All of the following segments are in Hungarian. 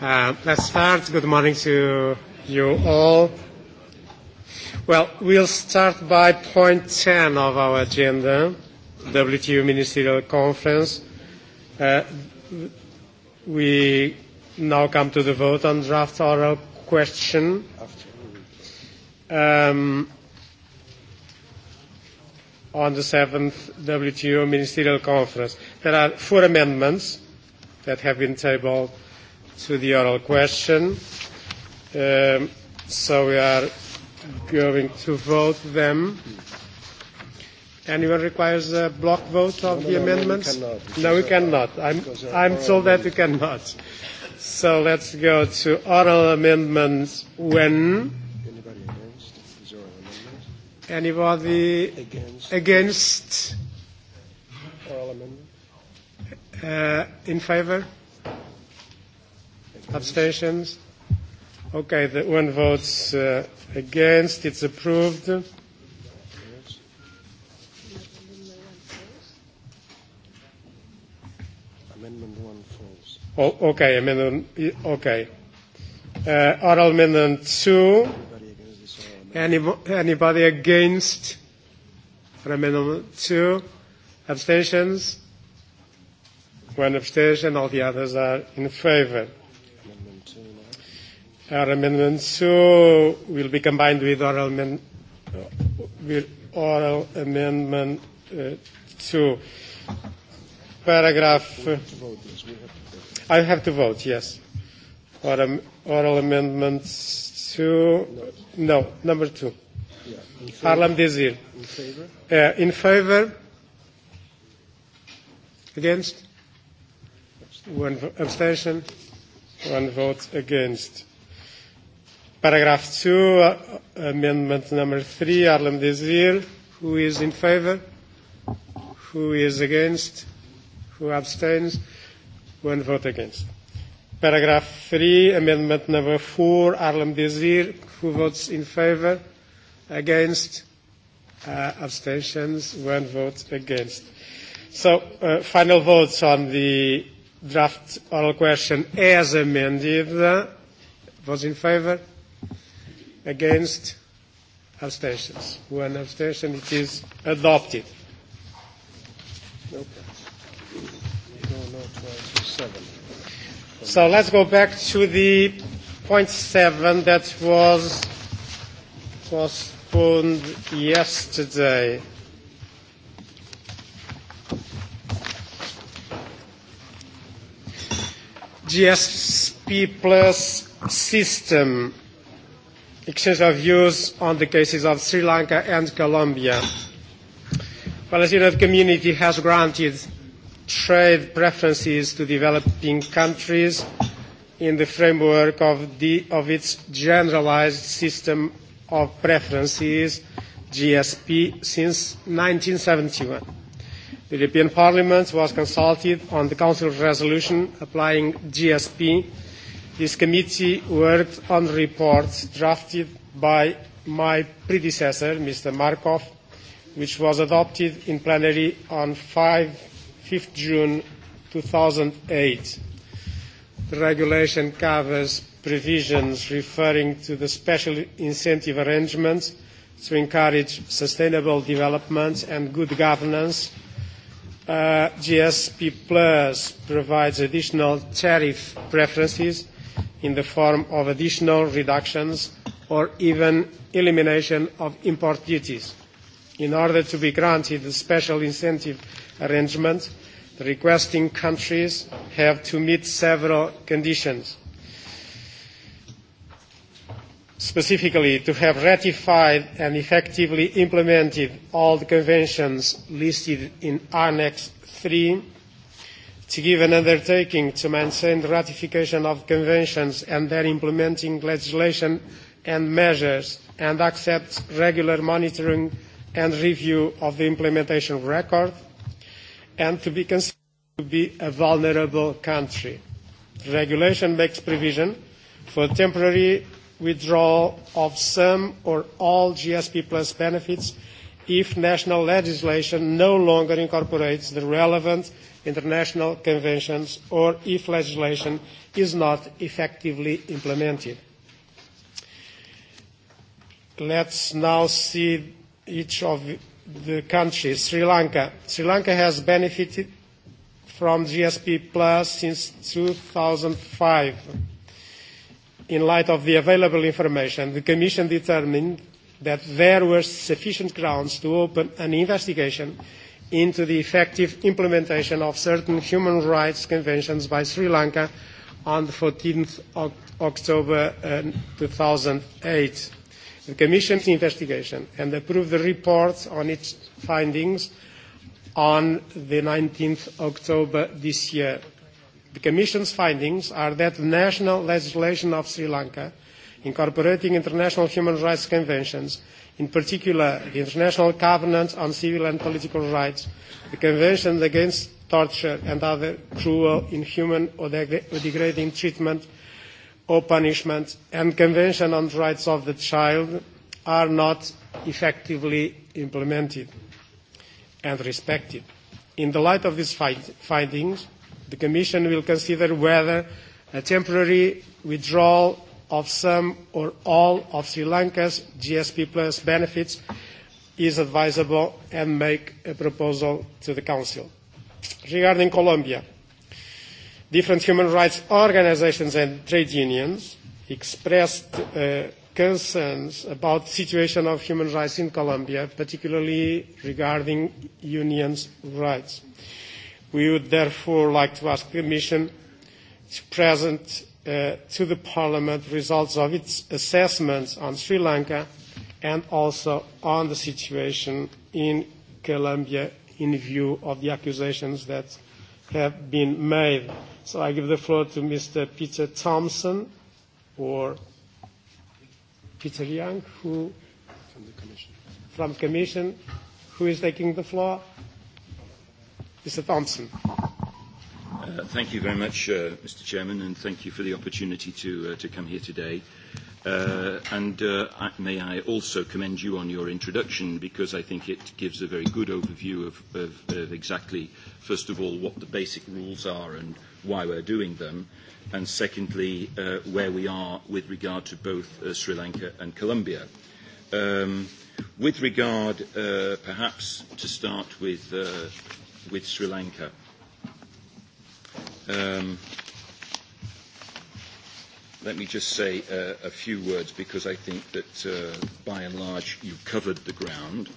Uh, let's start. Good morning to you all. Well, we'll start by point 10 of our agenda, WTO Ministerial Conference. Uh, we now come to the vote on draft oral question. Um, on the 7th WTO Ministerial Conference. There are four amendments that have been tabled to the oral question. Um, so we are going to vote them. Anyone requires a block vote of no, the no, amendments? No, we cannot. No, we cannot. I'm, I'm told that we cannot. So let's go to oral amendments when. Anybody against? Is oral amendment? Anybody against? against? Oral amendments? Uh, in favor? Abstentions? Okay, the one votes uh, against. It's approved. Amendment one falls. Oh, okay, amendment. Okay. Uh, oral amendment two. Anybody, anybody against? For amendment two. Abstentions? one abstention. All the others are in favour. Our amendment two will be combined with oral, amend, with oral amendment uh, two. Paragraph. Uh, I have to vote. Yes. Oral, oral amendments two. No, number two. Yeah, Harlem Desir. In favour? Uh, in favour? Against? one abstention, one vote against. Paragraph 2, uh, amendment number 3, Arlem Desir. Who is in favor? Who is against? Who abstains? One vote against. Paragraph 3, amendment number 4, Arlem Desir. Who votes in favor? Against? Uh, abstentions? One vote against. So, uh, final votes on the draft oral question as amended. was in favour? Against? Abstentions. One abstention. It is adopted. So let's go back to the point seven that was postponed yesterday. GSP Plus system, exchange of views on the cases of Sri Lanka and Colombia. Palestinian community has granted trade preferences to developing countries in the framework of, the, of its generalized system of preferences, GSP, since 1971. The European Parliament was consulted on the Council resolution applying GSP. This committee worked on reports drafted by my predecessor, Mr. Markov, which was adopted in plenary on 5, 5th June 2008. The regulation covers provisions referring to the special incentive arrangements to encourage sustainable development and good governance – Uh, GSP Plus provides additional tariff preferences in the form of additional reductions or even elimination of import duties. In order to be granted the special incentive arrangement, the requesting countries have to meet several conditions specifically to have ratified and effectively implemented all the conventions listed in Annex 3, to give an undertaking to maintain the ratification of conventions and their implementing legislation and measures, and accept regular monitoring and review of the implementation record, and to be considered to be a vulnerable country. The regulation makes provision for temporary withdrawal of some or all GSP Plus benefits if national legislation no longer incorporates the relevant international conventions or if legislation is not effectively implemented. Let's now see each of the countries. Sri Lanka. Sri Lanka has benefited from GSP Plus since 2005 in light of the available information, the Commission determined that there were sufficient grounds to open an investigation into the effective implementation of certain human rights conventions by Sri Lanka on the 14th of October uh, 2008. The Commission's investigation and approved the report on its findings on the 19th October this year. The Commission's findings are that the national legislation of Sri Lanka, incorporating international human rights conventions, in particular the International Covenant on Civil and Political Rights, the Convention Against Torture and Other Cruel, Inhuman or Degrading Treatment or Punishment, and Convention on the Rights of the Child are not effectively implemented and respected. In the light of these findings, the Commission will consider whether a temporary withdrawal of some or all of Sri Lanka's GSP Plus benefits is advisable and make a proposal to the Council. Regarding Colombia, different human rights organizations and trade unions expressed uh, concerns about the situation of human rights in Colombia, particularly regarding unions' rights. Uh, We would therefore like to ask the Commission to present uh, to the Parliament results of its assessments on Sri Lanka and also on the situation in Colombia in view of the accusations that have been made. So I give the floor to Mr. Peter Thompson or Peter Young, who from the Commission, from commission who is taking the floor. Mr. Thompson. Uh, thank you very much, uh, Mr. Chairman, and thank you for the opportunity to, uh, to come here today. Uh, and uh, I, may I also commend you on your introduction because I think it gives a very good overview of, of, of exactly, first of all, what the basic rules are and why we're doing them, and secondly, uh, where we are with regard to both uh, Sri Lanka and Colombia. Um, with regard, uh, perhaps, to start with uh, with Sri Lanka. Um, let me just say a, uh, a few words because I think that uh, by and large you covered the ground.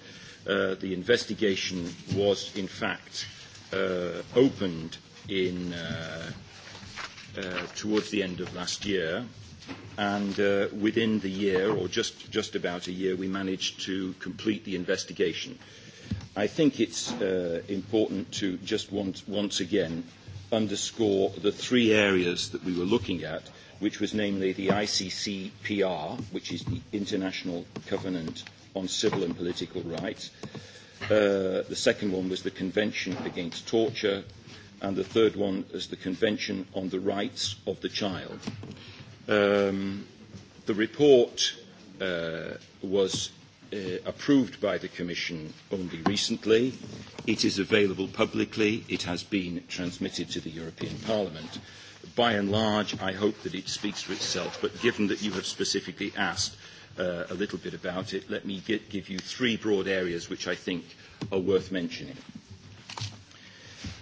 Uh, the investigation was in fact uh, opened in, uh, uh, towards the end of last year and uh, within the year or just, just about a year we managed to complete the investigation. Uh, I think it's uh, important to just once, once again underscore the three areas that we were looking at, which was namely the ICCPR, which is the International Covenant on Civil and Political Rights. Uh, the second one was the Convention Against Torture, and the third one is the Convention on the Rights of the Child. Um, the report uh, was uh, approved by the Commission only recently. It is available publicly. It has been transmitted to the European Parliament. By and large, I hope that it speaks for itself, but given that you have specifically asked uh, a little bit about it, let me get, give you three broad areas which I think are worth mentioning.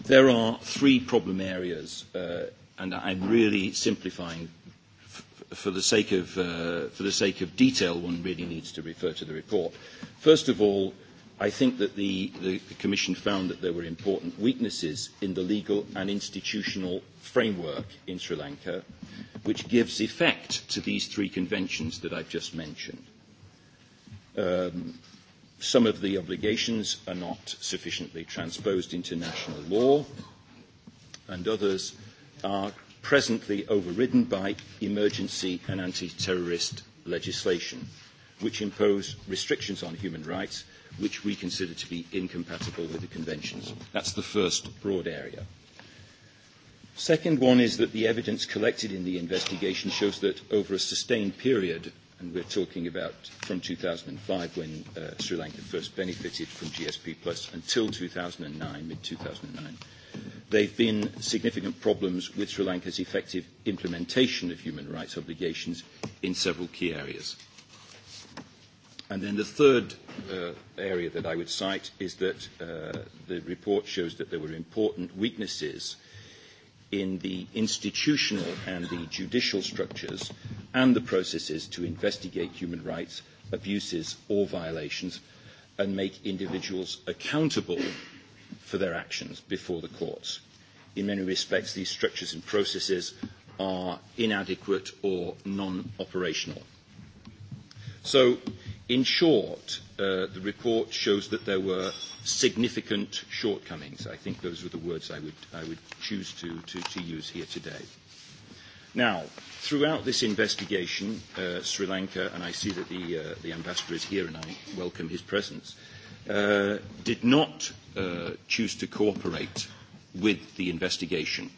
There are three problem areas, uh, and I'm really simplifying for the sake of, uh, for the sake of detail, one really needs to refer to the report. First of all, I think that the, the, the Commission found that there were important weaknesses in the legal and institutional framework in Sri Lanka, which gives effect to these three conventions that I've just mentioned. Um, some of the obligations are not sufficiently transposed into national law, and others are presently overridden by emergency and anti-terrorist legislation, which impose restrictions on human rights which we consider to be incompatible with the conventions. That's the first broad area. Second one is that the evidence collected in the investigation shows that over a sustained period, and we're talking about from 2005 when uh, Sri Lanka first benefited from GSP Plus until 2009, mid-2009, there have been significant problems with Sri Lanka's effective implementation of human rights obligations in several key areas. And then the third uh, area that I would cite is that uh, the report shows that there were important weaknesses in the institutional and the judicial structures and the processes to investigate human rights abuses or violations and make individuals accountable for their actions before the courts. In many respects, these structures and processes are inadequate or non-operational. So, in short, uh, the report shows that there were significant shortcomings. I think those were the words I would, I would choose to, to, to use here today. Now, throughout this investigation, uh, Sri Lanka, and I see that the, uh, the ambassador is here and I welcome his presence, uh, did not Uh, choose to cooperate with the investigation.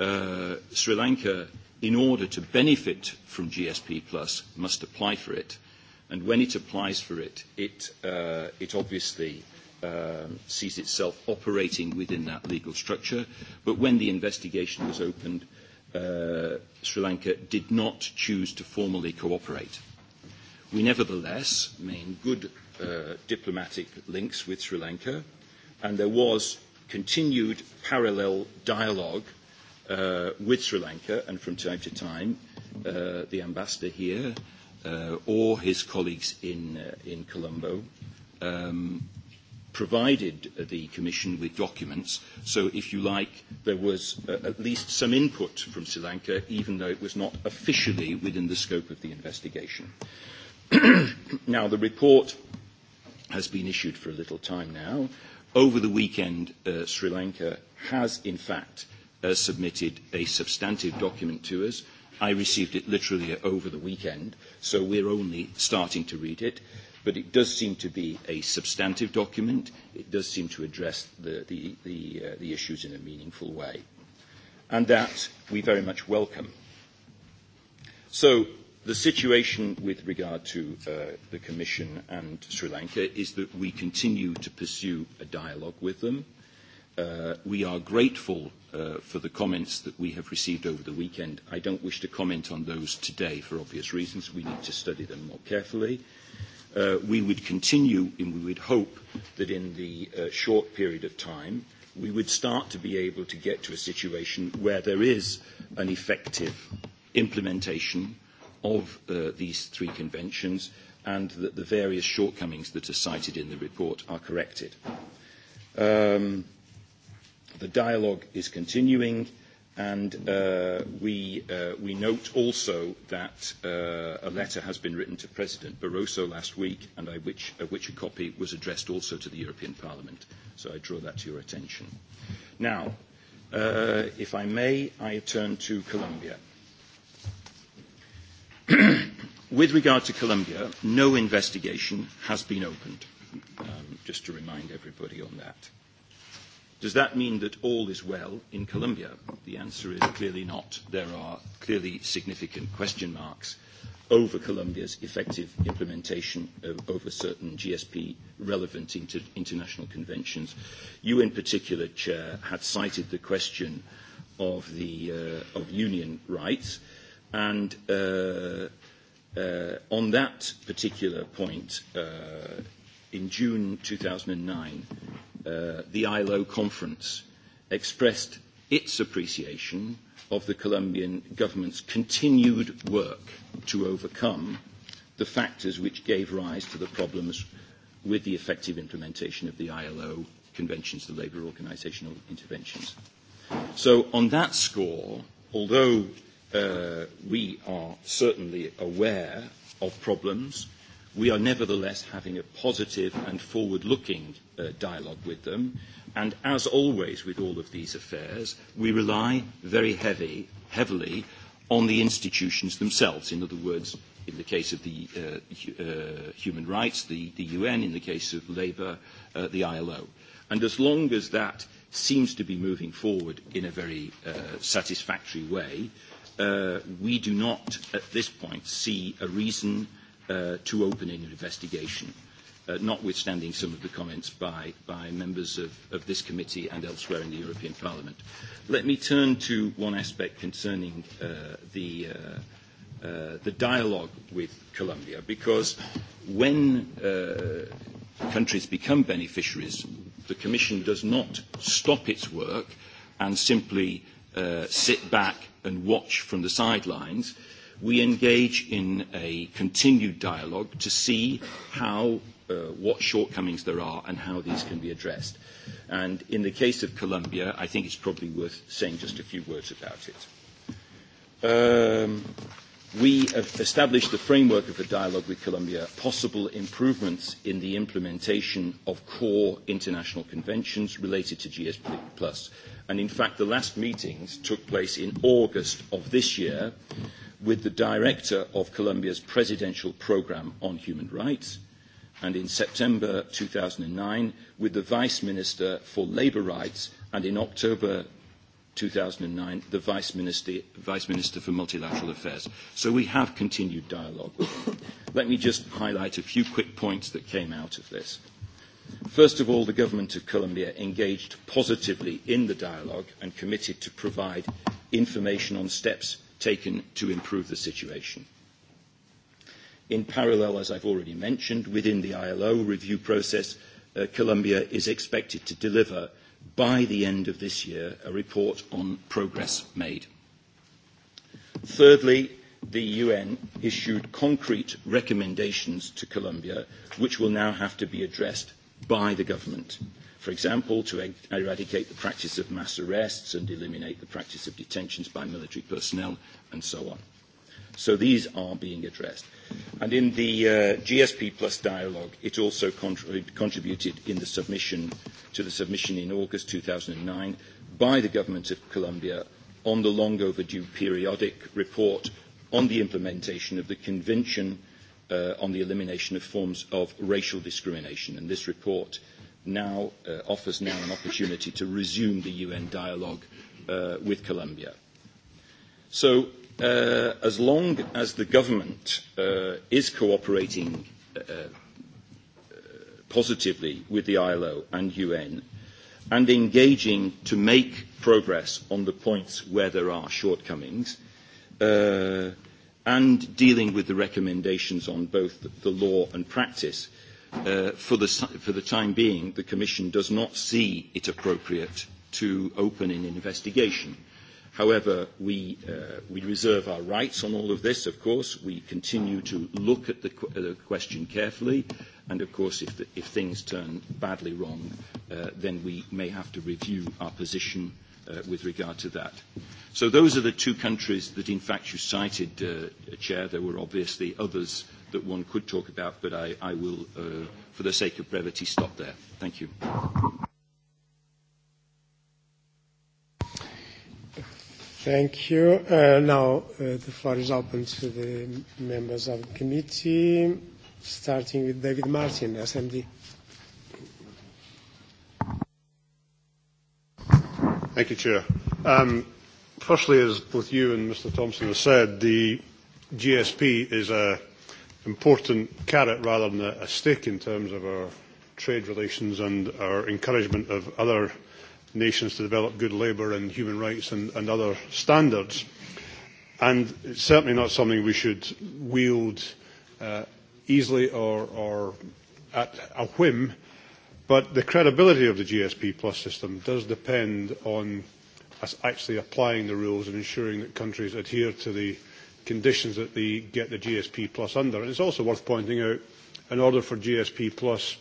Uh, Sri Lanka, in order to benefit from GSP Plus, must apply for it. And when it applies for it, it, uh, it obviously uh, sees itself operating within that legal structure. But when the investigation was opened, uh, Sri Lanka did not choose to formally cooperate. We nevertheless maintain good uh, diplomatic links with Sri Lanka and there was continued parallel dialogue uh, with Sri Lanka, and from time to time, uh, the ambassador here uh, or his colleagues in, uh, in Colombo um, provided the Commission with documents. So, if you like, there was uh, at least some input from Sri Lanka, even though it was not officially within the scope of the investigation. now, the report has been issued for a little time now. Over the weekend, uh, Sri Lanka has, in fact, uh, submitted a substantive document to us. I received it literally over the weekend, so we're only starting to read it. But it does seem to be a substantive document. It does seem to address the, the, the, uh, the issues in a meaningful way. And that we very much welcome. So The situation with regard to uh, the Commission and Sri Lanka is that we continue to pursue a dialogue with them. Uh, we are grateful uh, for the comments that we have received over the weekend. I don't wish to comment on those today for obvious reasons. We need to study them more carefully. Uh, we would continue and we would hope that in the uh, short period of time we would start to be able to get to a situation where there is an effective implementation of uh, these three conventions and that the various shortcomings that are cited in the report are corrected. Um, the dialogue is continuing and uh, we, uh, we note also that uh, a letter has been written to President Barroso last week and I which, uh, which a copy was addressed also to the European Parliament. So I draw that to your attention. Now, uh, if I may, I turn to Colombia. With regard to Colombia, no investigation has been opened, um, just to remind everybody on that. Does that mean that all is well in Colombia? The answer is clearly not. There are clearly significant question marks over Colombia's effective implementation of, over certain GSP relevant inter, international conventions. You, in particular, Chair, had cited the question of, the, uh, of union rights. And uh, uh, on that particular point, uh, in June 2009, uh, the ILO conference expressed its appreciation of the Colombian government's continued work to overcome the factors which gave rise to the problems with the effective implementation of the ILO conventions, the labour organisational interventions. So on that score, although Uh, we are certainly aware of problems. We are nevertheless having a positive and forward-looking uh, dialogue with them. And as always with all of these affairs, we rely very heavy, heavily on the institutions themselves. In other words, in the case of the uh, uh, human rights, the, the UN, in the case of labor, uh, the ILO. And as long as that seems to be moving forward in a very uh, satisfactory way, uh, Uh, we do not, at this point, see a reason uh, to open an investigation, uh, notwithstanding some of the comments by, by members of, of this committee and elsewhere in the European Parliament. Let me turn to one aspect concerning uh, the, uh, uh, the dialogue with Colombia, because when uh, countries become beneficiaries, the Commission does not stop its work and simply uh, sit back and watch from the sidelines, we engage in a continued dialogue to see how, uh, what shortcomings there are and how these can be addressed. And in the case of Colombia, I think it's probably worth saying just a few words about it. Um, we have established the framework of a dialogue with Colombia, possible improvements in the implementation of core international conventions related to GSP+. And in fact, the last meetings took place in August of this year with the director of Colombia's presidential program on human rights, and in September 2009 with the Vice Minister for Labour Rights, and in October 2009, the Vice Minister, Vice Minister for Multilateral Affairs. So we have continued dialogue. Let me just highlight a few quick points that came out of this. First of all, the Government of Colombia engaged positively in the dialogue and committed to provide information on steps taken to improve the situation. In parallel, as I've already mentioned, within the ILO review process, uh, Colombia is expected to deliver by the end of this year a report on progress made. Thirdly, the UN issued concrete recommendations to Colombia, which will now have to be addressed by the government. For example, to er-, eradicate the practice of mass arrests and eliminate the practice of detentions by military personnel, and so on. So these are being addressed. And in the uh, GSP Plus dialogue, it also contrib contributed in the submission to the submission in August 2009 by the Government of Colombia on the long overdue periodic report on the implementation of the Convention uh, on the Elimination of Forms of Racial Discrimination. And this report now uh, offers now an opportunity to resume the UN dialogue uh, with Colombia. So uh, as long as the government uh, is cooperating uh, uh positively with the ILO and UN and engaging to make progress on the points where there are shortcomings uh, and dealing with the recommendations on both the law and practice, uh, for, the, for the time being, the Commission does not see it appropriate to open an investigation However, we, uh, we reserve our rights on all of this, of course. We continue to look at the, qu- uh, the question carefully. And of course, if, the, if things turn badly wrong, uh, then we may have to review our position uh, with regard to that. So those are the two countries that, in fact, you cited, uh, Chair. There were obviously others that one could talk about, but I, I will, uh, for the sake of brevity, stop there. Thank you. Thank you. Uh, now uh, the floor is open to the members of the committee, starting with David Martin, SMD. Thank you, Chair. Um, firstly, as both you and Mr Thompson have said, the GSP is an important carrot rather than a, stick in terms of our trade relations and our encouragement of other nations to develop good labour and human rights and, and other standards. And it's certainly not something we should wield uh, easily or, or at a whim, but the credibility of the GSP plus system does depend on us actually applying the rules and ensuring that countries adhere to the conditions that they get the GSP plus under. And it's also worth pointing out, in order for GSP plus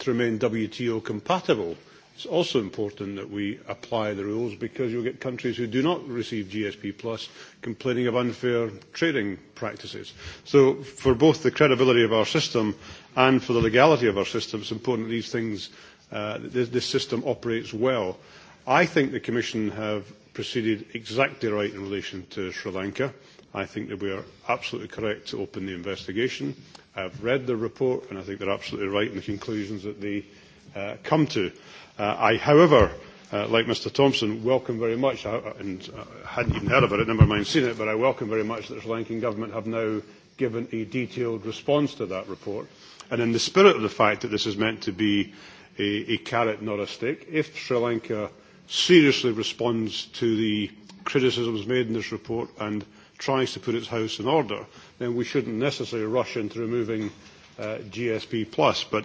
to remain WTO compatible, It's also important that we apply the rules because you'll get countries who do not receive GSP plus complaining of unfair trading practices. So for both the credibility of our system and for the legality of our system, it's important that these things, uh, this, this system operates well. I think the Commission have proceeded exactly right in relation to Sri Lanka. I think that we are absolutely correct to open the investigation. I've read the report and I think they're absolutely right in the conclusions that they uh, come to. Uh, I, however, uh, like Mr Thompson, welcome very much, I, and I uh, hadn't even heard about it, never mind seen it, but I welcome very much that the Sri Lankan government have now given a detailed response to that report. And in the spirit of the fact that this is meant to be a, a carrot, not a stick, if Sri Lanka seriously responds to the criticisms made in this report and tries to put its house in order, then we shouldn't necessarily rush into removing uh, GSP plus. But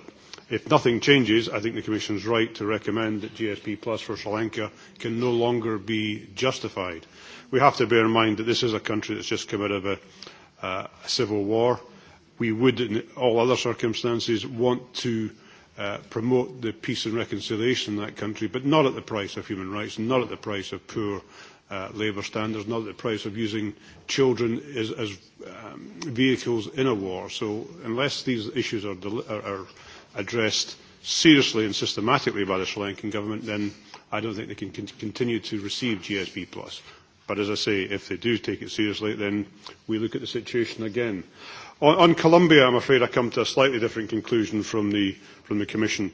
If nothing changes, I think the Commission is right to recommend that GSP Plus for Sri Lanka can no longer be justified. We have to bear in mind that this is a country that's just come out of a, uh, a civil war. We would, in all other circumstances, want to uh, promote the peace and reconciliation in that country, but not at the price of human rights, not at the price of poor uh, labour standards, not at the price of using children as, as um, vehicles in a war. So unless these issues are, are, are addressed seriously and systematically by the Sri Lankan government, then I don't think they can continue to receive GSP+. But as I say, if they do take it seriously, then we look at the situation again. On, on Colombia, I'm afraid I come to a slightly different conclusion from the, from the Commission.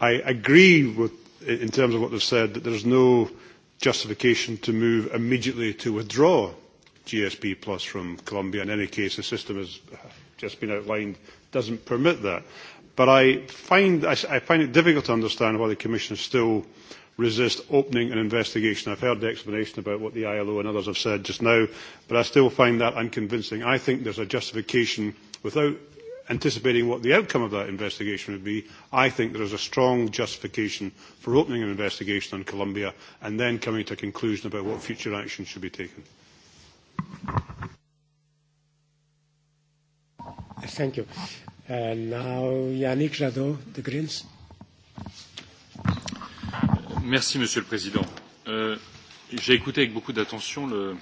I agree with, in terms of what they've said, that there's no justification to move immediately to withdraw GSP Plus from Colombia. In any case, the system has just been outlined doesn't permit that. But I find, I, find it difficult to understand why the Commission still resist opening an investigation. I've heard the explanation about what the ILO and others have said just now, but I still find that unconvincing. I think there's a justification without anticipating what the outcome of that investigation would be, I think there is a strong justification for opening an investigation on Colombia and then coming to a conclusion about what future action should be taken. Thank you. And now Yannick Jadot, The Greens. Merci, Monsieur le Président. Euh, J'ai écouté avec beaucoup d'attention le,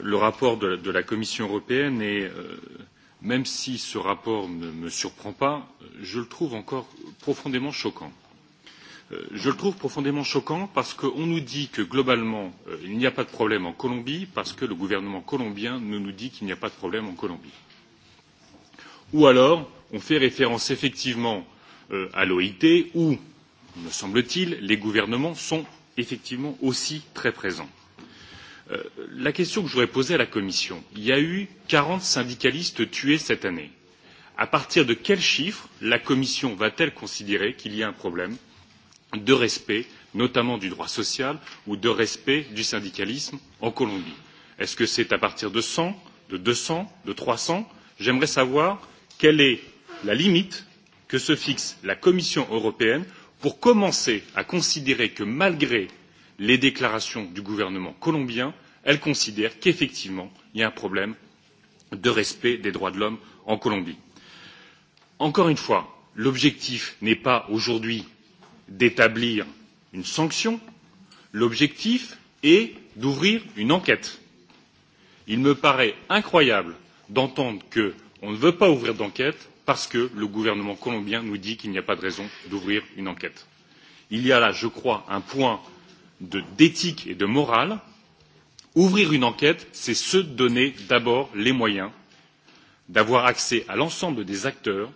le rapport de, de la Commission européenne et euh, même si ce rapport ne me surprend pas, je le trouve encore profondément choquant. Euh, je le trouve profondément choquant parce qu'on nous dit que globalement euh, il n'y a pas de problème en Colombie parce que le gouvernement colombien nous, nous dit qu'il n'y a pas de problème en Colombie ou alors on fait référence effectivement euh, à l'oit où me semble t il les gouvernements sont effectivement aussi très présents. Euh, la question que je voudrais poser à la commission il y a eu quarante syndicalistes tués cette année à partir de quel chiffre la commission va t elle considérer qu'il y a un problème de respect notamment du droit social ou de respect du syndicalisme en colombie? est ce que c'est à partir de cent de deux cents de trois cents? j'aimerais savoir quelle est la limite que se fixe la commission européenne pour commencer à considérer que malgré les déclarations du gouvernement colombien elle considère qu'effectivement il y a un problème de respect des droits de l'homme en colombie. encore une fois l'objectif n'est pas aujourd'hui d'établir une sanction l'objectif est d'ouvrir une enquête. il me paraît incroyable d'entendre que on ne veut pas ouvrir d'enquête parce que le gouvernement colombien nous dit qu'il n'y a pas de raison d'ouvrir une enquête. il y a là je crois un point d'éthique et de morale ouvrir une enquête c'est se donner d'abord les moyens d'avoir accès à l'ensemble des acteurs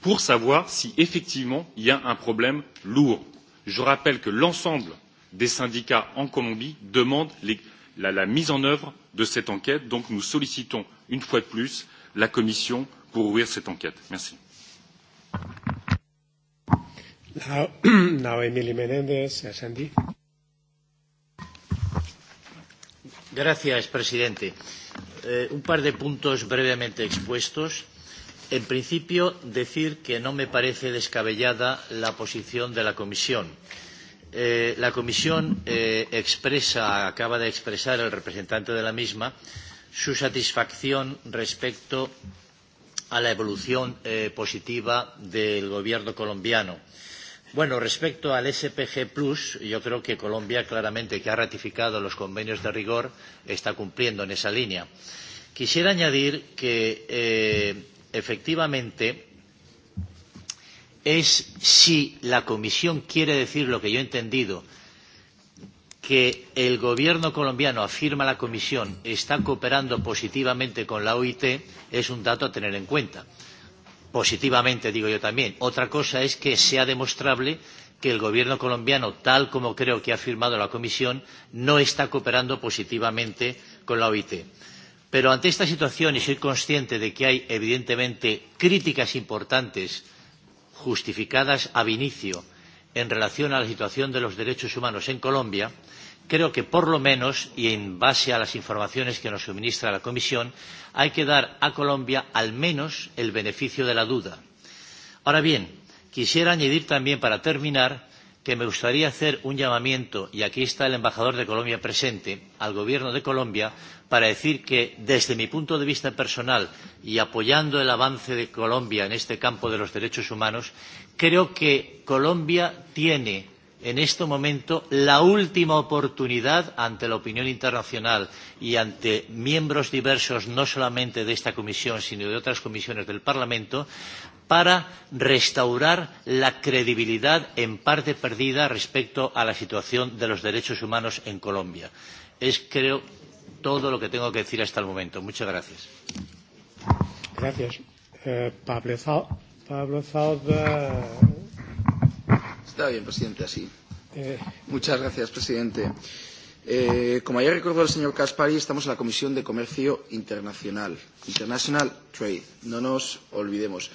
pour savoir si effectivement il y a un problème lourd. je rappelle que l'ensemble des syndicats en colombie demandent les, la, la mise en œuvre de cette enquête donc nous sollicitons une fois de plus la Commission pour ouvrir cette enquête. Merci. Now, Gracias, presidente. Eh, un par de puntos brevemente expuestos. En principio, decir que no me parece descabellada la posición de la Comisión. Eh, la Comisión eh, expresa, acaba de expresar el representante de la misma, su satisfacción respecto a la evolución eh, positiva del gobierno colombiano. Bueno, respecto al SPG Plus, yo creo que Colombia claramente, que ha ratificado los convenios de rigor, está cumpliendo en esa línea. Quisiera añadir que eh, efectivamente es si la Comisión quiere decir lo que yo he entendido que el gobierno colombiano, afirma la Comisión, está cooperando positivamente con la OIT es un dato a tener en cuenta. Positivamente, digo yo también. Otra cosa es que sea demostrable que el gobierno colombiano, tal como creo que ha afirmado la Comisión, no está cooperando positivamente con la OIT. Pero ante esta situación, y soy consciente de que hay, evidentemente, críticas importantes justificadas al inicio en relación a la situación de los derechos humanos en Colombia, creo que por lo menos, y en base a las informaciones que nos suministra la Comisión, hay que dar a Colombia al menos el beneficio de la duda. Ahora bien, quisiera añadir también, para terminar, que me gustaría hacer un llamamiento, y aquí está el embajador de Colombia presente, al gobierno de Colombia para decir que, desde mi punto de vista personal y apoyando el avance de Colombia en este campo de los derechos humanos, creo que Colombia tiene en este momento la última oportunidad ante la opinión internacional y ante miembros diversos, no solamente de esta comisión, sino de otras comisiones del Parlamento, para restaurar la credibilidad en parte perdida respecto a la situación de los derechos humanos en Colombia. Es, creo, todo lo que tengo que decir hasta el momento. Muchas gracias. Gracias. Eh, Pablo Zalba. Pablo Zalba Está bien, presidente, así. Eh. Muchas gracias, presidente. Eh, como ya recordó el señor Caspari, estamos en la Comisión de Comercio Internacional, International Trade. No nos olvidemos.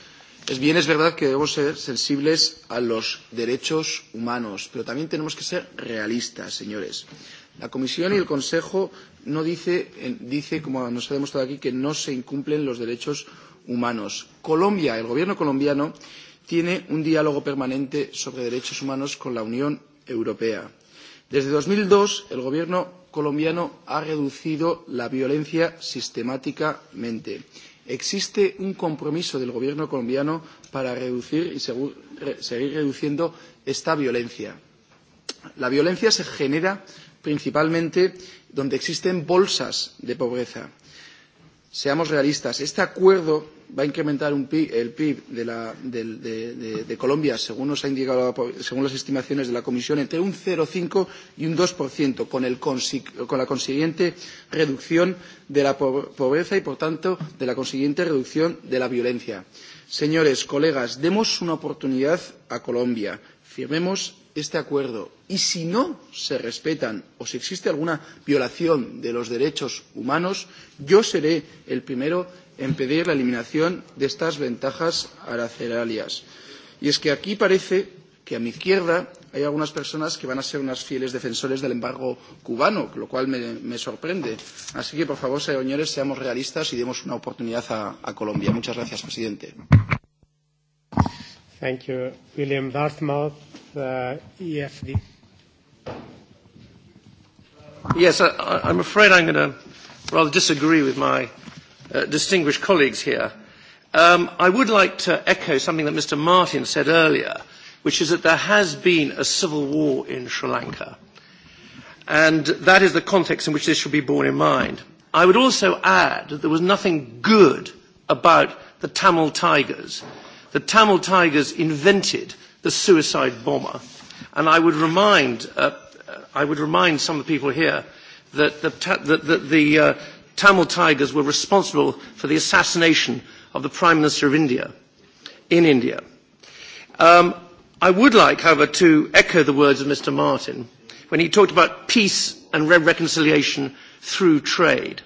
Es bien, es verdad que debemos ser sensibles a los derechos humanos, pero también tenemos que ser realistas, señores. La Comisión y el Consejo no dice, dice, como nos ha demostrado aquí, que no se incumplen los derechos humanos. Colombia, el gobierno colombiano tiene un diálogo permanente sobre derechos humanos con la Unión Europea. Desde 2002, el Gobierno colombiano ha reducido la violencia sistemáticamente. Existe un compromiso del Gobierno colombiano para reducir y seguir reduciendo esta violencia. La violencia se genera principalmente donde existen bolsas de pobreza. Seamos realistas, este acuerdo va a incrementar un PIB, el PIB de, la, de, de, de, de Colombia, según nos ha indicado, según las estimaciones de la Comisión, entre un 0,5 y un 2%, con, el, con la consiguiente reducción de la pobreza y, por tanto, de la consiguiente reducción de la violencia. Señores, colegas, demos una oportunidad a Colombia. Firmemos este acuerdo y si no se respetan o si existe alguna violación de los derechos humanos, yo seré el primero en pedir la eliminación de estas ventajas arancelarias. Y es que aquí parece que a mi izquierda hay algunas personas que van a ser unas fieles defensores del embargo cubano, lo cual me, me sorprende. Así que, por favor, señores, seamos realistas y demos una oportunidad a, a Colombia. Muchas gracias, presidente. Thank you. William Dartmouth, uh, EFD. Yes, I, I'm afraid I'm going to rather disagree with my Uh, distinguished colleagues here. Um, I would like to echo something that Mr. Martin said earlier, which is that there has been a civil war in Sri Lanka. And that is the context in which this should be borne in mind. I would also add that there was nothing good about the Tamil Tigers. The Tamil Tigers invented the suicide bomber. And I would remind, uh, I would remind some of the people here that the, that, the uh, Tamil Tigers were responsible for the assassination of the Prime Minister of India in India. Um, I would like, however, to echo the words of Mr. Martin when he talked about peace and re reconciliation through trade.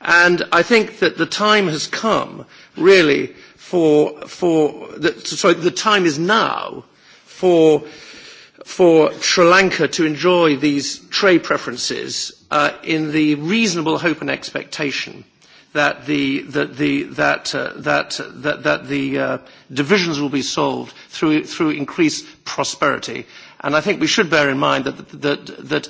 And I think that the time has come, really, for, for the, sorry, the time is now for, for Sri Lanka to enjoy these trade preferences uh, in the reasonable hope and expectation that the, that the, that, uh, that, uh, that, that the uh, divisions will be solved through, through increased prosperity. And I think we should bear in mind that, that, that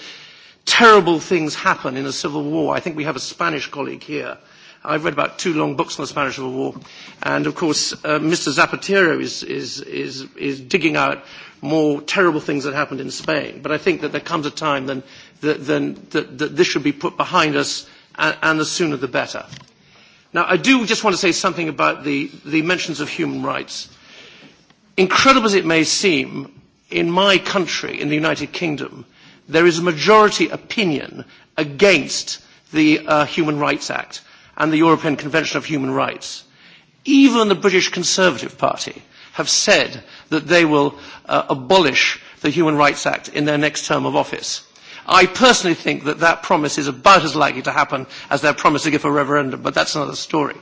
terrible things happen in a civil war. I think we have a Spanish colleague here. I've read about two long books on the Spanish Civil War. And of course, uh, Mr. Zapatero is, is, is, is digging out more terrible things that happened in Spain. But I think that there comes a time then that, then, that, that this should be put behind us, and, and the sooner the better. Now, I do just want to say something about the, the mentions of human rights. Incredible as it may seem, in my country, in the United Kingdom, there is a majority opinion against the uh, Human Rights Act and the European Convention of Human Rights. Even the British Conservative Party have said that they will uh, abolish the Human Rights Act in their next term of office. I personally think that that promise is about as likely to happen as their promise to give a referendum, but that's another story.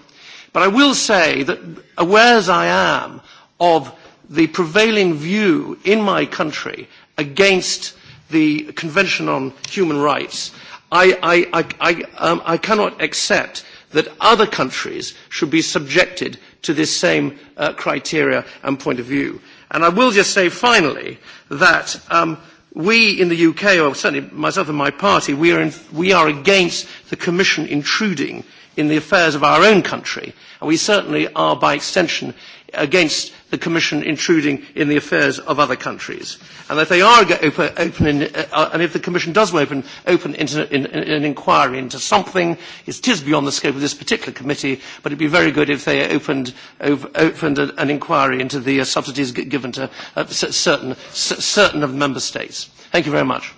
But I will say that aware as I am of the prevailing view in my country against the Convention on Human Rights, I, I, I, I, um, I cannot accept that other countries should be subjected to this same uh, criteria and point of view. And I will just say finally that um, We in the UK, or certainly myself and my party, we are, in, we are against the Commission intruding in the affairs of our own country, and we certainly are, by extension, against the Commission intruding in the affairs of other countries. And if they are open, open in, uh, uh, and if the Commission does open, open into, in, in, an inquiry into something, it is beyond the scope of this particular committee, but it would be very good if they opened, opened an, an, inquiry into the uh, subsidies given to uh, certain, certain of the Member States. Thank you very much.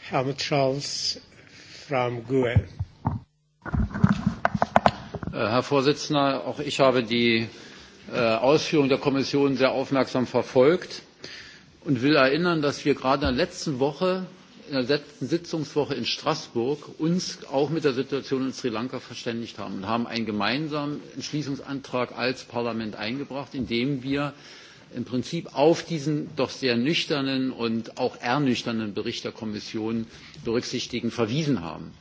Helmut Charles from GUE herr präsident! auch ich habe die äh, ausführungen der kommission sehr aufmerksam verfolgt und will erinnern dass wir uns gerade in der letzten woche in der letzten sitzungswoche in straßburg auch mit der situation in sri lanka verständigt haben und haben einen gemeinsamen entschließungsantrag als parlament eingebracht in dem wir im prinzip auf diesen doch sehr nüchternen und auch ernüchternden bericht der kommission berücksichtigend verwiesen haben.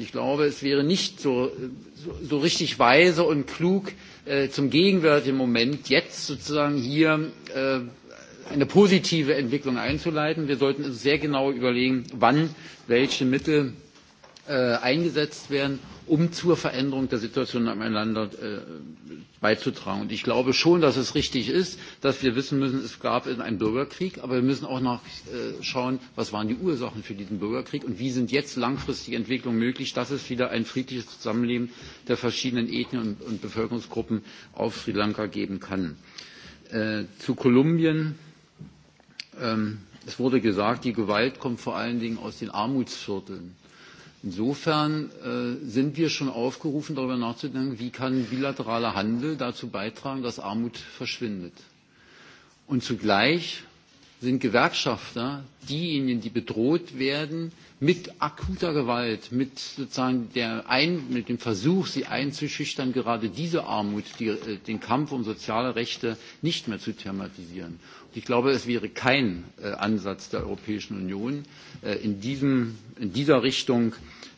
Ich glaube, es wäre nicht so, so, so richtig weise und klug, äh, zum gegenwärtigen Moment jetzt sozusagen hier äh, eine positive Entwicklung einzuleiten. Wir sollten uns sehr genau überlegen, wann welche Mittel Äh, eingesetzt werden, um zur Veränderung der Situation am Land äh, beizutragen. Und ich glaube schon, dass es richtig ist, dass wir wissen müssen, es gab einen Bürgerkrieg, aber wir müssen auch nachschauen, äh, was waren die Ursachen für diesen Bürgerkrieg und wie sind jetzt langfristige Entwicklungen möglich, dass es wieder ein friedliches Zusammenleben der verschiedenen Ethnien und Bevölkerungsgruppen auf Sri Lanka geben kann. Zu Kolumbien. Ähm, es wurde gesagt, die Gewalt kommt vor allen Dingen aus den Armutsvierteln Insofern äh, sind wir schon aufgerufen, darüber nachzudenken, wie kann bilateraler Handel dazu beitragen, dass Armut verschwindet. Und zugleich sind Gewerkschafter diejenigen, die bedroht werden mit akuter Gewalt, mit sozusagen der Ein mit dem Versuch, sie einzuschüchtern, gerade diese Armut, die, äh, den Kampf um soziale Rechte nicht mehr zu thematisieren. Ich glaube, es wäre kein äh, Ansatz der Europäischen Union, äh, in, diesem, in dieser Richtung,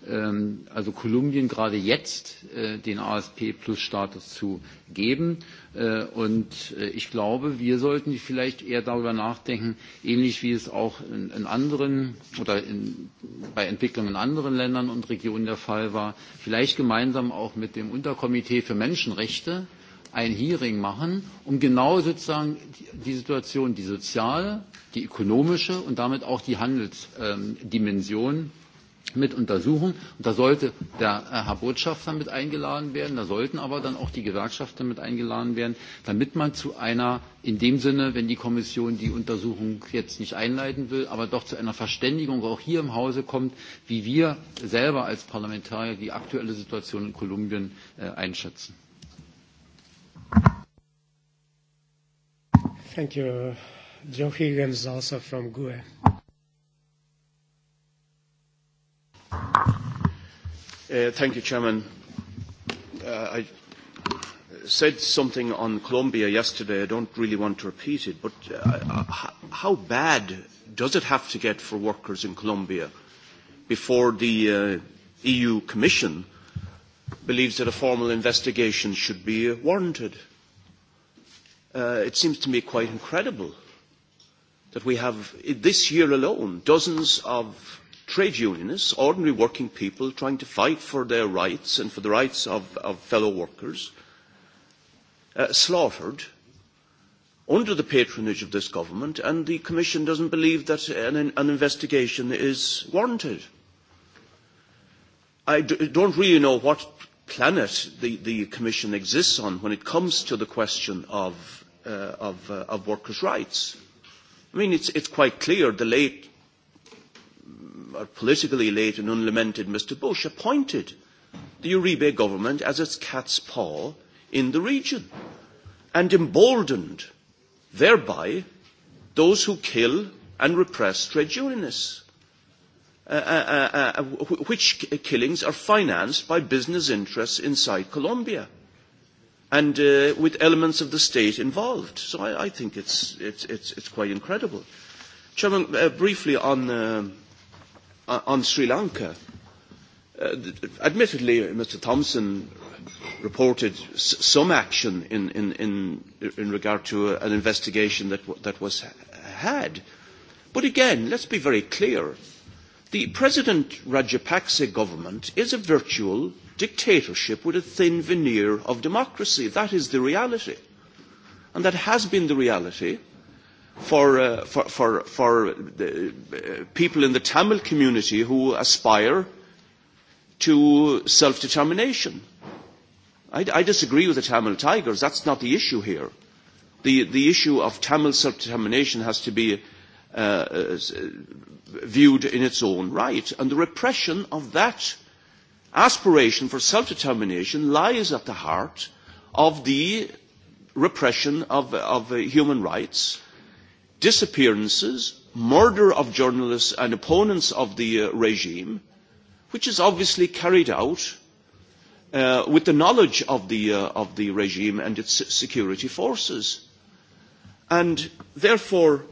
ähm, also Kolumbien gerade jetzt, äh, den ASP-Plus-Status zu geben. und ich glaube, wir sollten vielleicht eher darüber nachdenken, ähnlich wie es auch in, in anderen oder in, bei Entwicklungen in anderen Ländern und Regionen der Fall war, vielleicht gemeinsam auch mit dem Unterkomitee für Menschenrechte, ein Hearing machen, um genau sozusagen die Situation, die soziale, die ökonomische und damit auch die Handelsdimension ähm, mit untersuchen. Und da sollte der äh, Herr Botschafter mit eingeladen werden, da sollten aber dann auch die Gewerkschaften mit eingeladen werden, damit man zu einer, in dem Sinne, wenn die Kommission die Untersuchung jetzt nicht einleiten will, aber doch zu einer Verständigung auch hier im Hause kommt, wie wir selber als Parlamentarier die aktuelle Situation in Kolumbien äh, einschätzen. Thank you. Joe Higgins also from GUE. Uh, thank you, Chairman. Uh, I said something on Colombia yesterday. I don't really want to repeat it, but uh, how bad does it have to get for workers in Colombia before the uh, EU Commission uh, believes that a formal investigation should be warranted. Uh, it seems to me quite incredible that we have, this year alone, dozens of trade unionists, ordinary working people, trying to fight for their rights and for the rights of, of fellow workers, uh, slaughtered under the patronage of this government, and the Commission doesn't believe that an, an investigation is warranted. I don't really know what planet the, the Commission exists on when it comes to the question of, uh, of, uh, of workers' rights. I mean, it's, it's quite clear the late, mm, or politically late and unlamented Mr. Bush appointed the Uribe government as its cat's paw in the region and emboldened thereby those who kill and repress trade unionists. Uh, uh, uh, which killings are financed by business interests inside Colombia and uh, with elements of the state involved. So I, I think it's, it's, it's, it's quite incredible. Chairman, uh, briefly on, um, uh, on Sri Lanka. Uh, admittedly, Mr. Thompson reported s- some action in, in, in, in regard to an investigation that, w- that was had. But again, let's be very clear. The President Rajapaksa government is a virtual dictatorship with a thin veneer of democracy. That is the reality. And that has been the reality for, uh, for, for, for the, uh, people in the Tamil community who aspire to self-determination. I, I disagree with the Tamil Tigers. That's not the issue here. The, the issue of Tamil self-determination has to be Uh, uh, viewed in its own right. And the repression of that aspiration for self-determination lies at the heart of the repression of, of uh, human rights, disappearances, murder of journalists and opponents of the uh, regime, which is obviously carried out uh, with the knowledge of the, uh, of the regime and its security forces. And therefore,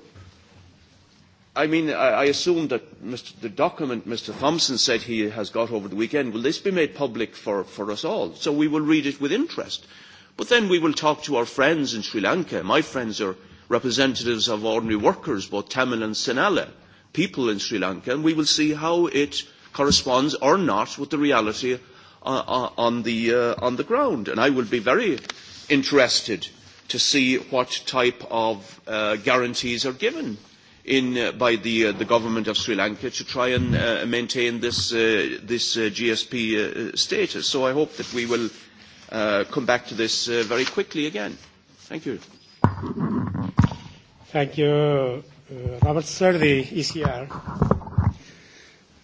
I mean, I, I assume that Mr., the document Mr. Thompson said he has got over the weekend, will this be made public for, for us all? So we will read it with interest. But then we will talk to our friends in Sri Lanka. My friends are representatives of ordinary workers, both Tamil and Sinhala, people in Sri Lanka, and we will see how it corresponds or not with the reality uh, uh on, the, uh, on the ground. And I will be very interested to see what type of uh, guarantees are given in uh, by the, uh, the government of Sri Lanka to try and uh, maintain this, uh, this uh, GSP uh, status. So I hope that we will uh, come back to this uh, very quickly again. Thank you. Thank you. Uh, Robert Serdi, ECR.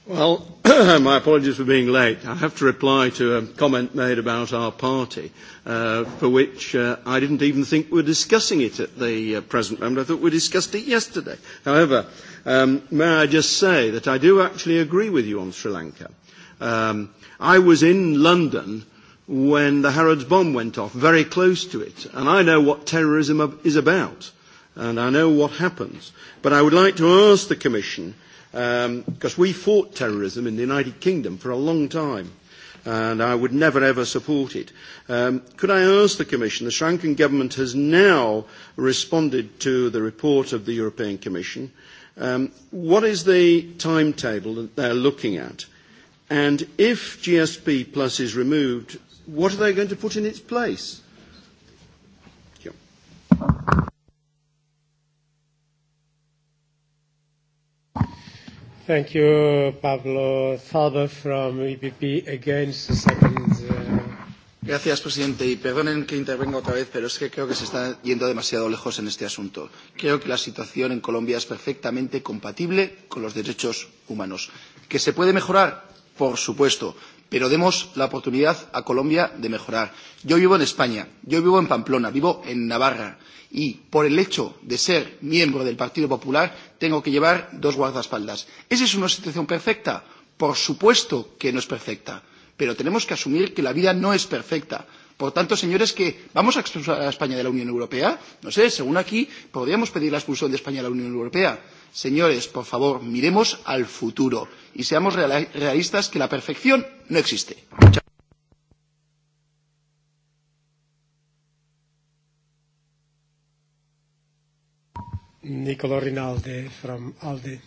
Well, my apologies for being late. I have to reply to a comment made about our party, uh, for which uh, I didn't even think we were discussing it at the uh, present moment. I thought we discussed it yesterday. However, um, may I just say that I do actually agree with you on Sri Lanka. Um, I was in London when the Harrods bomb went off, very close to it, and I know what terrorism is about, and I know what happens. But I would like to ask the Commission because um, we fought terrorism in the United Kingdom for a long time and I would never ever support it. Um, could I ask the Commission, the Sri Lankan government has now responded to the report of the European Commission. Um, what is the timetable that they're looking at? And if GSP Plus is removed, what are they going to put in its place? Thank you. Thank you, Pablo Zalba from EPP against the second. Uh... Gracias, presidente. Y perdonen que intervenga otra vez, pero es que creo que se está yendo demasiado lejos en este asunto. Creo que la situación en Colombia es perfectamente compatible con los derechos humanos. ¿Que se puede mejorar? Por supuesto pero demos la oportunidad a Colombia de mejorar. Yo vivo en España, yo vivo en Pamplona, vivo en Navarra y por el hecho de ser miembro del Partido Popular tengo que llevar dos guardaespaldas. ¿Esa es una situación perfecta? Por supuesto que no es perfecta, pero tenemos que asumir que la vida no es perfecta. Por tanto, señores, que vamos a expulsar a España de la Unión Europea, no sé, según aquí, podríamos pedir la expulsión de España de la Unión Europea Señores, por favor, miremos al futuro y seamos realistas que la perfección no existe. Nicolò Rinaldi from Aldi.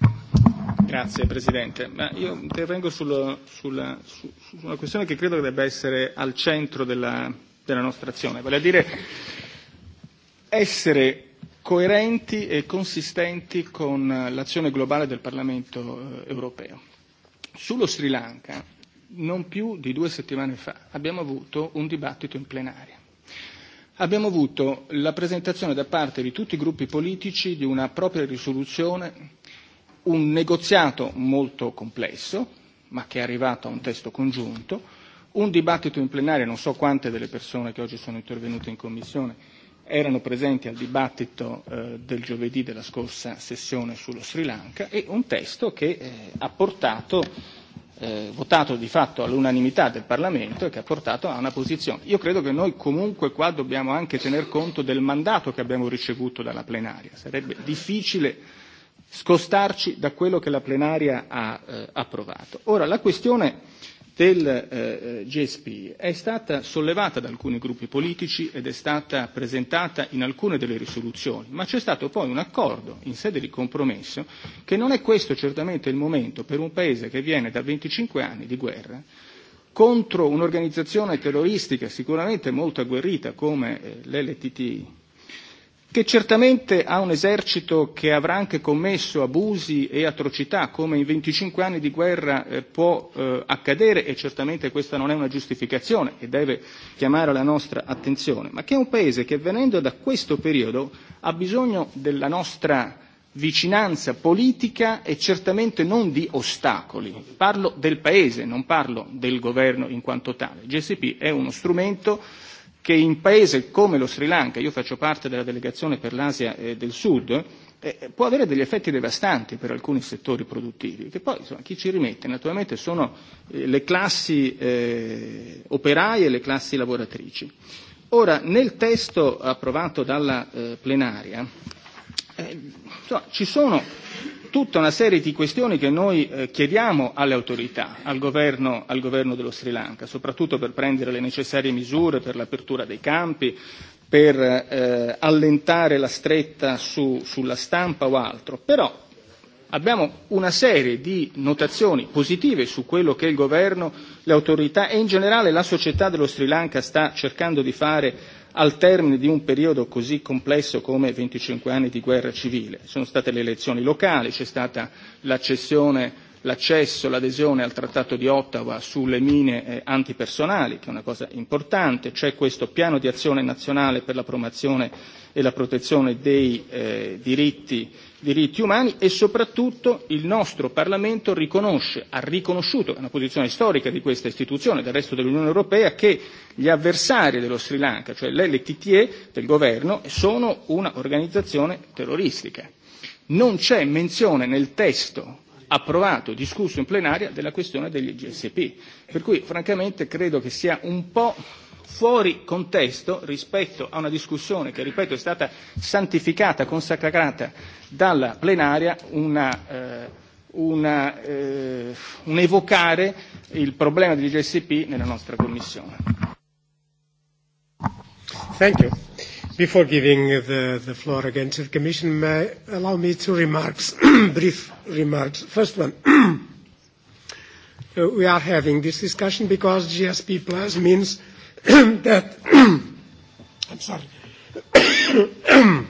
Grazie Presidente. Ma io intervengo sul, sulla, su, su una questione che credo que debba essere al centro della, della nostra azione, vale a dire essere coerenti e consistenti con eh, l'azione globale del Parlamento eh, europeo. Sullo Sri Lanka, non più di due settimane fa, abbiamo avuto un dibattito in plenaria. Abbiamo avuto la presentazione da parte di tutti i gruppi politici di una propria risoluzione, un negoziato molto complesso, ma che è arrivato a un testo congiunto, un dibattito in plenaria, non so quante delle persone che oggi sono intervenute in Commissione erano presenti al dibattito eh, del giovedì della scorsa sessione sullo Sri Lanka e un testo che eh, ha portato, eh, votato di fatto all'unanimità del Parlamento e che ha portato a una posizione. Io credo che noi comunque qua dobbiamo anche tener conto del mandato che abbiamo ricevuto dalla plenaria. Sarebbe difficile scostarci da quello che la plenaria ha eh, approvato. Ora, la questione del eh, GSP è stata sollevata da alcuni gruppi politici ed è stata presentata in alcune delle risoluzioni, ma c'è stato poi un accordo in sede di compromesso che non è questo certamente il momento per un paese che viene da 25 anni di guerra contro un'organizzazione terroristica sicuramente molto agguerrita come eh, l'LTT che certamente ha un esercito che avrà anche commesso abusi e atrocità, come in 25 anni di guerra eh, può eh, accadere, e certamente questa non è una giustificazione e deve chiamare la nostra attenzione, ma che è un paese che venendo da questo periodo ha bisogno della nostra vicinanza politica e certamente non di ostacoli. Parlo del Paese, non parlo del governo in quanto tale. Il GSP è uno strumento che in paese come lo Sri Lanka, io faccio parte della delegazione per l'Asia eh, del Sud, eh, può avere degli effetti devastanti per alcuni settori produttivi, che poi insomma, chi ci rimette naturalmente sono eh, le classi eh, operaie e le classi lavoratrici. Ora, nel testo approvato dalla eh, plenaria eh, insomma, ci sono tutta una serie di questioni che noi eh, chiediamo alle autorità, al governo, al governo dello Sri Lanka, soprattutto per prendere le necessarie misure per l'apertura dei campi, per eh, allentare la stretta su, sulla stampa o altro. Però abbiamo una serie di notazioni positive su quello che il governo, le autorità e in generale la società dello Sri Lanka sta cercando di fare al termine di un periodo così complesso come 25 anni di guerra civile. Sono state le elezioni locali, c'è stata l'accessione l'accesso, l'adesione al Trattato di Ottawa sulle mine eh, antipersonali, che è una cosa importante, c'è questo piano di azione nazionale per la promozione e la protezione dei eh, diritti diritti umani e soprattutto il nostro Parlamento riconosce, ha riconosciuto, è una posizione storica di questa istituzione, del resto dell'Unione Europea, che gli avversari dello Sri Lanka, cioè l'LTTE del governo, sono un'organizzazione terroristica. Non c'è menzione nel testo approvato, discusso in plenaria, della questione degli GSP. Per cui, francamente, credo che sia un po' fuori contesto rispetto a una discussione che, ripeto, è stata santificata, consacrata dalla plenaria, una, eh, una, eh, un evocare il problema di GSP nella nostra Commissione. Thank you. Before giving the, the floor again to the Commission, may allow me two remarks, brief remarks. First one, we are having this discussion because GSP Plus means – that I'm sorry.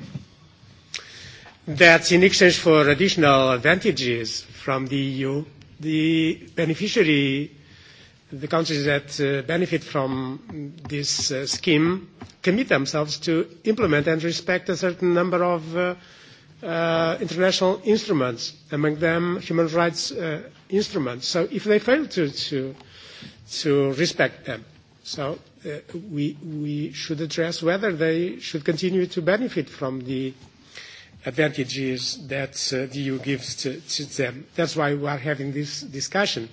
that in exchange for additional advantages from the EU, the beneficiary, the countries that uh, benefit from this uh, scheme, commit themselves to implement and respect a certain number of uh, uh, international instruments, among them human rights uh, instruments. So if they fail to, to, to respect them, So uh, we, we should address whether they should continue to benefit from the advantages that uh, the EU gives to, to them. That's why we are having this discussion.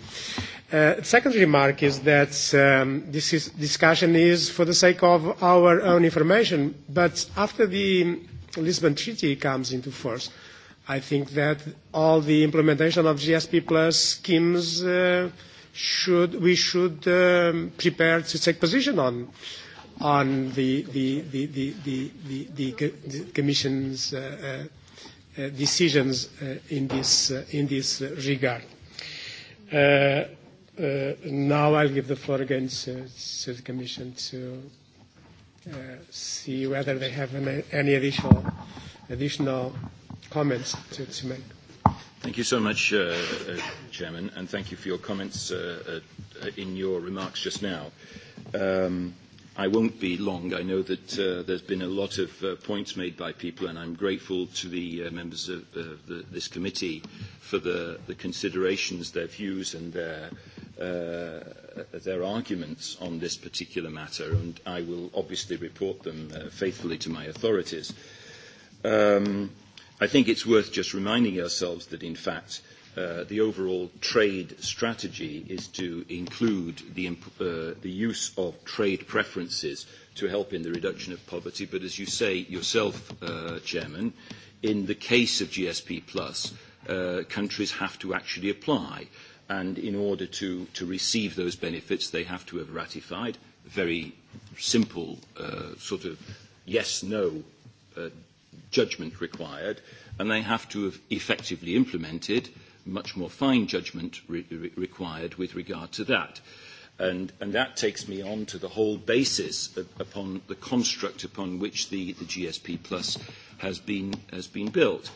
Uh, second remark is that um, this is, discussion is for the sake of our own information, but after the Lisbon Treaty comes into force, I think that all the implementation of GSP plus schemes uh, should we should um, prepare to take position on on the the the the the, the, the commission's uh, uh, uh, decisions uh, in this uh, in this regard. Uh, uh, now I'll give the floor again to, to the commission to uh, see whether they have any, any additional additional comments to, to make. Thank you so much, uh, uh, Chairman, and thank you for your comments uh, uh, in your remarks just now. Um, I won't be long. I know that uh, there's been a lot of uh, points made by people, and I'm grateful to the uh, members of uh, the, this committee for the, the considerations, their views, and their, uh, their arguments on this particular matter. And I will obviously report them uh, faithfully to my authorities. Um, I think it's worth just reminding ourselves that, in fact, uh, the overall trade strategy is to include the, uh, the use of trade preferences to help in the reduction of poverty. But as you say yourself, uh, Chairman, in the case of GSP Plus, uh, countries have to actually apply. And in order to, to receive those benefits, they have to have ratified. Very simple uh, sort of yes-no uh, judgment required, and they have to have effectively implemented much more fine judgment re- re- required with regard to that. And, and that takes me on to the whole basis of, upon the construct upon which the, the GSP Plus has been, has been built.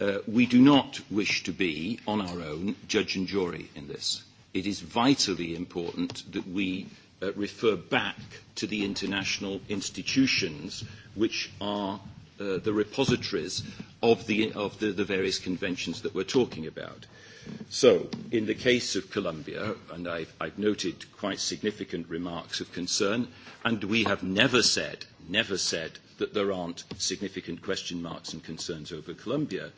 Uh, we do not wish to be, on our own, judge and jury in this. It is vitally important that we uh, refer back to the international institutions which are Uh, the repositories of, the, of the, the various conventions that we're talking about. So, in the case of Colombia, and I've, I've noted quite significant remarks of concern, and we have never said, never said that there aren't significant question marks and concerns over Colombia,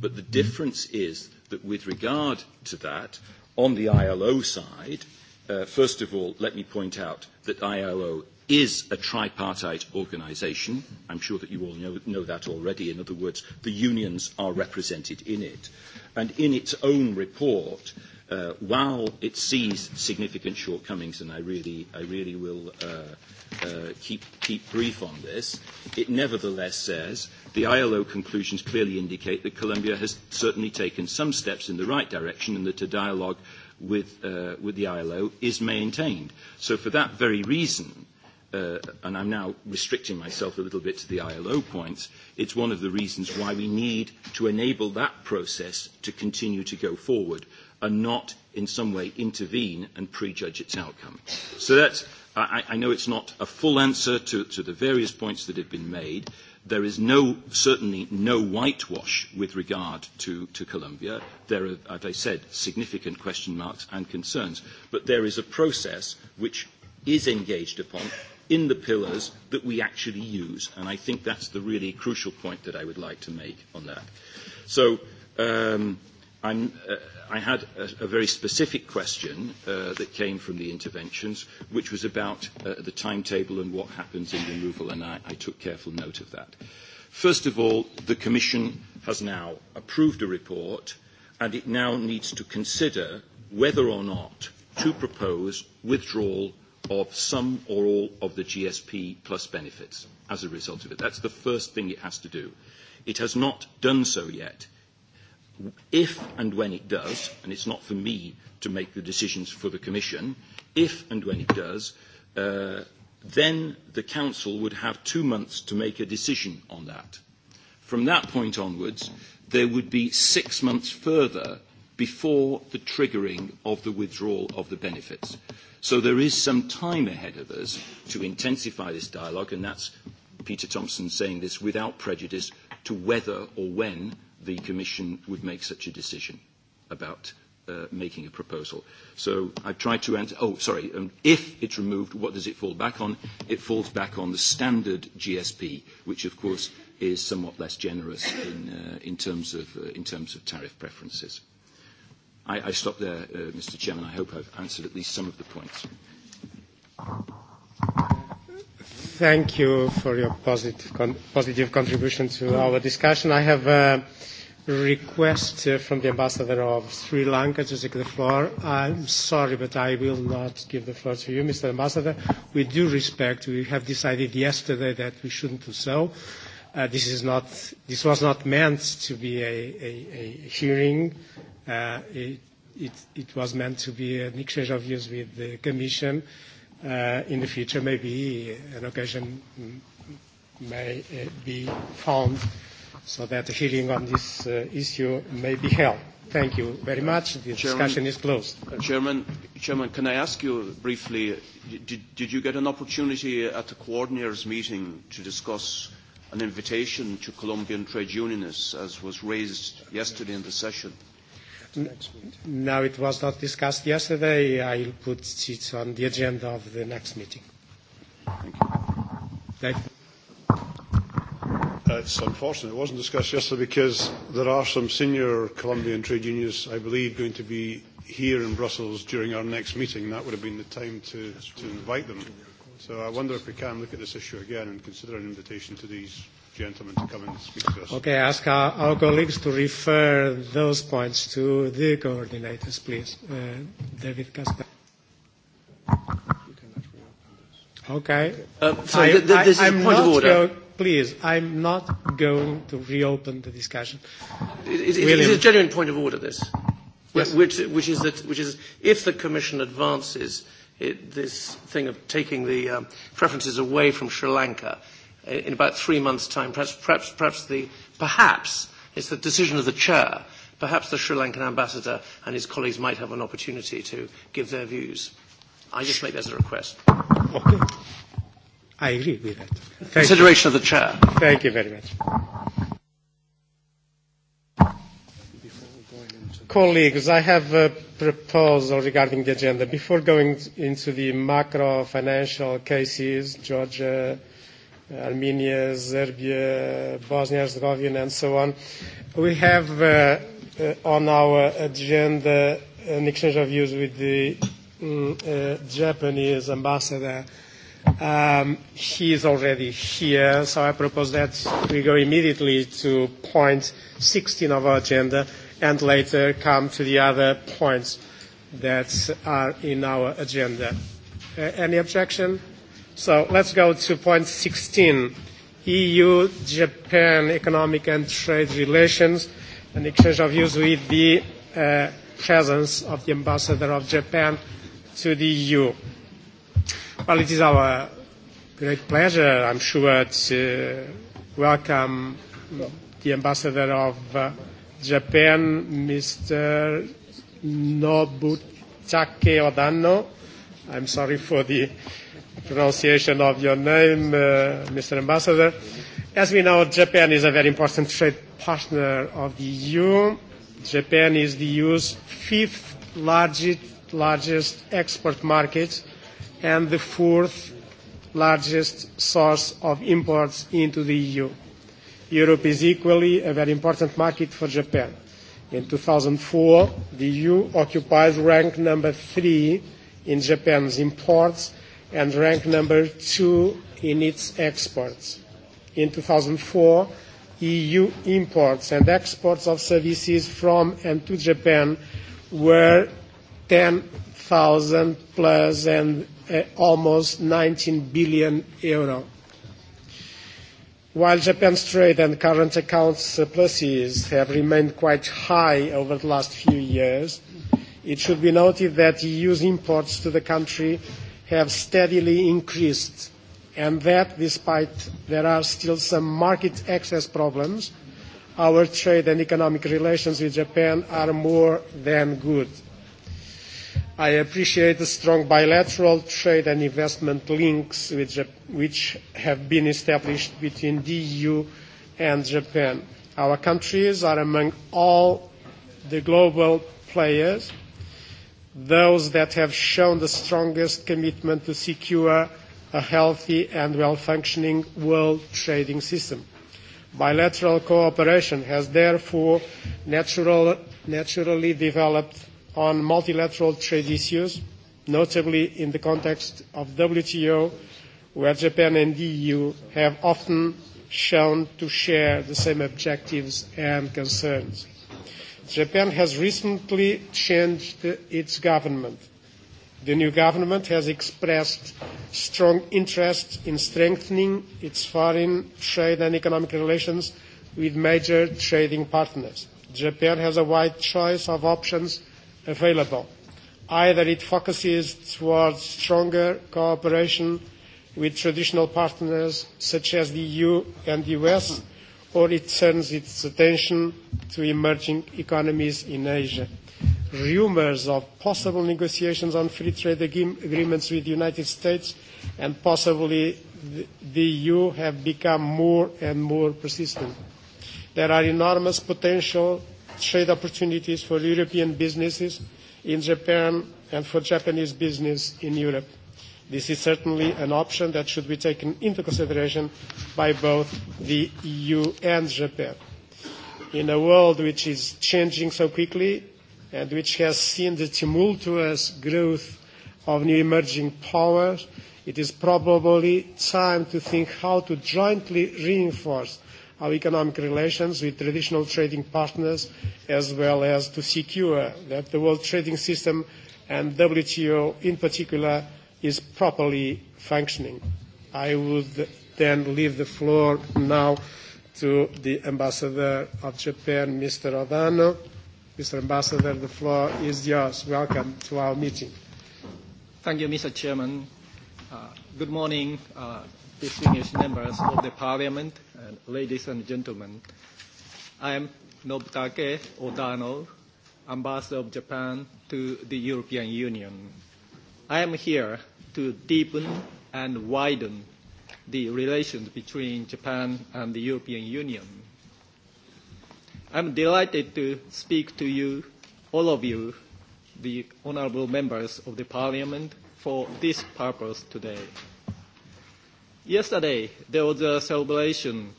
but the difference is that with regard to that, on the ILO side, uh, first of all, let me point out that ILO is a tripartite organisation. I'm sure that you all know, know that already. In other words, the unions are represented in it. And in its own report, uh, while it sees significant shortcomings, and I really, I really will uh, uh, keep, keep brief on this, it nevertheless says the ILO conclusions clearly indicate that Colombia has certainly taken some steps in the right direction and that a dialogue with, uh, with the ILO is maintained. So for that very reason, uh, and I'm now restricting myself a little bit to the ILO points, it's one of the reasons why we need to enable that process to continue to go forward and not in some way intervene and prejudge its outcome. So that's, I, I know it's not a full answer to, to the various points that have been made. There is no, certainly no whitewash with regard to, to Colombia. There are, as I said, significant question marks and concerns. But there is a process which is engaged upon in the pillars that we actually use. And I think that's the really crucial point that I would like to make on that. So um, I'm, uh, I had a, a very specific question uh, that came from the interventions, which was about uh, the timetable and what happens in removal, and I, I took careful note of that. First of all, the Commission has now approved a report, and it now needs to consider whether or not to propose withdrawal of some or all of the GSP plus benefits as a result of it. That's the first thing it has to do. It has not done so yet. If and when it does, and it's not for me to make the decisions for the Commission, if and when it does, uh, then the Council would have two months to make a decision on that. From that point onwards, there would be six months further before the triggering of the withdrawal of the benefits. So there is some time ahead of us to intensify this dialogue, and that's Peter Thompson saying this without prejudice to whether or when the Commission would make such a decision about uh, making a proposal. So I've tried to answer. Oh, sorry. Um, if it's removed, what does it fall back on? It falls back on the standard GSP, which of course is somewhat less generous in, uh, in, terms, of, uh, in terms of tariff preferences. I, I stop there, uh, Mr. Chairman. I hope I've answered at least some of the points. Thank you for your positive, con- positive contribution to our discussion. I have a request uh, from the ambassador of Sri Lanka to take the floor. I'm sorry, but I will not give the floor to you, Mr. Ambassador. We do respect, we have decided yesterday that we shouldn't do so. Uh, this is not. This was not meant to be a, a, a hearing Uh, it, it, it was meant to be an exchange of views with the Commission. Uh, in the future, maybe an occasion may uh, be found so that a hearing on this uh, issue may be held. Thank you very much. The Chairman, discussion is closed. Uh, Chairman, Chairman, can I ask you briefly, did, did you get an opportunity at the coordinators' meeting to discuss an invitation to Colombian trade unionists, as was raised yesterday in the session? Now it was not discussed yesterday. I will put it on the agenda of the next meeting. Thank you. Uh, it's unfortunate it wasn't discussed yesterday because there are some senior Colombian trade unions, I believe, going to be here in Brussels during our next meeting. That would have been the time to, to invite them. So I wonder if we can look at this issue again and consider an invitation to these gentleman to come and speak to us. Okay, I ask our, our colleagues to refer those points to the coordinators, please. Uh, David Kasper. Okay. Um, uh, sorry, I, th- th- this I, is I'm a point of order. Go, please, I'm not going to reopen the discussion. It, it, it is a genuine point of order, this. Yes. Which, which, is that, which is if the Commission advances it, this thing of taking the um, preferences away from Sri Lanka, in about three months' time. Perhaps, perhaps, perhaps, the, perhaps it's the decision of the chair. Perhaps the Sri Lankan ambassador and his colleagues might have an opportunity to give their views. I just make that as a request. Okay. I agree with that. Thank Consideration you. of the chair. Thank you very much. Colleagues, I have a proposal regarding the agenda. Before going into the macro financial cases, Georgia. Uh, Armenia, Serbia, Bosnia Herzegovina, and so on. We have uh, uh, on our agenda uh, an exchange of views with the um, uh, Japanese ambassador. Um, he is already here, so I propose that we go immediately to point 16 of our agenda and later come to the other points that are in our agenda. Uh, any objection? So let's go to point 16, EU-Japan economic and trade relations, an exchange of views with the uh, presence of the ambassador of Japan to the EU. Well, it is our great pleasure, I'm sure, to welcome the ambassador of uh, Japan, Mr. Nobutake Odano. I'm sorry for the pronunciation of your name, uh, Mr. Ambassador. As we know, Japan is a very important trade partner of the EU. Japan is the EU's fifth largest, largest export market and the fourth largest source of imports into the EU. Europe is equally a very important market for Japan. In 2004, the EU occupied rank number three in Japan's imports and ranked number two in its exports. In 2004, EU imports and exports of services from and to Japan were 10,000 plus and uh, almost 19 billion euro. While Japan's trade and current account surpluses have remained quite high over the last few years, it should be noted that EU's imports to the country have steadily increased, and that despite there are still some market access problems, our trade and economic relations with Japan are more than good. I appreciate the strong bilateral trade and investment links which have been established between the EU and Japan. Our countries are among all the global players those that have shown the strongest commitment to secure a healthy and well-functioning world trading system. Bilateral cooperation has therefore natural, naturally developed on multilateral trade issues, notably in the context of WTO, where Japan and the EU have often shown to share the same objectives and concerns. Japan has recently changed its government. The new government has expressed strong interest in strengthening its foreign trade and economic relations with major trading partners. Japan has a wide choice of options available. Either it focuses towards stronger cooperation with traditional partners such as the EU and the US, or it turns its attention to emerging economies in Asia. Rumors of possible negotiations on free trade agreements with the United States and possibly the EU e have become more and more persistent. There are enormous potential trade opportunities for European businesses in Japan and for Japanese business in Europe This is certainly an option that should be taken into consideration by both the EU and Japan. In a world which is changing so quickly and which has seen the tumultuous growth of new emerging powers, it is probably time to think how to jointly reinforce our economic relations with traditional trading partners, as well as to secure that the world trading system and WTO in particular is properly functioning. I would then leave the floor now to the Ambassador of Japan, Mr. Odano. Mr. Ambassador, the floor is yours. Welcome to our meeting. Thank you, Mr. Chairman. Uh, good morning, uh, distinguished members of the Parliament, and uh, ladies and gentlemen. I am Nobutake Odano, Ambassador of Japan to the European Union. I am here to deepen and widen the relations between Japan and the European Union. I'm delighted to speak to you, all of you, the honourable members of the Parliament, for this purpose today. Yesterday, there was a celebration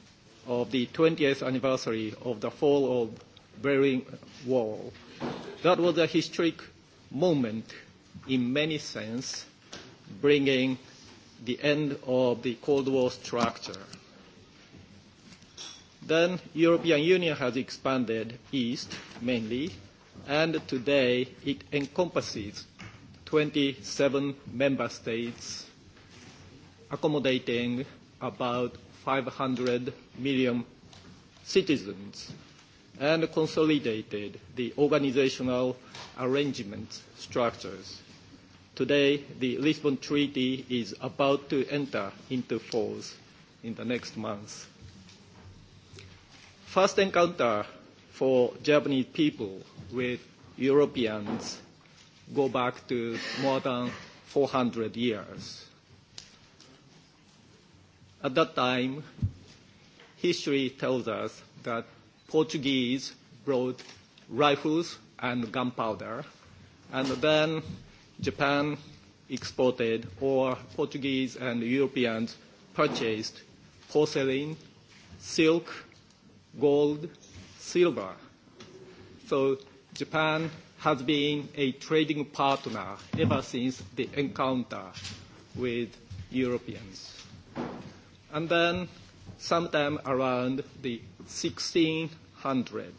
of the 20th anniversary of the fall of Berlin Wall. That was a historic moment in many sense bringing the end of the Cold War structure. Then European Union has expanded east mainly, and today it encompasses 27 member states, accommodating about 500 million citizens, and consolidated the organizational arrangement structures. Today, the Lisbon Treaty is about to enter into force in the next month. First encounter for Japanese people with Europeans go back to more than 400 years. At that time, history tells us that Portuguese brought rifles and gunpowder, and then Japan exported or Portuguese and Europeans purchased porcelain, silk, gold, silver. So Japan has been a trading partner ever since the encounter with Europeans. And then sometime around the 1600,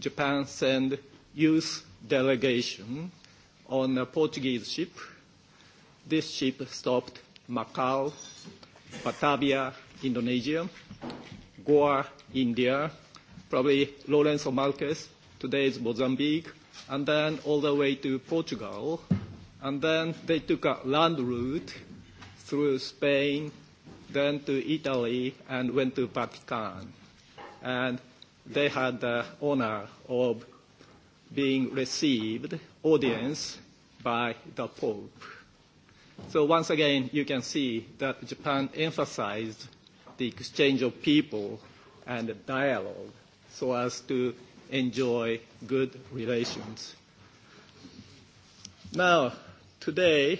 Japan sent youth delegation on a Portuguese ship. This ship stopped Macau, Batavia, Indonesia, Goa, India, probably Lorenzo Marques, today's Mozambique, and then all the way to Portugal. And then they took a land route through Spain, then to Italy, and went to Vatican. And they had the honor of being received, audience, by the Pope. So once again, you can see that Japan emphasized the exchange of people and dialogue so as to enjoy good relations. Now, today,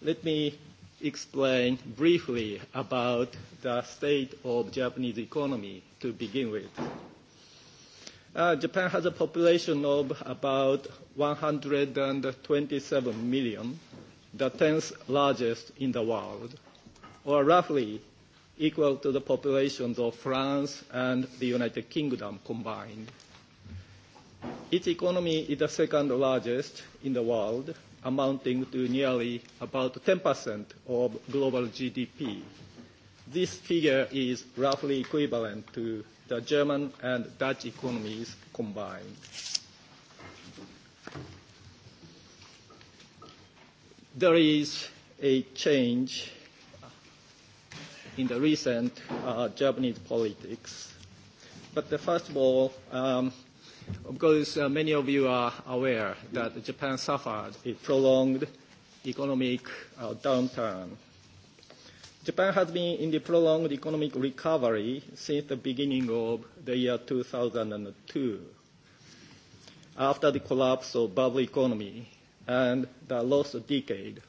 let me explain briefly about the state of Japanese economy to begin with. Uh, Japan has a population of about 127 million, the 10th largest in the world, or roughly equal to the populations of France and the United Kingdom combined. Its economy is the second largest in the world, amounting to nearly about 10% of global GDP. This figure is roughly equivalent to the German and Dutch economies combined. There is a change in the recent uh, Japanese politics. But the, first of all, um, of course, uh, many of you are aware that Japan suffered a prolonged economic uh, downturn Japan has been in the prolonged economic recovery since the beginning of the year 2002, after the collapse of bubble economy and the lost decade,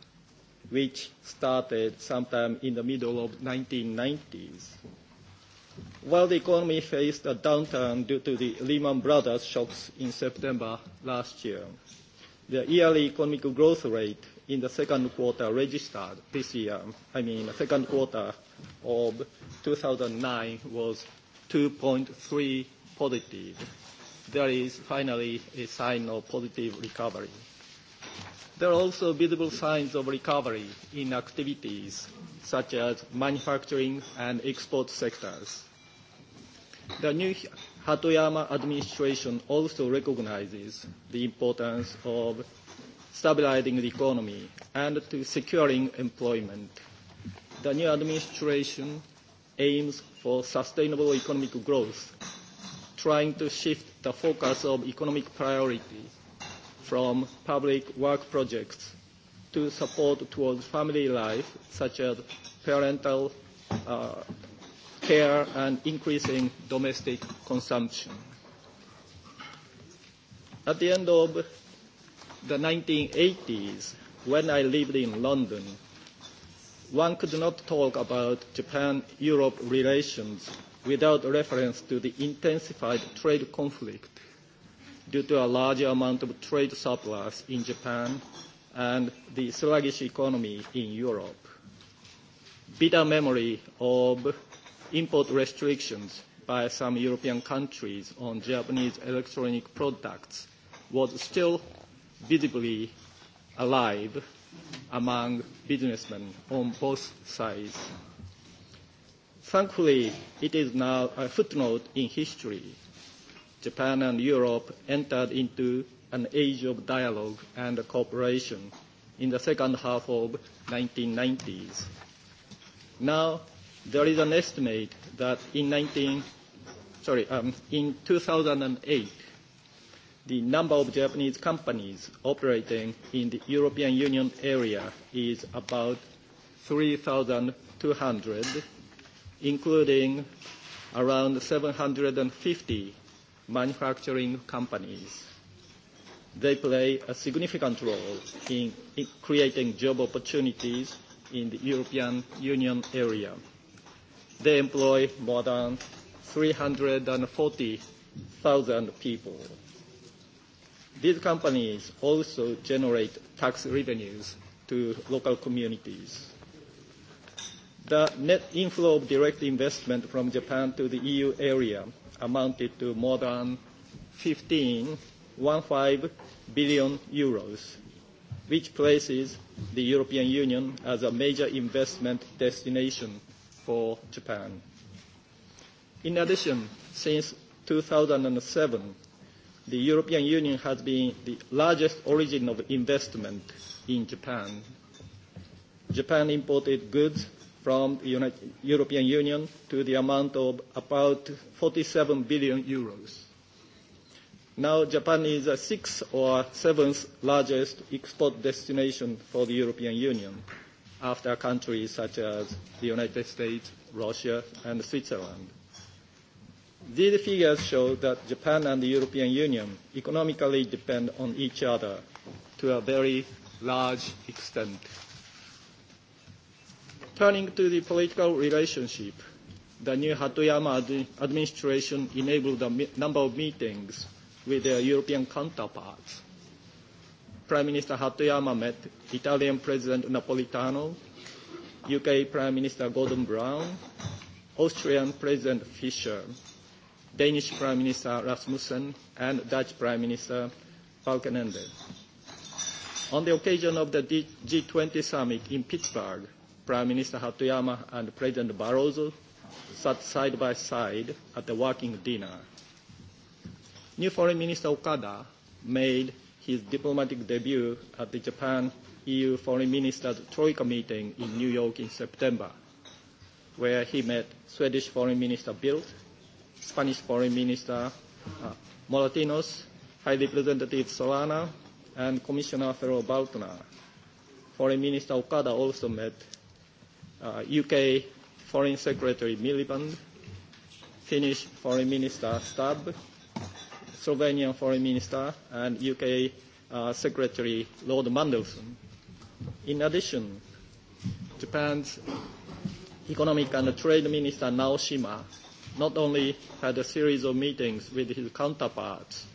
which started sometime in the middle of 1990s. While the economy faced a downturn due to the Lehman Brothers shocks in September last year, the yearly economic growth rate in the second quarter registered this year, I mean the second quarter of 2009 was 2.3 positive. There is finally a sign of positive recovery. There are also visible signs of recovery in activities such as manufacturing and export sectors. The new Hatoyama administration also recognizes the importance of stabilizing the economy, and to securing employment. The new administration aims for sustainable economic growth, trying to shift the focus of economic priorities from public work projects to support towards family life, such as parental uh, care and increasing domestic consumption. At the end of the 1980s, when I lived in London, one could not talk about Japan-Europe relations without reference to the intensified trade conflict due to a larger amount of trade surplus in Japan and the sluggish economy in Europe. Bitter memory of import restrictions by some European countries on Japanese electronic products was still visibly alive among businessmen on both sides. Thankfully, it is now a footnote in history. Japan and Europe entered into an age of dialogue and cooperation in the second half of 1990s. Now, there is an estimate that in, 19, sorry, um, in 2008, the number of Japanese companies operating in the European Union area is about 3,200, including around 750 manufacturing companies. They play a significant role in creating job opportunities in the European Union area. They employ more than 340,000 people these companies also generate tax revenues to local communities. The net inflow of direct investment from Japan to the EU area amounted to more than 15 15 billion euros, which places the European Union as a major investment destination for Japan. In addition, since 2007, the European Union has been the largest origin of investment in Japan. Japan imported goods from the United, European Union to the amount of about 47 billion euros. Now Japan is the sixth or seventh largest export destination for the European Union after countries such as the United States, Russia, and Switzerland. These figures show that Japan and the European Union economically depend on each other to a very large extent. Turning to the political relationship, the new Hatoyama ad administration enabled a number of meetings with their European counterparts. Prime Minister Hatoyama met Italian President Napolitano, UK Prime Minister Gordon Brown, Austrian President Fischer, Danish Prime Minister Rasmussen and Dutch Prime Minister Balkenende. On the occasion of the G20 summit in Pittsburgh, Prime Minister Hatoyama and President Barroso sat side by side at the working dinner. New Foreign Minister Okada made his diplomatic debut at the Japan EU Foreign Ministers Troika meeting in New York in September, where he met Swedish Foreign Minister Bildt Spanish Foreign Minister uh, Molatinos, High Representative Solana, and Commissioner Ferro Baltner. Foreign Minister Okada also met uh, UK Foreign Secretary Miliband, Finnish Foreign Minister Stubb, Slovenian Foreign Minister, and UK uh, Secretary Lord Mandelson. In addition, Japan's Economic and Trade Minister Naoshima not only had a series of meetings with his counterparts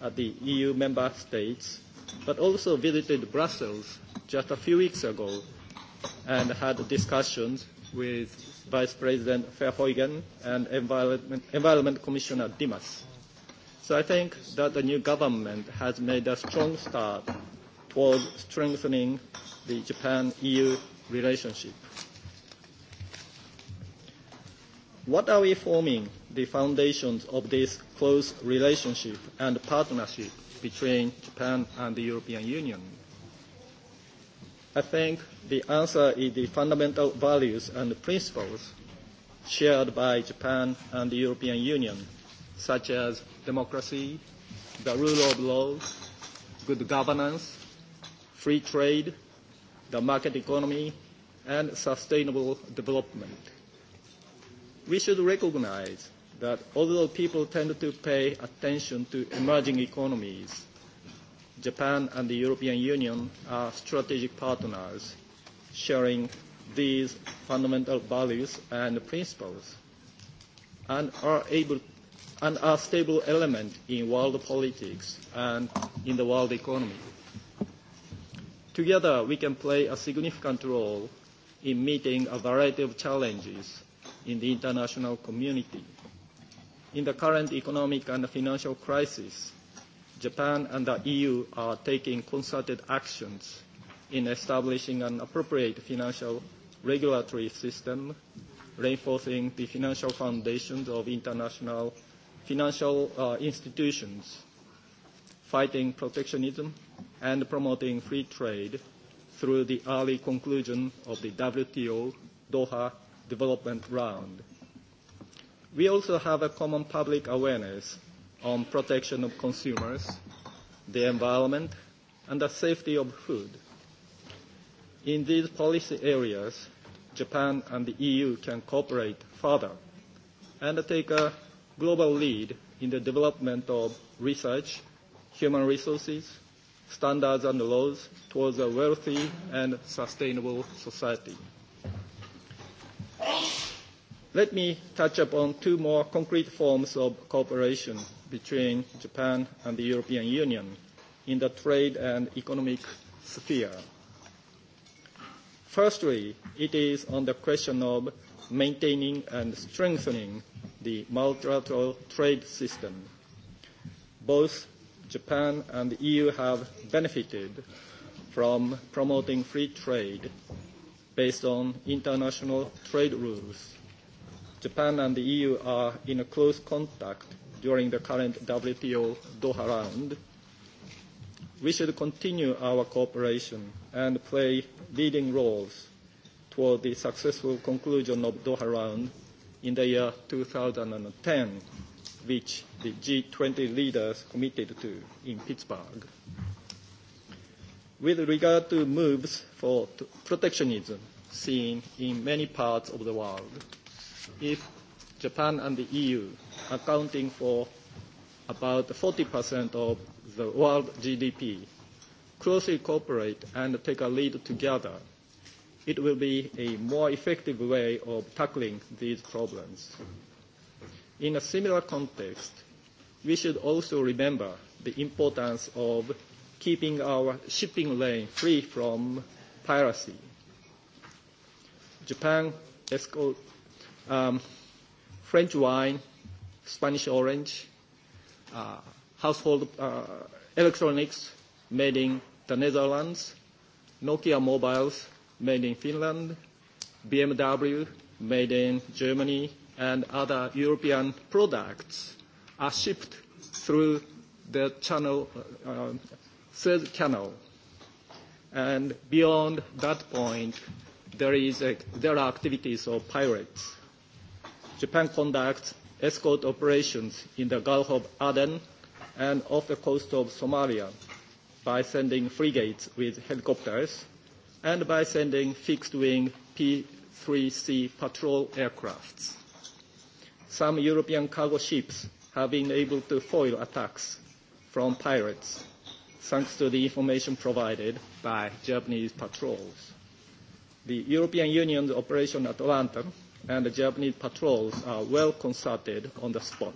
at the EU member states, but also visited Brussels just a few weeks ago and had discussions with Vice President Verheugen and Environment, Environment Commissioner Dimas. So I think that the new government has made a strong start towards strengthening the Japan-EU relationship. What are we forming the foundations of this close relationship and partnership between Japan and the European Union? I think the answer is the fundamental values and principles shared by Japan and the European Union, such as democracy, the rule of law, good governance, free trade, the market economy, and sustainable development we should recognize that although people tend to pay attention to emerging economies, Japan and the European Union are strategic partners sharing these fundamental values and principles and are able and are stable element in world politics and in the world economy. Together we can play a significant role in meeting a variety of challenges in the international community. In the current economic and financial crisis, Japan and the EU are taking concerted actions in establishing an appropriate financial regulatory system, reinforcing the financial foundations of international financial uh, institutions, fighting protectionism, and promoting free trade through the early conclusion of the WTO Doha development round. We also have a common public awareness on protection of consumers, the environment, and the safety of food. In these policy areas, Japan and the EU can cooperate further and take a global lead in the development of research, human resources, standards and laws towards a wealthy and sustainable society. Let me touch upon two more concrete forms of cooperation between Japan and the European Union in the trade and economic sphere. Firstly, it is on the question of maintaining and strengthening the multilateral trade system. Both Japan and the EU have benefited from promoting free trade based on international trade rules. Japan and the EU are in close contact during the current WTO Doha round. We should continue our cooperation and play leading roles toward the successful conclusion of Doha round in the year 2010, which the G20 leaders committed to in Pittsburgh with regard to moves for protectionism seen in many parts of the world. If Japan and the EU, accounting for about 40% of the world GDP, closely cooperate and take a lead together, it will be a more effective way of tackling these problems. In a similar context, we should also remember the importance of keeping our shipping lane free from piracy. Japan Esco, um, French wine, Spanish orange, uh, household uh, electronics made in the Netherlands, Nokia mobiles made in Finland, BMW made in Germany, and other European products are shipped through the channel uh, Suez Canal. And beyond that point, there, is a, there are activities of pirates. Japan conducts escort operations in the Gulf of Aden and off the coast of Somalia by sending frigates with helicopters and by sending fixed-wing P-3C patrol aircrafts. Some European cargo ships have been able to foil attacks from pirates thanks to the information provided by Japanese patrols. The European Union's Operation Atalanta and the Japanese patrols are well consulted on the spot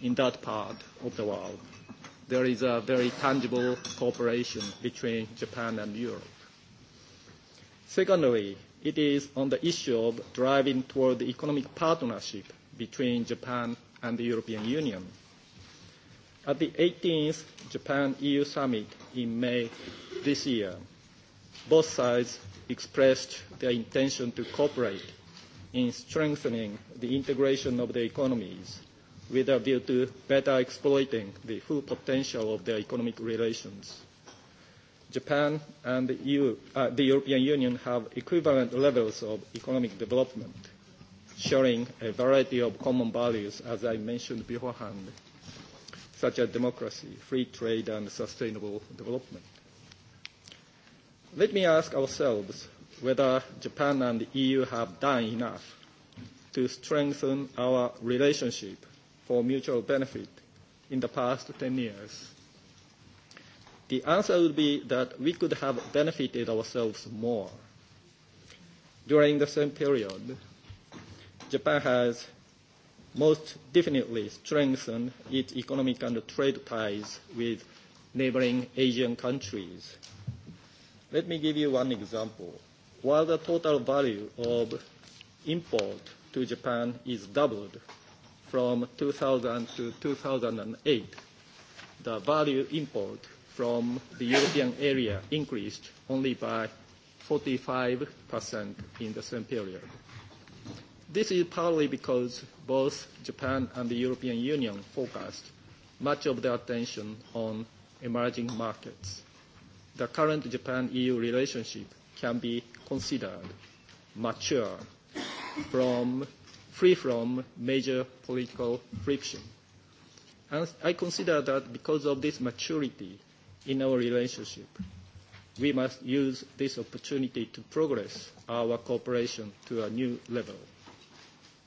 in that part of the world. There is a very tangible cooperation between Japan and Europe. Secondly, it is on the issue of driving toward the economic partnership between Japan and the European Union at the 18th Japan-EU summit in May this year, both sides expressed their intention to cooperate in strengthening the integration of the economies with a view to better exploiting the full potential of their economic relations. Japan and the, EU, uh, the European Union have equivalent levels of economic development, sharing a variety of common values, as I mentioned beforehand such as democracy, free trade, and sustainable development. Let me ask ourselves whether Japan and the EU have done enough to strengthen our relationship for mutual benefit in the past 10 years. The answer would be that we could have benefited ourselves more. During the same period, Japan has most definitely strengthen its economic and trade ties with neighboring Asian countries. Let me give you one example. While the total value of import to Japan is doubled from 2000 to 2008, the value import from the European area increased only by 45% in the same period. This is partly because both Japan and the European Union focused much of their attention on emerging markets. The current Japan-EU relationship can be considered mature from free from major political friction. And I consider that because of this maturity in our relationship, we must use this opportunity to progress our cooperation to a new level.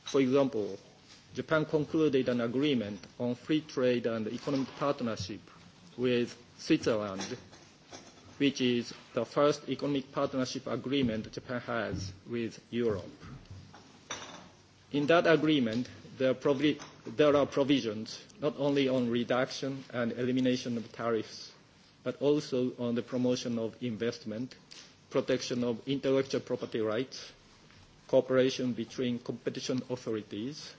For example, Japan concluded an agreement on free trade and economic partnership with Switzerland, which is the first economic partnership agreement Japan has with Europe. In that agreement, there are, provi there are provisions not only on reduction and elimination of tariffs, but also on the promotion of investment, protection of intellectual property rights, cooperation between competition authorities,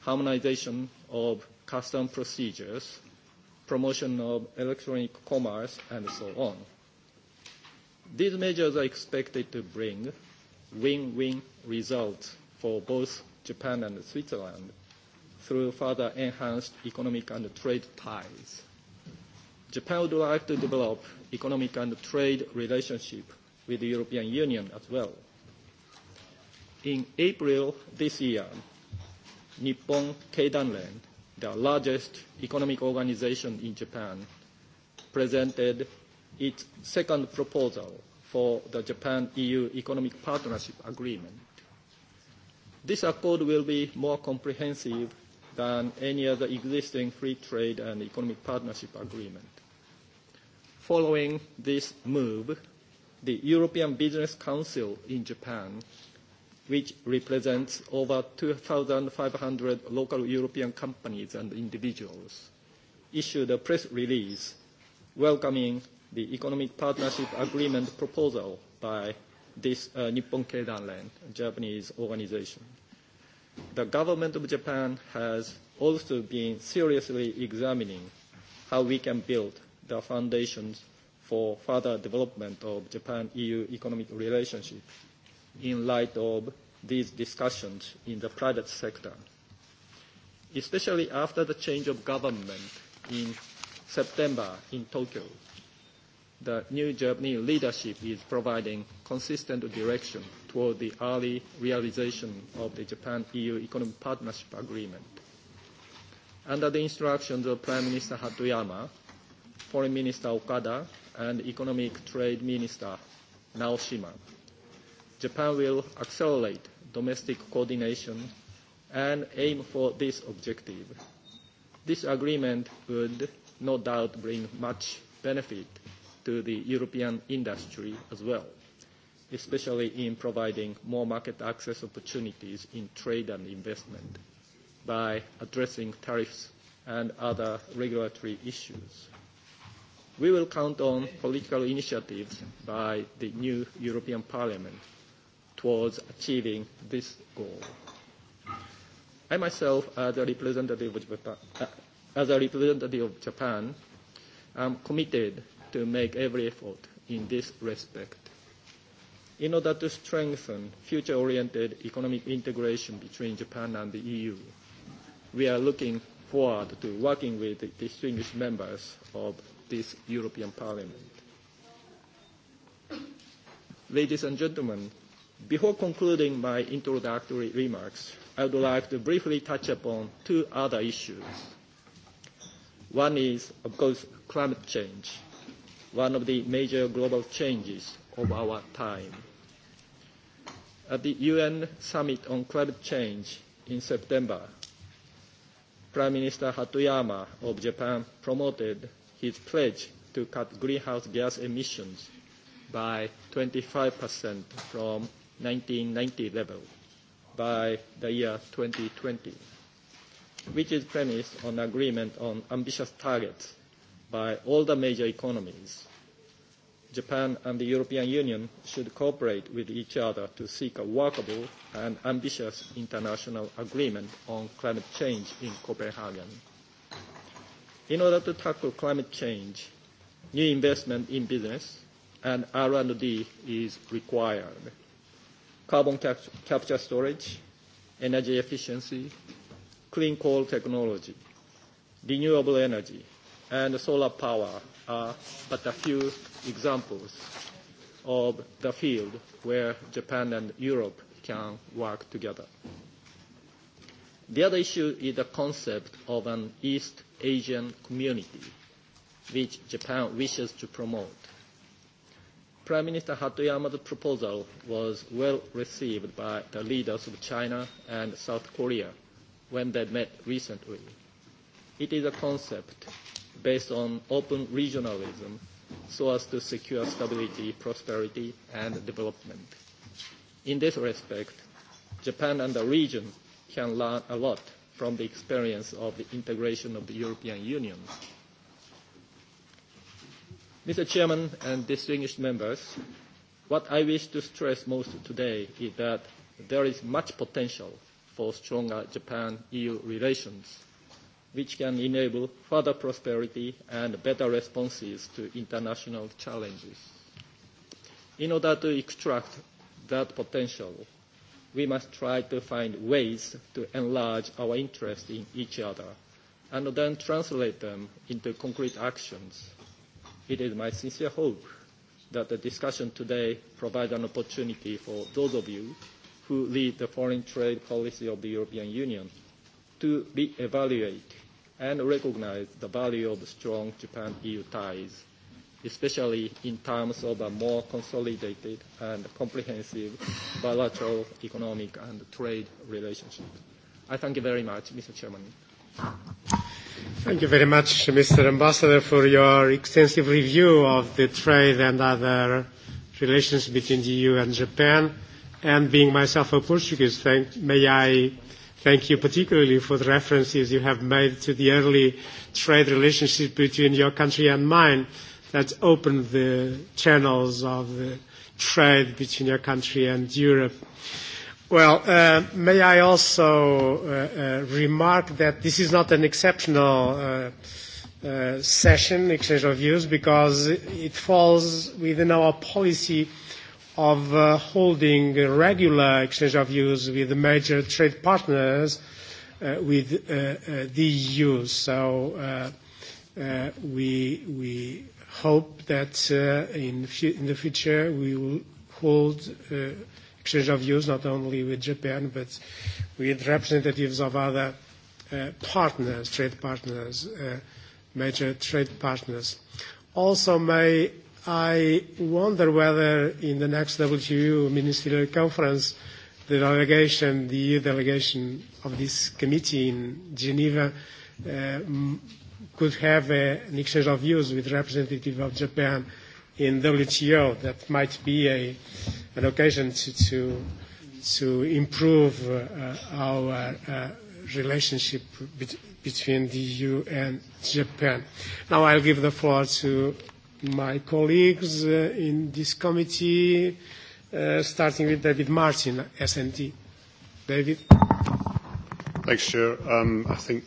harmonization of custom procedures, promotion of electronic commerce, and so on. These measures are expected to bring win-win results for both Japan and Switzerland through further enhanced economic and trade ties. Japan would like to develop economic and trade relationship with the European Union as well In April this year, Nippon Keidanren, the largest economic organization in Japan, presented its second proposal for the Japan-EU Economic Partnership Agreement. This accord will be more comprehensive than any other existing free trade and economic partnership agreement. Following this move, the European Business Council in Japan which represents over 2,500 local European companies and individuals, issued a press release welcoming the economic partnership agreement proposal by this uh, Nippon Keidanren, Japanese organization. The government of Japan has also been seriously examining how we can build the foundations for further development of Japan-EU economic relationship in light of these discussions in the private sector, especially after the change of government in September in Tokyo. The new Japanese leadership is providing consistent direction toward the early realization of the Japan-EU Economic Partnership Agreement. Under the instructions of Prime Minister Hatoyama, Foreign Minister Okada, and Economic Trade Minister Naoshima, Japan will accelerate domestic coordination and aim for this objective. This agreement would no doubt bring much benefit to the European industry as well, especially in providing more market access opportunities in trade and investment by addressing tariffs and other regulatory issues. We will count on political initiatives by the new European Parliament towards achieving this goal. I myself, as a representative of Japan, uh, as a representative of Japan am committed to make every effort in this respect. In order to strengthen future-oriented economic integration between Japan and the EU, we are looking forward to working with the distinguished members of this European Parliament. Ladies and gentlemen, Before concluding my introductory remarks, I would like to briefly touch upon two other issues. One is, of course, climate change, one of the major global changes of our time. At the UN Summit on Climate Change in September, Prime Minister Hatoyama of Japan promoted his pledge to cut greenhouse gas emissions by 25% from 1990 level by the year 2020, which is premised on agreement on ambitious targets by all the major economies. Japan and the European Union should cooperate with each other to seek a workable and ambitious international agreement on climate change in Copenhagen. In order to tackle climate change, new investment in business and R&D is required carbon capture storage, energy efficiency, clean coal technology, renewable energy, and solar power are but a few examples of the field where Japan and Europe can work together. The other issue is the concept of an East Asian community, which Japan wishes to promote. Prime Minister Hatoyama's proposal was well received by the leaders of China and South Korea when they met recently. It is a concept based on open regionalism so as to secure stability, prosperity, and development. In this respect, Japan and the region can learn a lot from the experience of the integration of the European Union Mr. Chairman and distinguished members, what I wish to stress most today is that there is much potential for stronger Japan-EU relations, which can enable further prosperity and better responses to international challenges. In order to extract that potential, we must try to find ways to enlarge our interest in each other and then translate them into concrete actions It is my sincere hope that the discussion today provides an opportunity for those of you who lead the foreign trade policy of the European Union to re-evaluate and recognize the value of strong Japan-EU ties, especially in terms of a more consolidated and comprehensive bilateral economic and trade relationship. I thank you very much, Mr. Chairman. Thank you very much, Mr. Ambassador, for your extensive review of the trade and other relations between the EU and Japan. And being myself a Portuguese, thank, may I thank you particularly for the references you have made to the early trade relationship between your country and mine that opened the channels of the trade between your country and Europe. Uh, Well, uh, may I also uh, uh, remark that this is not an exceptional uh, uh, session, exchange of views, because it falls within our policy of uh, holding regular exchange of views with the major trade partners with the EU. So we, we hope that in, in the future we will hold exchange of views, not only with Japan, but with representatives of other uh, partners, trade partners, uh, major trade partners. Also, may I wonder whether in the next WTO ministerial conference, the delegation, the EU delegation of this committee in Geneva, uh, could have a, an exchange of views with representative of Japan in WTO. That might be a, an occasion to, to, to improve uh, our uh, relationship bet between the EU and Japan. Now I'll give the floor to my colleagues uh, in this committee, uh, starting with David Martin, SNT. David. Thanks, Chair. Um, I think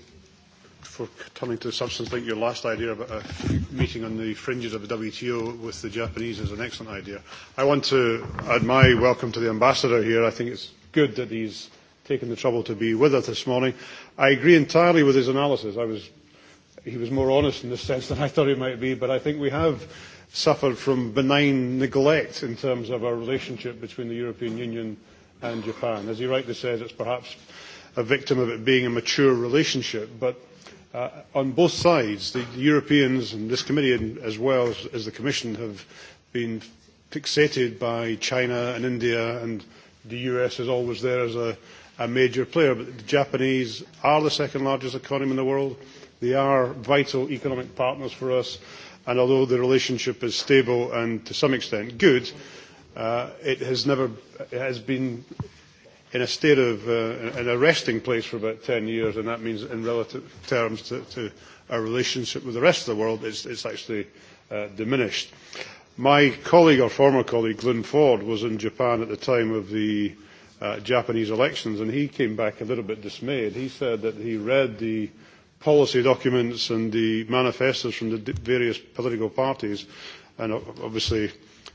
for coming to the substance, I think your last idea about uh, a meeting on the fringes of the WTO with the Japanese is an excellent idea. I want to add my welcome to the ambassador here. I think it's good that he's taken the trouble to be with us this morning. I agree entirely with his analysis. I was, he was more honest in this sense than I thought he might be, but I think we have suffered from benign neglect in terms of our relationship between the European Union and Japan. As he rightly says, it's perhaps a victim of it being a mature relationship, but Uh, on both sides, the Europeans and this committee, as well as, as the Commission, have been fixated by China and India, and the US is always there as a, a major player. But the Japanese are the second largest economy in the world. They are vital economic partners for us. And although the relationship is stable and to some extent good, uh, it has never it has been in a state of uh, in a resting place for about 10 years, and that means in relative terms to, to our relationship with the rest of the world, it's, it's actually uh, diminished. My colleague, or former colleague, Glenn Ford, was in Japan at the time of the uh, Japanese elections, and he came back a little bit dismayed. He said that he read the policy documents and the manifestos from the various political parties, and obviously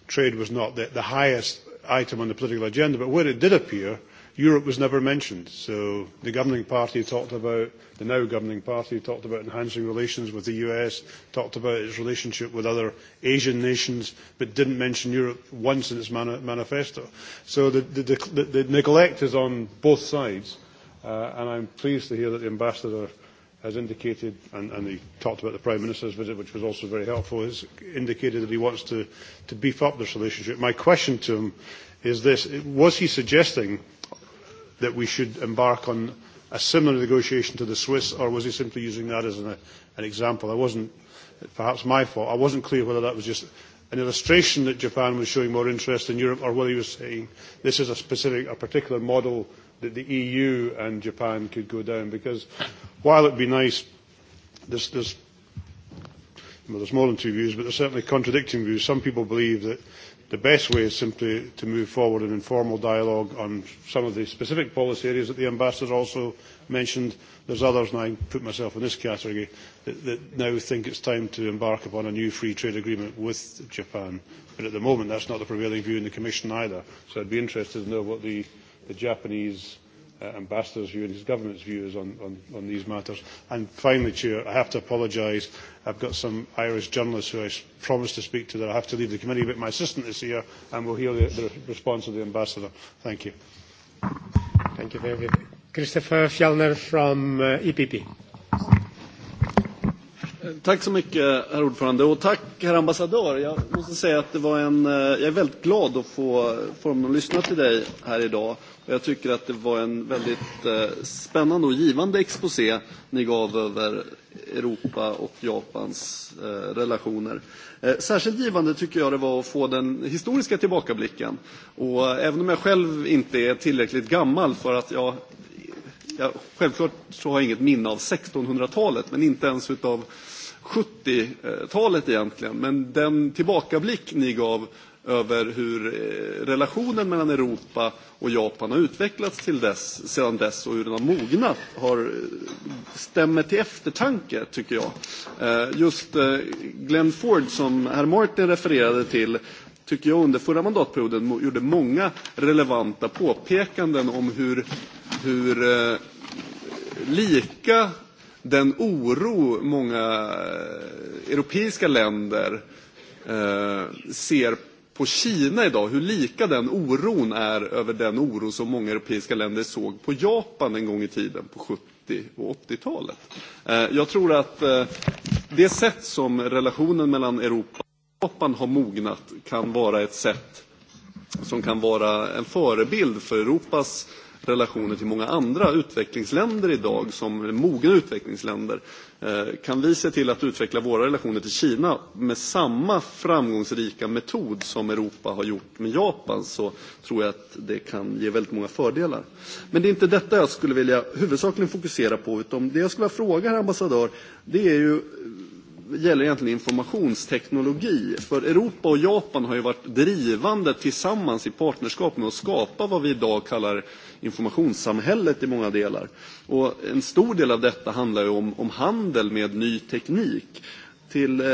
trade was not the, the highest item on the political agenda, but where it did appear, Europe was never mentioned. So the governing party talked about, the now governing party talked about enhancing relations with the US, talked about its relationship with other Asian nations, but didn't mention Europe once in its manifesto. So the, the, the, the neglect is on both sides, uh, and I'm pleased to hear that the ambassador has indicated, and, and he talked about the Prime Minister's visit, which was also very helpful, has indicated that he wants to, to beef up this relationship. My question to him is this. Was he suggesting that we should embark on a similar negotiation to the Swiss, or was he simply using that as an, an example? I wasn't, perhaps my fault, I wasn't clear whether that was just an illustration that Japan was showing more interest in Europe, or whether he was saying this is a specific, a particular model that the EU and Japan could go down. Because while it would be nice, there's, there's, well, there's more than two views, but there's certainly contradicting views. Some people believe that the best way is simply to move forward in informal dialogue on some of the specific policy areas that the ambassador also mentioned. There's others, and I put myself in this category, that, that now think it's time to embark upon a new free trade agreement with Japan. But at the moment, that's not the prevailing view in the Commission either. So I'd be interested to know what the, the Japanese uh, Ambassador's view and his government's views on, on, on these matters. And finally, Chair, I have to apologise. I've got some Irish journalists who I promised to speak to that I have to leave the committee, but my assistant is here and we'll hear the, the response of the Ambassador. Thank you. Thank you very much. Christopher Fjellner from uh, EPP. Tack så mycket, herr ordförande. Och tack, herr ambassadör. Jag måste säga att det var en, eh, jag är väldigt glad att få förmånen att lyssna till dig här idag. Och jag tycker att det var en väldigt eh, spännande och givande exposé ni gav över Europa och Japans eh, relationer. Särskilt givande tycker jag det var att få den historiska tillbakablicken. Och även om jag själv inte är tillräckligt gammal för att jag ja, självklart så har jag inget minne av 1600-talet, men inte ens av 70-talet egentligen. Men den tillbakablick ni gav över hur eh, relationen mellan Europa och Japan har utvecklats till dess, sedan dess och hur den har mognat har, eh, stämmer till eftertanke, tycker jag. Eh, just Glenn Ford, som herr Martin refererade till, tycker jag, under förra mandatperioden gjorde många relevanta påpekanden om hur, hur eh, lika den oro många eh, europeiska länder eh, ser på Kina idag, hur lika den oron är över den oro som många europeiska länder såg på Japan en gång i tiden på 70 och 80-talet. Eh, jag tror att eh, det sätt som relationen mellan Europa man har mognat kan vara ett sätt som kan vara en förebild för Europas relationer till många andra utvecklingsländer idag som mogna utvecklingsländer. Eh, kan vi se till att utveckla våra relationer till Kina med samma framgångsrika metod som Europa har gjort med Japan så tror jag att det kan ge väldigt många fördelar. Men det är inte detta jag skulle vilja huvudsakligen fokusera på utan det jag skulle vilja fråga herr ambassadör det är ju gäller egentligen informationsteknologi. För Europa och Japan har ju varit drivande tillsammans i partnerskap med att skapa vad vi idag kallar informationssamhället i många delar. Och en stor del av detta handlar ju om, om handel med ny teknik. Till, eh,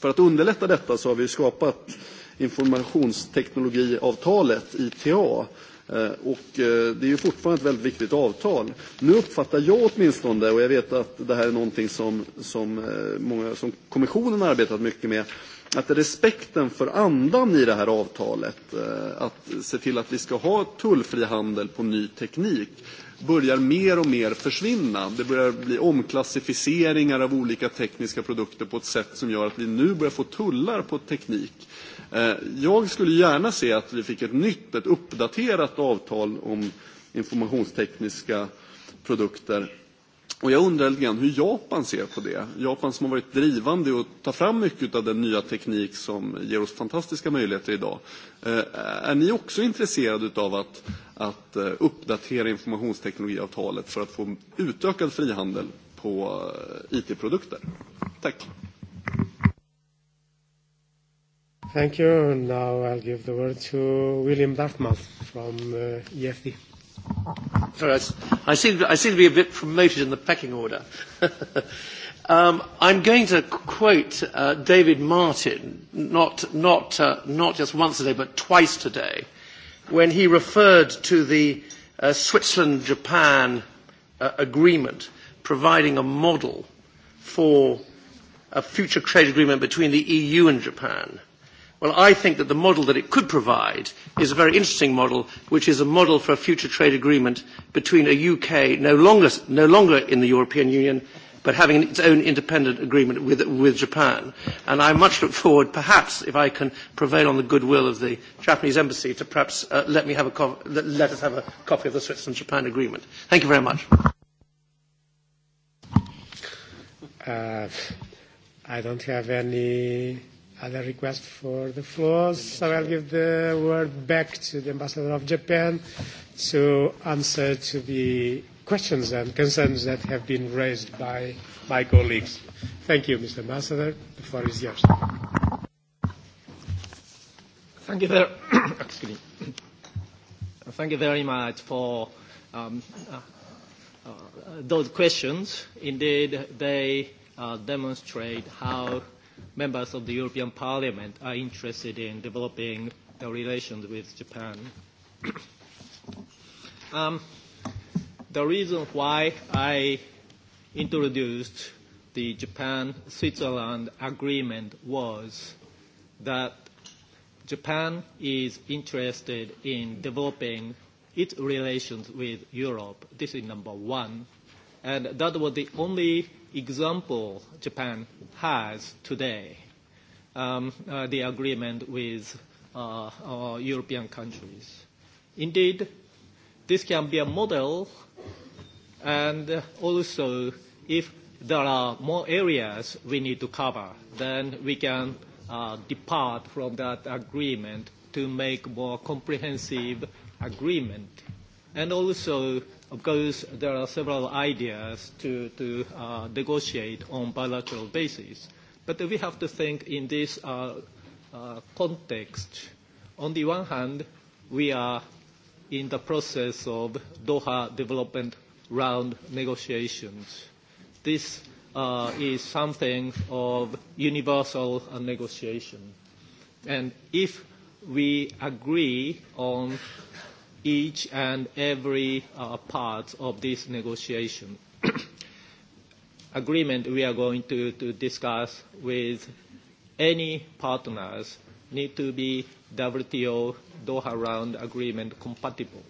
för att underlätta detta så har vi skapat informationsteknologiavtalet, ITA Eh, och eh, det är ju fortfarande ett väldigt viktigt avtal. Nu uppfattar jag åtminstone, och jag vet att det här är någonting som, som, eh, många, som kommissionen har arbetat mycket med, att respekten för andan i det här avtalet, att se till att vi ska ha tullfri handel på ny teknik, börjar mer och mer försvinna. Det börjar bli omklassificeringar av olika tekniska produkter på ett sätt som gör att vi nu börjar få tullar på teknik. Eh, jag skulle gärna se att vi fick ett nytt, ett uppdaterat avtal om informationstekniska produkter. Och jag undrar lite grann hur Japan ser på det. Japan som har varit drivande i att ta fram mycket av den nya teknik som ger oss fantastiska möjligheter idag. Eh, är ni också intresserade av att, att eh, uppdatera informationsteknologiavtalet för att få utökad frihandel på IT-produkter? Tack! Thank you. Now I'll give the word to William Dartmouth from uh, EFD. Sorry, I seem, I seem to be a bit promoted in the pecking order. um, I'm going to quote uh, David Martin, not, not, uh, not just once today, but twice today, when he referred to the uh, Switzerland-Japan uh, agreement providing a model for a future trade agreement between the EU and Japan Well, I think that the model that it could provide is a very interesting model, which is a model for a future trade agreement between a UK no longer, no longer in the European Union, but having its own independent agreement with, with Japan. And I much look forward, perhaps, if I can prevail on the goodwill of the Japanese embassy, to perhaps uh, let, me have a let us have a copy of the Switzerland-Japan agreement. Thank you very much. Uh, I don't have any other request for the floor, so I'll give the word back to the Ambassador of Japan to answer to the questions and concerns that have been raised by my colleagues. Thank you, Mr. Ambassador. The floor is yours. Thank you very, excuse me. Thank you very much for um, uh, uh, those questions. Indeed, they uh, demonstrate how members of the European Parliament are interested in developing the relations with Japan. um, the reason why I introduced the Japan-Switzerland agreement was that Japan is interested in developing its relations with Europe. This is number one. And that was the only example Japan has today, um, uh, the agreement with uh, our uh, European countries. Indeed, this can be a model, and also if there are more areas we need to cover, then we can uh, depart from that agreement to make more comprehensive agreement. And also, Of course, there are several ideas to, to uh, negotiate on bilateral basis, but we have to think in this uh, uh, context. On the one hand, we are in the process of Doha development round negotiations. This uh, is something of universal uh, negotiation. And if we agree on each and every uh, part of this negotiation agreement we are going to, to discuss with any partners need to be WTO Doha round agreement compatible.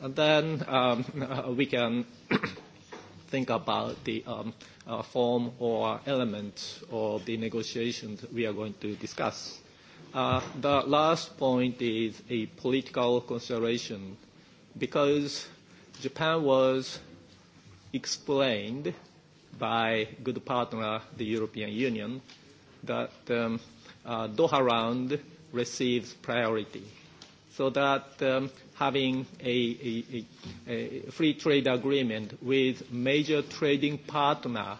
And then um, uh, we can think about the um, uh, form or elements of the negotiations we are going to discuss. Uh, the last point is a political consideration because Japan was explained by good partner, the European Union, that um, uh, Doha round receives priority. So that um, having a, a, a free trade agreement with major trading partner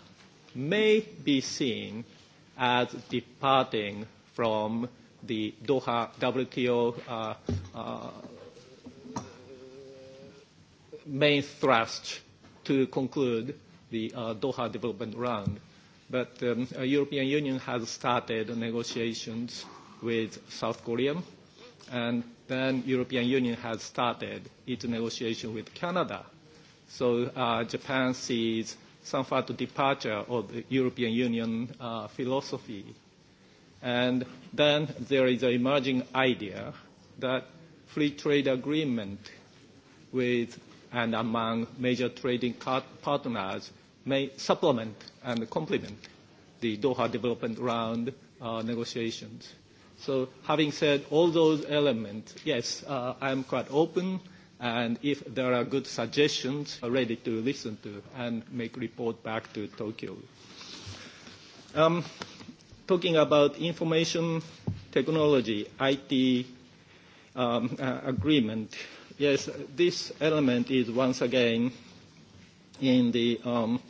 may be seen as departing from the Doha WTO uh, uh, main thrust to conclude the uh, Doha development round. But the um, uh, European Union has started negotiations with South Korea, and then European Union has started its negotiation with Canada. So uh, Japan sees some of departure of the European Union uh, philosophy And then there is an emerging idea that free trade agreement with and among major trading partners may supplement and complement the Doha development round uh, negotiations. So having said all those elements, yes, uh, I am quite open, and if there are good suggestions, I'm uh, ready to listen to and make report back to Tokyo. Um, talking about information technology, IT um, uh, agreement, yes, this element is once again in the um,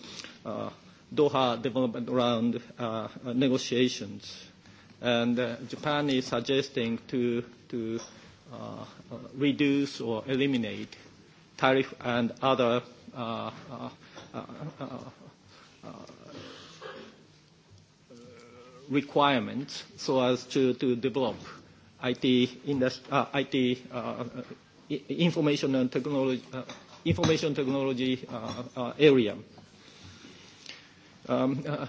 uh, Doha development round uh, uh negotiations. And uh, Japan is suggesting to, to uh, uh, reduce or eliminate tariff and other uh, uh, uh, uh, uh, requirements so as to, to develop IT, uh, IT uh, uh information and technology, uh, information technology uh, uh, area. Um, uh,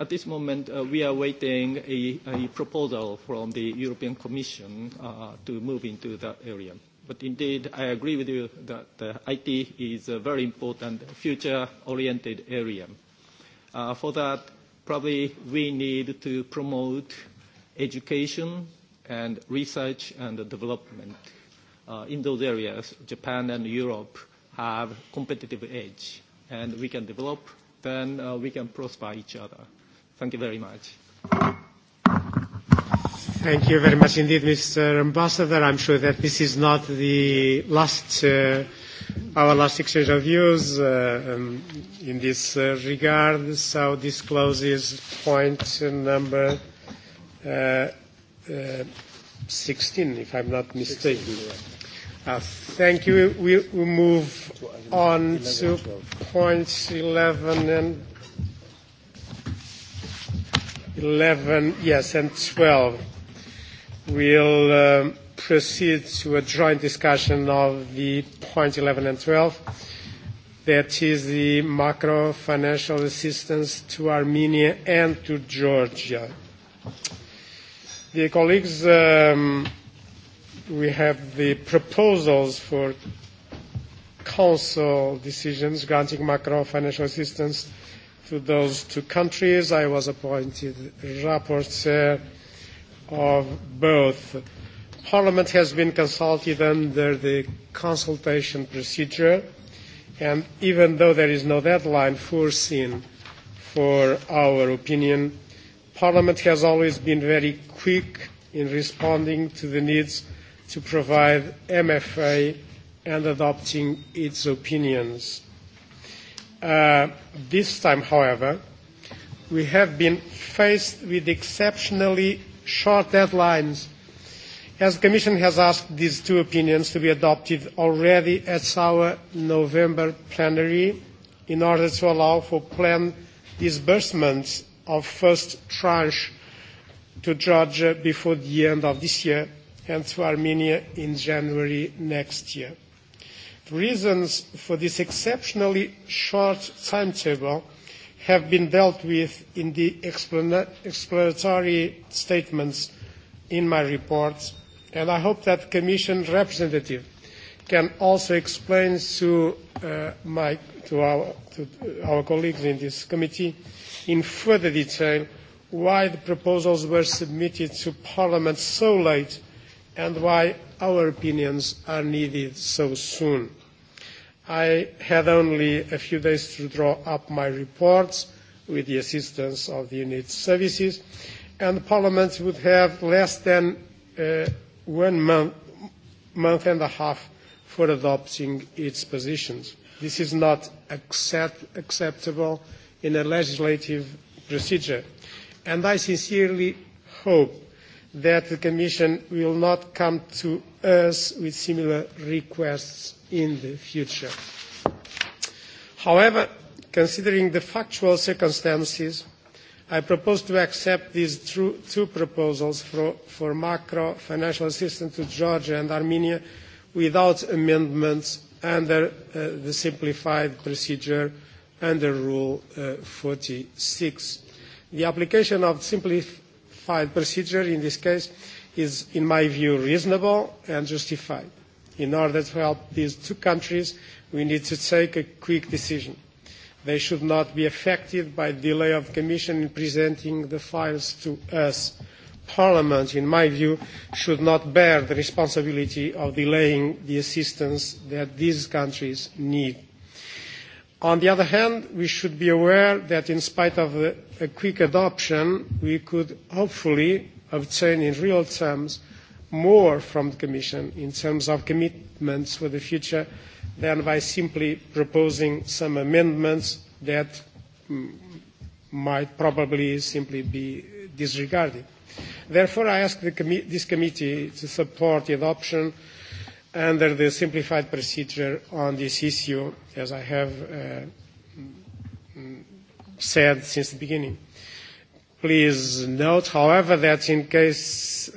at this moment, uh, we are waiting a, a proposal from the European Commission uh, to move into that area. But indeed, I agree with you that uh, IT is a very important future-oriented area. Uh, for that, probably we need to promote education and research and development. Uh, in those areas, Japan and Europe have competitive edge, and we can develop, then uh, we can prosper each other. Thank you very much. Thank you very much indeed, Mr. Ambassador. I'm sure that this is not the last, uh, our last exchange of views uh, um, in this uh, regard. So this closes point number uh, uh, 16, if I'm not mistaken. Uh, thank you. We, we move on to points 11 and 11, yes, and 12 we'll um, proceed to a joint discussion of the point 11 and 12. That is the macro financial assistance to Armenia and to Georgia. Dear colleagues, um, we have the proposals for council decisions granting macro financial assistance to those two countries. I was appointed rapporteur of both. Parliament has been consulted under the consultation procedure, and even though there is no deadline foreseen for our opinion, Parliament has always been very quick in responding to the needs to provide MFA and adopting its opinions. Uh, this time, however, we have been faced with exceptionally short deadlines, as the Commission has asked these two opinions to be adopted already at our November plenary in order to allow for planned disbursements of first tranche to Georgia before the end of this year and to Armenia in January next year. The reasons for this exceptionally short timetable have been dealt with in the explanatory statements in my report, and I hope that the Commission representative can also explain to, uh, my, to, our, to our colleagues in this committee in further detail why the proposals were submitted to Parliament so late and why our opinions are needed so soon. I had only a few days to draw up my reports with the assistance of the unit services, and Parliament would have less than uh, one month, month and a half for adopting its positions. This is not accept, acceptable in a legislative procedure, and I sincerely hope that the Commission will not come to us with similar requests in the future. However, considering the factual circumstances, I propose to accept these two proposals for, for macro financial assistance to Georgia and Armenia without amendments under uh, the simplified procedure under Rule uh, 46. The application of simplified procedure in this case is, in my view, reasonable and justified. In order to help these two countries, we need to take a quick decision. They should not be affected by the delay of the Commission in presenting the files to us. Parliament, in my view, should not bear the responsibility of delaying the assistance that these countries need. On the other hand, we should be aware that in spite of a, a quick adoption, we could hopefully obtain in real terms more from the Commission in terms of commitments for the future than by simply proposing some amendments that mm, might probably simply be disregarded. Therefore, I ask this committee to support the adoption under the simplified procedure on this issue, as I have uh, mm, said since the beginning. Please note, however, that in case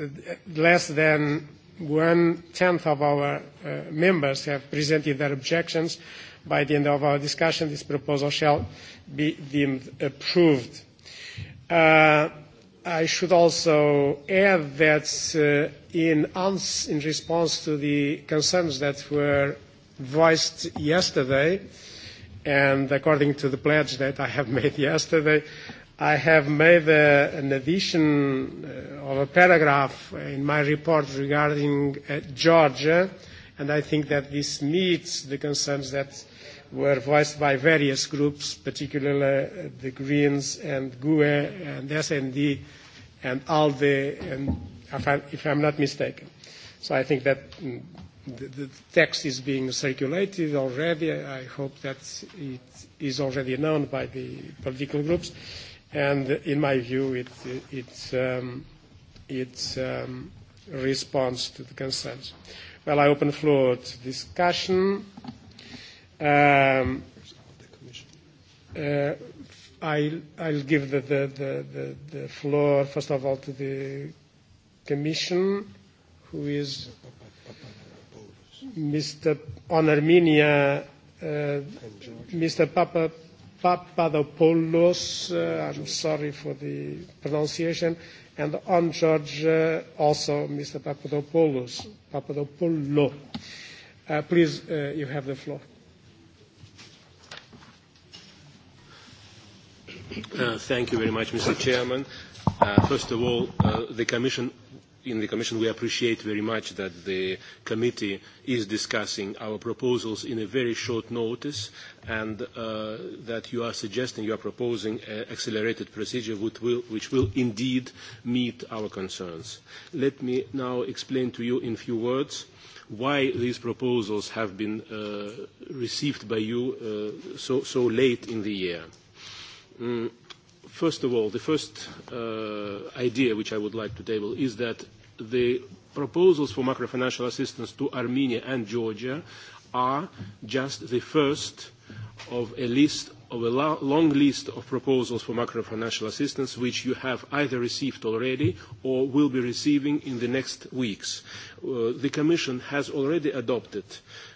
less than one tenth of our uh, members have presented their objections, by the end of our discussion, this proposal shall be deemed approved. Uh, I should also add that uh, in, ans- in response to the concerns that were voiced yesterday, and according to the pledge that I have made yesterday, I have made uh, an addition uh, of a paragraph in my report regarding uh, Georgia, and I think that this meets the concerns that were voiced by various groups, particularly uh, the Greens and GUE and SND and ALDE, and if, I, if I'm not mistaken. So I think that mm, the, the text is being circulated already. I hope that it is already known by the political groups and in my view, it, it, it's, um, it's um, response to the concerns. Well, I open the floor to discussion. Um, uh, I'll, I'll give the, the, the, the, the floor, first of all, to the Commission, who is Mr. on Armenia, uh, Mr. Papa Papadopoulos, uh, I'm sorry for the pronunciation, and on George uh, also Mr. Papadopoulos. Papadopoulos, Uh, please, uh, you have the floor. Uh, thank you very much, Mr. Chairman. Uh, first of all, uh, the Commission in the Commission, we appreciate very much that the committee is discussing our proposals in a very short notice and uh, that you are suggesting, you are proposing an uh, accelerated procedure which will, which will indeed meet our concerns. Let me now explain to you in few words why these proposals have been uh, received by you uh, so, so late in the year. Mm First of all, the first uh, idea which I would like to table is that the proposals for macrofinancial assistance to Armenia and Georgia are just the first of a list of a long list of proposals for macrofinancial assistance, which you have either received already or will be receiving in the next weeks. Uh, the Commission has already adopted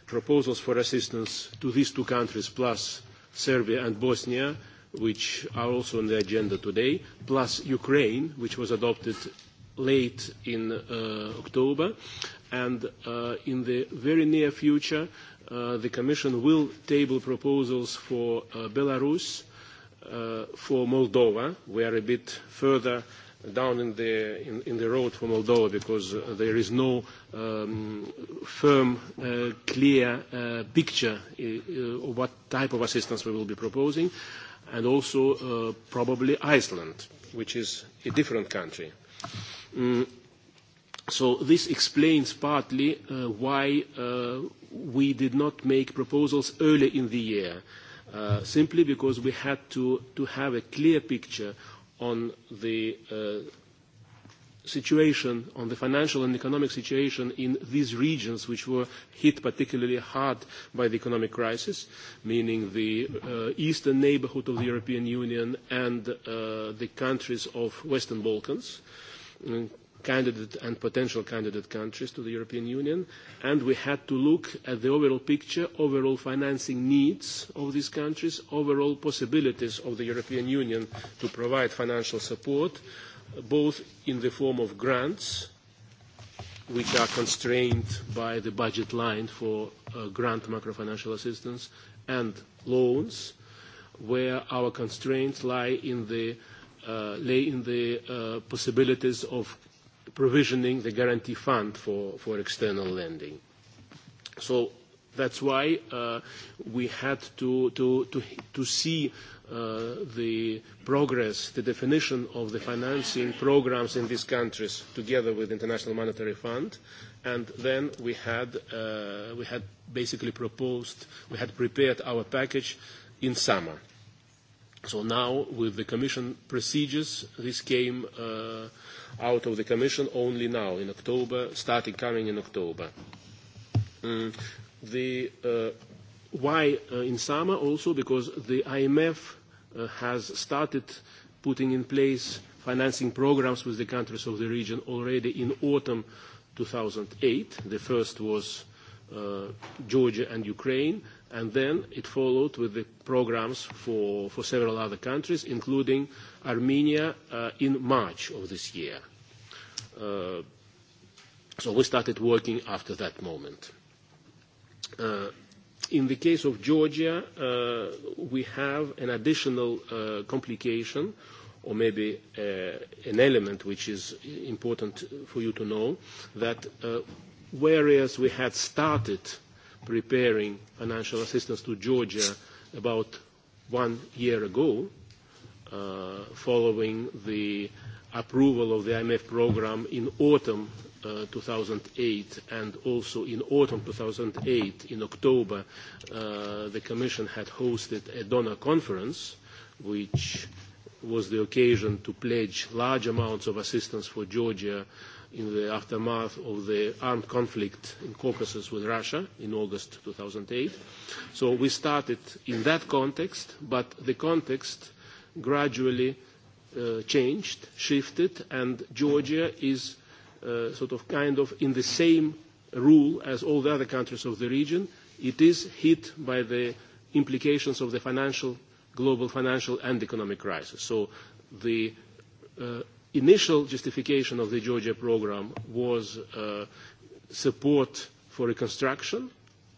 proposals for assistance to these two countries, plus Serbia and Bosnia, which are also on the agenda today, plus Ukraine, which was adopted late in uh, October. And uh, in the very near future, uh, the Commission will table proposals for uh, Belarus, uh, for Moldova. We are a bit further down in the, in, in the road for Moldova because uh, there is no um, firm, clear picture of what type of assistance we will be proposing. Uh, and also uh, probably Iceland, which is a different country. Mm. So this explains partly uh, why uh, we did not make proposals early in the year, uh, simply because we had to, to have a clear picture on the uh, situation, on the financial and economic situation in these regions which were hit particularly hard by the economic crisis, meaning the uh, eastern neighborhood of the European Union and uh, the countries of Western Balkans, mm, candidate and potential candidate countries to the European Union, and we had to look at the overall picture, overall financing needs of these countries, overall possibilities of the European Union to provide financial support, both in the form of grants, which are constrained by the budget line for uh, grant macrofinancial assistance, and loans, where our constraints lie in the, uh, lay in the uh, possibilities of provisioning the guarantee fund for, for external lending. So that's why uh, we had to, to, to, to see Uh, the progress, the definition of the financing programs in these countries together with the International Monetary Fund. And then we had, uh, we had basically proposed, we had prepared our package in summer. So now with the Commission procedures, this came uh, out of the Commission only now in October, starting coming in October. Mm. The uh, Why uh, in summer? Also because the IMF uh, has started putting in place financing programs with the countries of the region already in autumn 2008. The first was uh, Georgia and Ukraine, and then it followed with the programs for, for several other countries, including Armenia uh, in March of this year. Uh, so we started working after that moment. Uh, In the case of Georgia, uh, we have an additional uh, complication or maybe uh, an element which is important for you to know, that uh, whereas we had started preparing financial assistance to Georgia about one year ago, uh, following the approval of the IMF program in autumn uh, 2008 and also in autumn 2008, in October, uh, the Commission had hosted a donor conference which was the occasion to pledge large amounts of assistance for Georgia in the aftermath of the armed conflict in Caucasus with Russia in August 2008. So we started in that context, but the context gradually uh, changed, shifted, and Georgia is Uh, sort of kind of in the same rule as all the other countries of the region. It is hit by the implications of the financial, global financial and economic crisis. So the uh, initial justification of the Georgia program was uh, support for reconstruction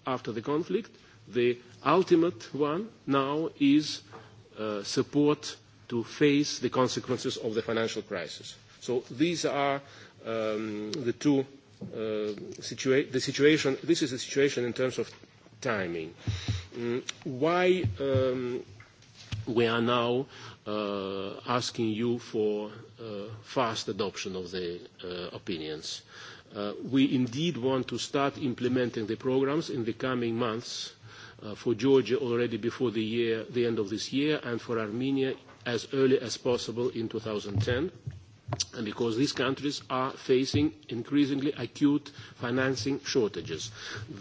after the conflict. The ultimate one now is uh, support to face the consequences of the financial crisis. So these are um, the two uh, situa- the situation. This is the situation in terms of timing. Um, why um, we are now uh, asking you for uh, fast adoption of the uh, opinions. Uh, we indeed want to start implementing the programs in the coming months uh, for Georgia already before the, year, the end of this year and for Armenia as early as possible in 2010 and because these countries are facing increasingly acute financing shortages.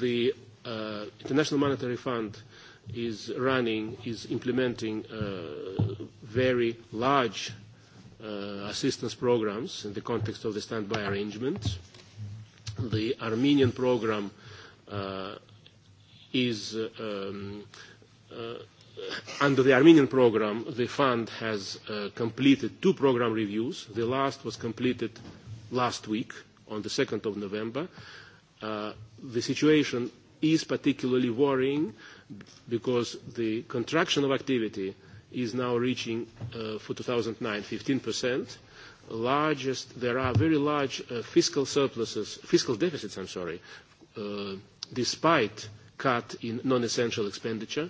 The uh, International Monetary Fund is running, is implementing uh, very large uh, assistance programs in the context of the standby arrangement. The Armenian program uh, is uh, um, uh, under the Armenian program, the fund has uh, completed two program reviews. The last was completed last week on the 2nd of November. Uh, the situation is particularly worrying because the contraction of activity is now reaching uh, for 2009 15%. Largest, there are very large uh, fiscal surpluses, fiscal deficits, I'm sorry, uh, despite cut in non-essential expenditure. Uh,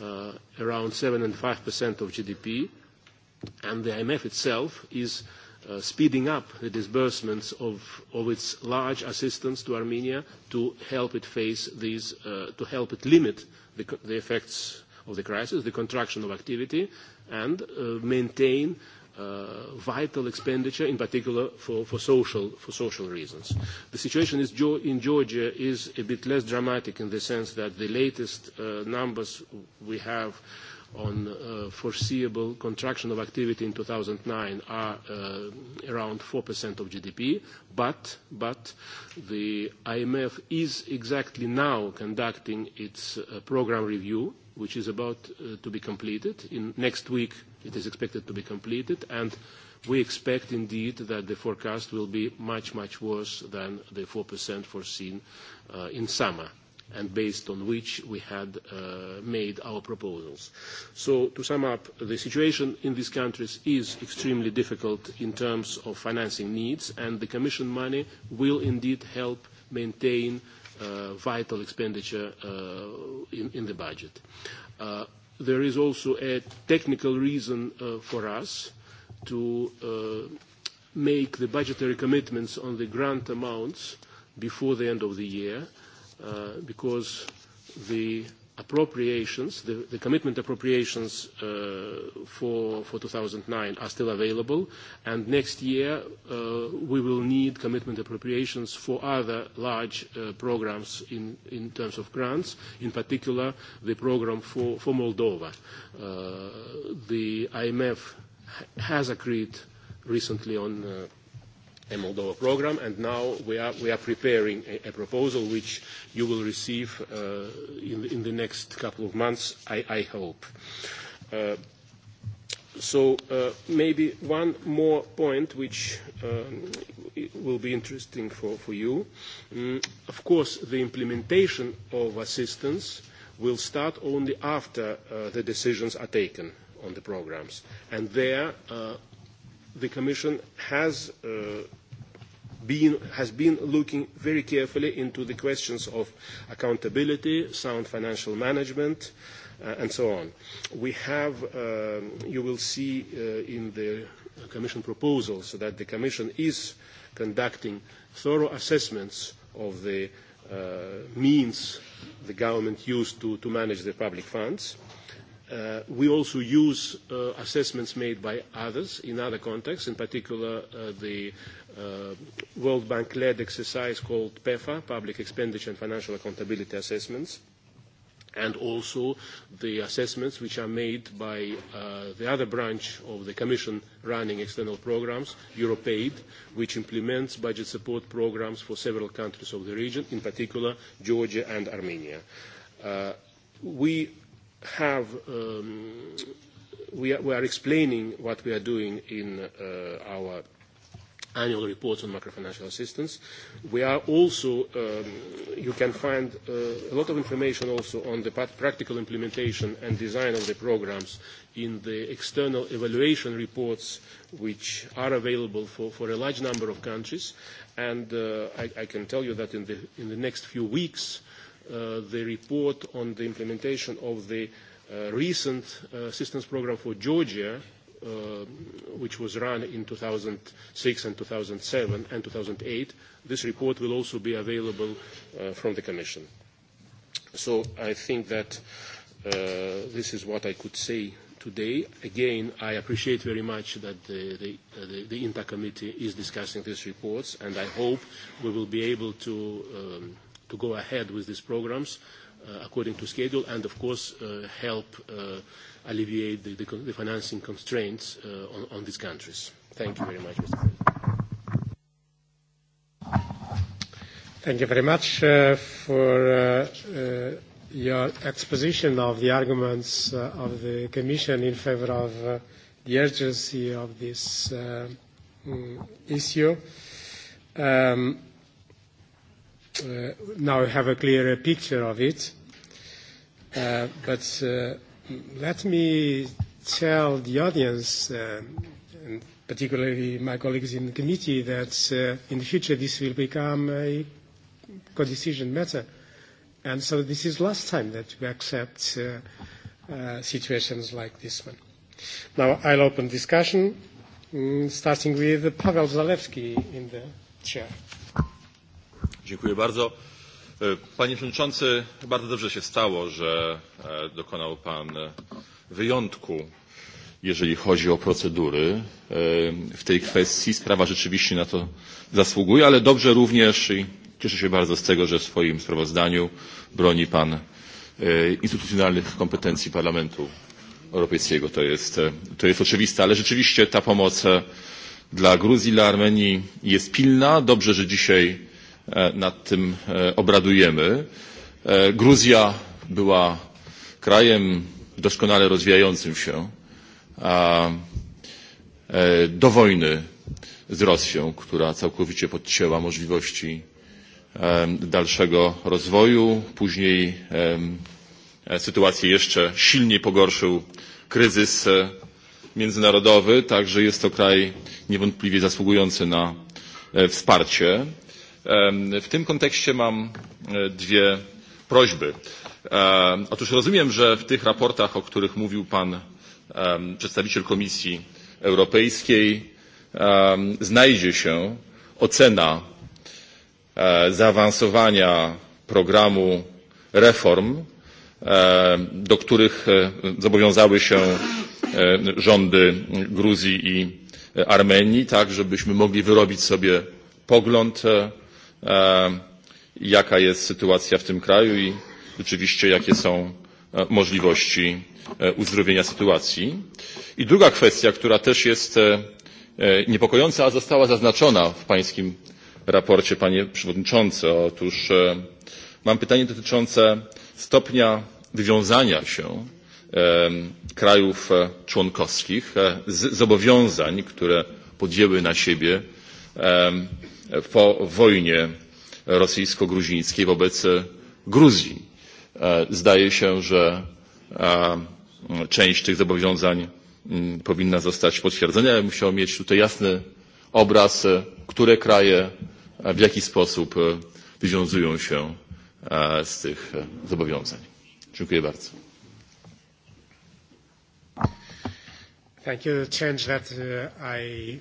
uh, around 7 and 5% of GDP, and the IMF itself is uh, speeding up the disbursements of, of its large assistance to Armenia to help it face these, uh, to help it limit the, the effects of the crisis, the contraction of activity, and uh, maintain uh, vital expenditure, in particular for, for, social, for social reasons. The situation is in Georgia is a bit less dramatic in the sense that the latest uh, numbers we have on uh, foreseeable contraction of activity in 2009 are uh, around 4% of GDP, but, but the IMF is exactly now conducting its uh, program review, which is about uh, to be completed. In next week, It is expected to be completed, and we expect indeed that the forecast will be much, much worse than the 4% foreseen uh, in summer and based on which we had uh, made our proposals. So to sum up, the situation in these countries is extremely difficult in terms of financing needs, and the Commission money will indeed help maintain uh, vital expenditure in the budget there is also a technical reason uh, for us to uh, make the budgetary commitments on the grant amounts before the end of the year, uh, because the appropriations, the, the commitment appropriations uh, for, for 2009 are still available, and next year uh, we will need commitment appropriations for other large uh, programs in, in terms of grants, in particular the program for, for Moldova. Uh, the IMF has agreed recently on uh, a Moldova program, and now we are, we are preparing a, a proposal which you will receive uh, in, in the next couple of months, I, I hope. Uh, so uh, maybe one more point which um, will be interesting for, for you. Um, of course, the implementation of assistance will start only after uh, the decisions are taken on the programs. And there, uh, the Commission has, uh, been, has been looking very carefully into the questions of accountability, sound financial management, uh, and so on. We have, um, you will see uh, in the Commission proposals that the Commission is conducting thorough assessments of the uh, means the government used to, to manage the public funds. Uh, we also use uh, assessments made by others in other contexts, in particular uh, the uh, World Bank-led exercise called PEFA, Public Expenditure and Financial Accountability Assessments, and also the assessments which are made by uh, the other branch of the Commission running external programs, EuroPaid, which implements budget support programs for several countries of the region, in particular Georgia and Armenia. Uh, we have um, we, are, we are explaining what we are doing in uh, our annual report on macrofinancial assistance. We are also, um, you can find uh, a lot of information also on the practical implementation and design of the programs in the external evaluation reports which are available for, for a large number of countries. And uh, I, I can tell you that in the, in the next few weeks, uh, Uh, the report on the implementation of the uh, recent uh, assistance program for Georgia, uh, which was run in 2006 and 2007 and 2008. This report will also be available uh, from the Commission. So I think that uh, this is what I could say today. Again, I appreciate very much that the, the, the, the INTA committee is discussing these reports, and I hope we will be able to um, to go ahead with these programs uh, according to schedule and, of course, uh, help uh, alleviate the, financing constraints on, on these countries. Thank you very much, Mr. President. Thank you very much uh, for uh, uh, your exposition of the arguments uh, of the Commission in favor of uh, the urgency of this uh, mm, issue. Um, uh, now have a clearer picture of it. Uh, but uh, let me tell the audience, uh, and particularly my colleagues in the committee, that uh, in the future this will become a co-decision matter. And so this is last time that we accept uh, uh, situations like this one. Now I'll open discussion, um, starting with Pavel Zalewski in the chair. Dziękuję bardzo. E, panie Przewodniczący, bardzo dobrze się stało, że e, dokonał Pan e, wyjątku, jeżeli chodzi o procedury w tej kwestii. Sprawa rzeczywiście na to zasługuje, ale dobrze również i cieszę się bardzo z tego, że w swoim sprawozdaniu broni Pan instytucjonalnych kompetencji Parlamentu Europejskiego. To jest, to jest oczywiste, ale rzeczywiście ta pomoc dla Gruzji, dla Armenii jest pilna. Dobrze, że dzisiaj E, nad tym e, obradujemy. E, Gruzja była krajem doskonale rozwijającym się do wojny z Rosją, która całkowicie podcięła możliwości dalszego rozwoju. Później sytuację jeszcze silniej pogorszył kryzys międzynarodowy, także jest to kraj niewątpliwie zasługujący na wsparcie. W tym kontekście mam e, dwie prośby. E, otóż rozumiem, że w tych raportach, o których mówił Pan e, przedstawiciel Komisji Europejskiej, znajdzie się ocena zaawansowania programu reform, do których zobowiązały się rządy Gruzji i Armenii, tak żebyśmy mogli wyrobić sobie pogląd E, jaka jest sytuacja w tym kraju i rzeczywiście jakie są e, możliwości e, uzdrowienia sytuacji. I druga kwestia, która też jest niepokojąca, a została zaznaczona w pańskim raporcie, panie przewodniczący. Otóż mam pytanie dotyczące stopnia wywiązania się krajów członkowskich z zobowiązań, które podjęły na siebie po wojnie rosyjsko-gruzińskiej wobec Gruzji. E, zdaje się, że e, część tych zobowiązań mm, powinna zostać potwierdzona. Ja musiał mieć tutaj jasny obraz, e, które kraje w jaki sposób wywiązują się z tych zobowiązań. Dziękuję bardzo. Thank you. Change that uh, I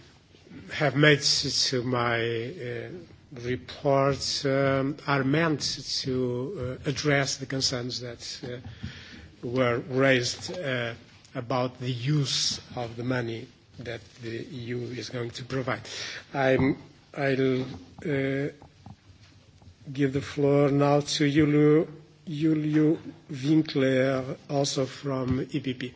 have made to my uh, reports um, are meant to uh, address the concerns that uh, were raised uh, about the use of the money that the EU is going to provide. I'm, I'll uh, give the floor now to Julio, Julio Winkler, also from EPP.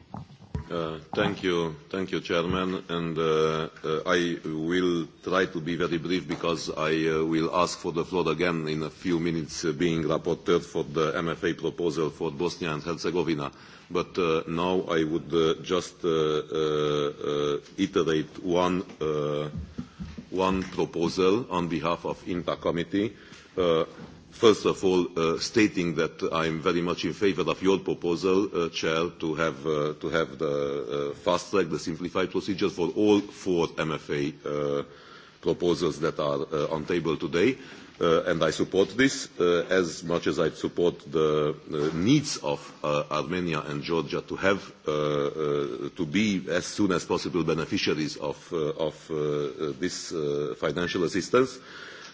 Uh, thank you. Thank you, Chairman. And uh, uh, I will try to be very brief because I uh, will ask for the floor again in a few minutes, uh, being rapporteur for the MFA proposal for Bosnia and Herzegovina. But uh, now I would uh, just uh, uh, uh iterate one, uh, one proposal on behalf of INTA committee. Uh, first of all, uh, stating that I'm very much in favor of your proposal, uh, Chair, to have, uh, to have the uh, fast track, the simplified procedures for all four MFA uh, proposals that are uh, on table today. Uh, and I support this uh, as much as I support the uh, needs of uh, Armenia and Georgia to have uh, uh, to be as soon as possible beneficiaries of, uh, of uh, this uh, financial assistance. Uh,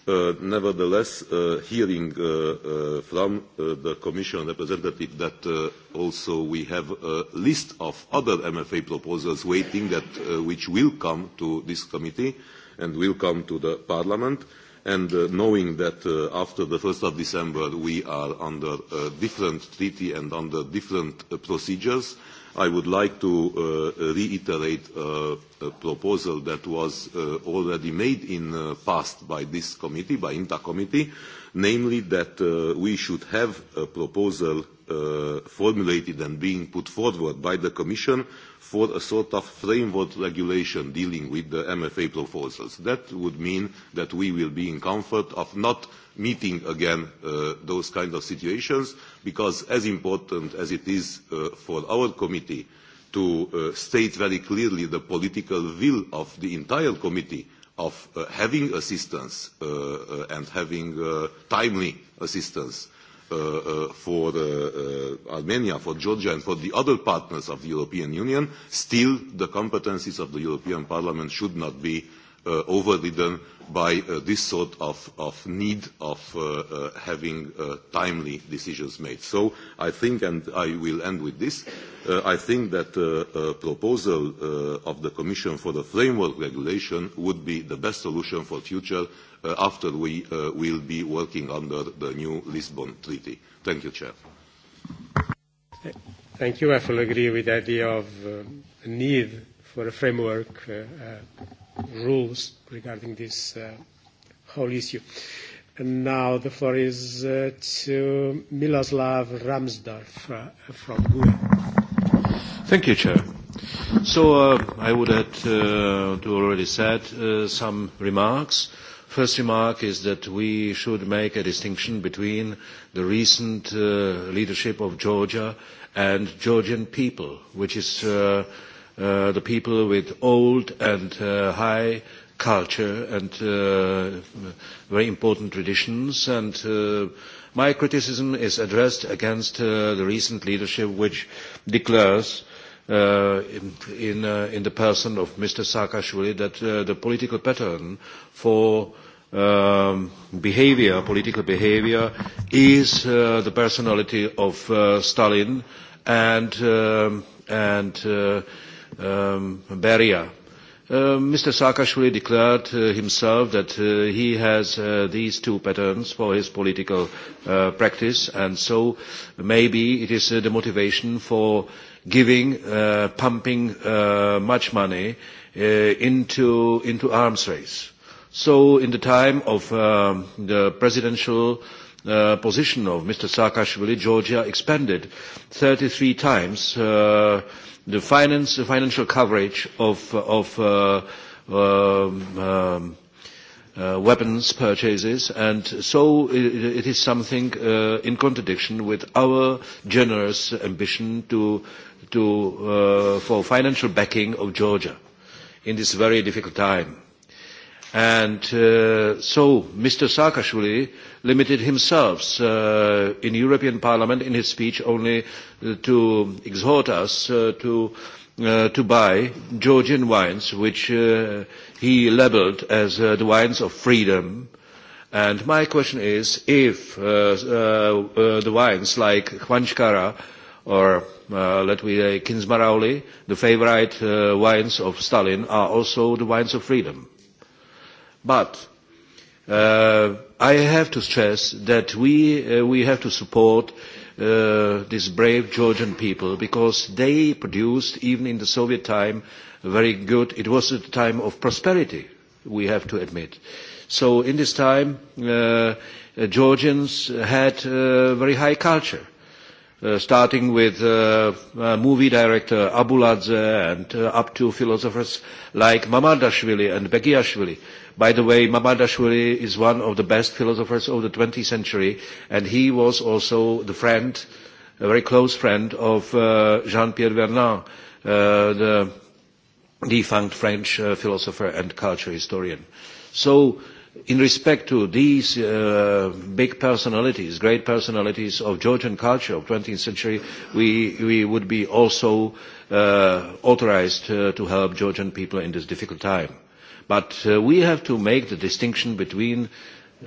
Uh, nevertheless, uh, hearing uh, uh from uh, the Commission representative that uh, also we have a list of other MFA proposals waiting that which will come to this committee and will come to the Parliament. And knowing that after the 1st of December we are under a different treaty and under different procedures, uh, I would like to uh, reiterate uh, a proposal that was uh, already made in the uh, past by this committee, by INTA committee, namely that uh, we should have a proposal formulated and being put forward by the Commission for a sort of framework regulation dealing with the MFA proposals. That would mean that we will be in comfort of not meeting again uh, those kind of situations because as important as it is uh, for our committee to uh, state very clearly the political will of the entire committee of uh, having assistance uh, uh, and having uh, timely assistance uh, uh, for uh, uh, Armenia, for Georgia, and for the other partners of the European Union, still the competences of the European Parliament should not be uh, uh, overridden by uh, this sort of, of need of uh, uh, having uh, timely decisions made. So I think, and I will end with this, uh, I think that uh, a uh, proposal uh, of the Commission for the framework regulation would be the best solution for future uh, after we uh, will be working under the new Lisbon Treaty. Thank you, Chair. Thank you. I fully agree with the idea of uh, need for a framework uh, uh, rules regarding this uh, whole issue. And now the floor is uh, to Miloslav Ramsdorf uh, from GUE. Thank you, Chair. So uh, I would add uh, to already said uh, some remarks. First remark is that we should make a distinction between the recent uh, leadership of Georgia and Georgian people, which is uh, Uh, the people with old and uh, high culture and uh, very important traditions. And uh, my criticism is addressed against uh, the recent leadership which declares uh, in, in, uh, in the person of Mr. Saakashvili that uh, the political pattern for um, behavior, political behavior, is uh, the personality of uh, Stalin and, uh, and uh, um, barrier. Uh, um, Mr. Saakashvili declared uh, himself that uh, he has uh, these two patterns for his political uh, practice, and so maybe it is uh, the motivation for giving, uh, pumping uh, much money uh, into, into arms race. So in the time of um, the presidential uh, position of Mr. Saakashvili, Georgia expanded 33 times uh, the finance, the financial coverage of, of uh, um, um, uh, weapons purchases, and so it, it is something uh, in contradiction with our generous ambition to, to, uh, for financial backing of Georgia in this very difficult time. And uh, so Mr. Saakashvili limited himself uh, in European Parliament in his speech only uh, to exhort us uh, to, uh, to buy Georgian wines, which uh, he labeled as uh, the wines of freedom. And my question is, if uh, uh, uh, the wines like Huanchkara or uh, let me say Kinsmarauli, the favorite uh, wines of Stalin, are also the wines of freedom? But uh, I have to stress that we, uh, we have to support uh, this brave Georgian people because they produced, even in the Soviet time, very good, it was a time of prosperity, we have to admit. So in this time, uh, Georgians had uh, very high culture. Uh, starting with uh, uh, movie director Abuladze and uh, up to philosophers like Mamardashvili and Begiashvili. Uh, By the way, Mamardashvili is one of the best philosophers of the 20th century, and he was also the friend, a very close friend of uh, Jean-Pierre Vernant, uh, the defunct French uh, philosopher and culture historian. So, in respect to these uh, big personalities, great personalities of Georgian culture of 20th century, we, we would be also uh, authorized uh, to help Georgian people in this difficult time. But uh, we have to make the distinction between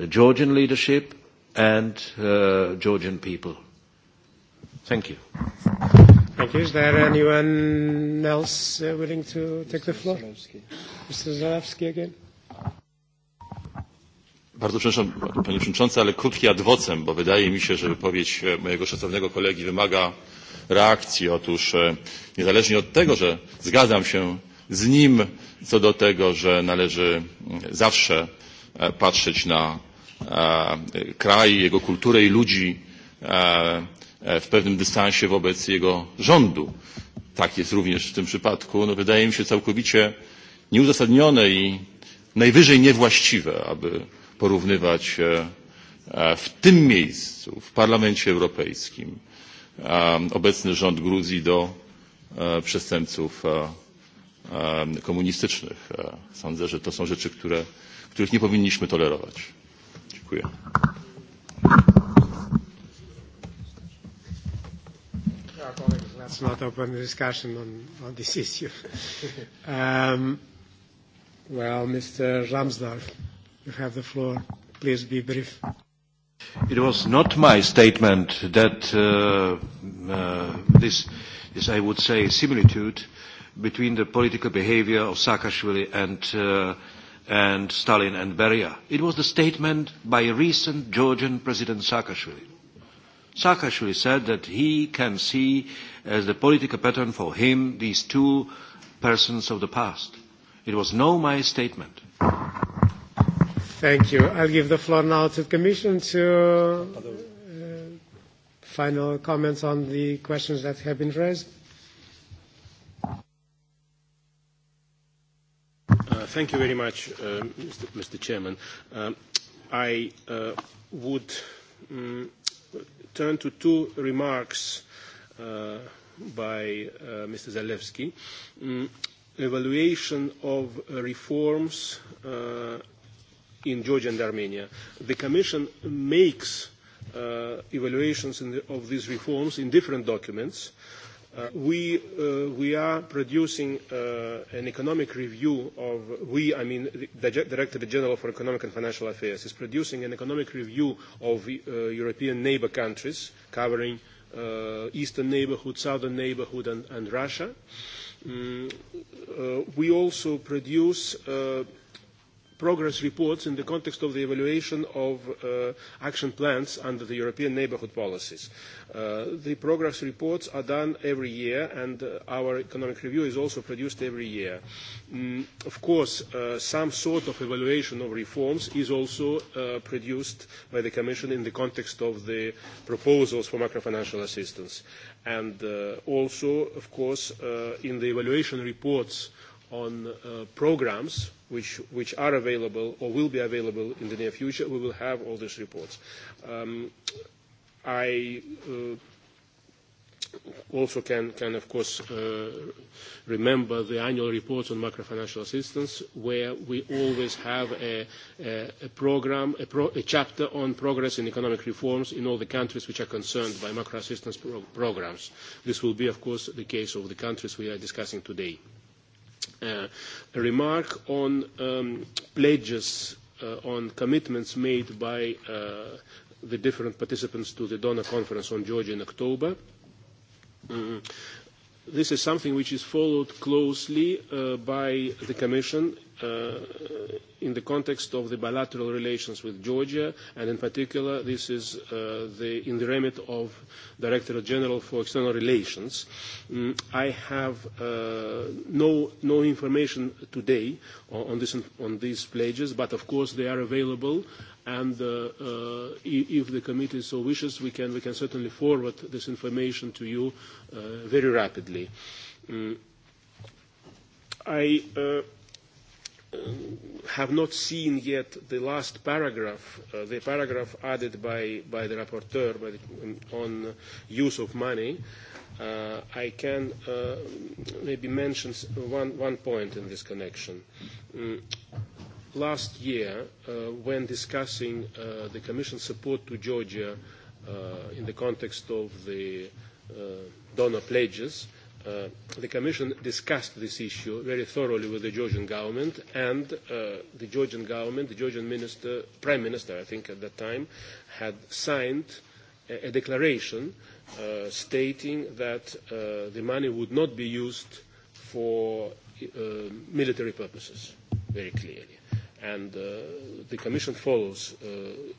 uh, Georgian leadership and uh, Georgian people. Thank you. Thank you. Is there anyone else uh, willing to take the floor? Mr. Zalewski again. Bardzo przepraszam Panie Przewodniczący, ale krótki ad vocem, bo wydaje mi się, że wypowiedź e, mojego szacownego kolegi wymaga reakcji. Otóż e, niezależnie od tego, że zgadzam się z nim co do tego, że należy zawsze e, patrzeć na e, kraj, jego kulturę i ludzi e, w pewnym dystansie wobec jego rządu. Tak jest również w tym przypadku. No, wydaje mi się całkowicie nieuzasadnione i najwyżej niewłaściwe, aby porównywać w tym miejscu, w Parlamencie Europejskim, obecny rząd Gruzji do przestępców komunistycznych. E, sądzę, że to są rzeczy, które, których nie powinniśmy tolerować. Dziękuję. Our not open the discussion on, on this issue. um, well, Mr. Ramsdorf, you have the floor. Please be brief. It was not my statement that uh, uh, this, this, I would say, similitude uh, between the political behavior of Saakashvili and, uh, and Stalin and Beria. It was the statement by recent Georgian President Saakashvili. Saakashvili said that he can see as the political pattern for him these two persons of the past. It was no my statement. Thank you. I'll give the floor now to the Commission to uh, final comments on the questions that have been raised. Uh, thank you very much, uh, Mr. Mr. Chairman. Um, I uh, would um, turn to two remarks uh, by uh, Mr. Zalewski. Um, evaluation of reforms uh, in Georgia and Armenia. The Commission makes uh, evaluations the, of these reforms in different documents. Uh, Uh, we, uh, we are producing uh, an economic review of, we, I mean, the Directorate General for Economic and Financial Affairs is producing an economic review of uh, European neighbor countries covering uh, Eastern neighborhood, Southern neighborhood, and, and Russia. Mm, we also produce progress reports in the context of the evaluation of uh, action plans under the European neighbourhood policies. Uh, the progress reports are done every year, and uh, our economic review is also produced every year. Mm, of course, uh, some sort of evaluation of reforms is also uh, produced by the Commission in the context of the proposals for macrofinancial assistance. And uh, also, of course, in the evaluation reports on uh, programs which, are available or will be available in the near future, we will have all these reports. Um, I uh, also can, of course, uh, remember the annual reports on macrofinancial assistance, where we always have a, a program, a, chapter on progress in economic reforms in all the countries which are concerned by macro assistance programs. This will be, of course, the case of the countries we are discussing today. Uh, a remark on um, pledges, uh, on commitments made by uh, the different participants to the donor conference on Georgia in October. Um, this is something which is followed closely uh, by the Commission Uh, in the context of the bilateral relations with Georgia, and in particular, this is uh, the, in the remit of Director General for External Relations. Mm, I have uh, no, no information today on, on, this, on these pledges, but of course they are available, and uh, uh, if the committee so wishes, we can, we can certainly forward this information to you uh, very rapidly. Mm. I... Uh, have not seen yet the last paragraph, uh, the paragraph added by, by the rapporteur by the, on use of money, uh, I can uh, maybe mention one, one point in this connection. Mm. Last year, uh, when discussing uh, the Commission support to Georgia uh, in the context of the uh, donor pledges, Uh, the Commission discussed this issue very thoroughly with the Georgian government and uh, the Georgian government, the Georgian minister, prime minister, I think at that time, had signed a, a declaration uh, stating that uh, the money would not be used for uh, military purposes, very clearly and uh, the Commission follows, uh,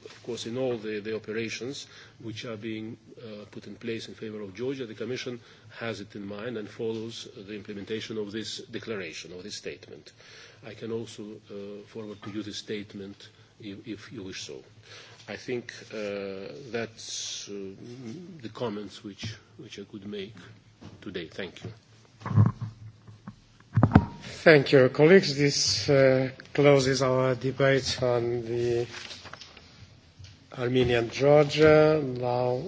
of course, in all the, the operations which are being uh, put in place in favor of Georgia, the Commission has it in mind and follows the implementation of this declaration, of this statement. I can also uh, forward to you this statement if, if you wish so. I think uh, that's uh, the comments which, which I could make today. Thank you. Thank you, colleagues. This uh, closes our debate on the armenian Georgia. Now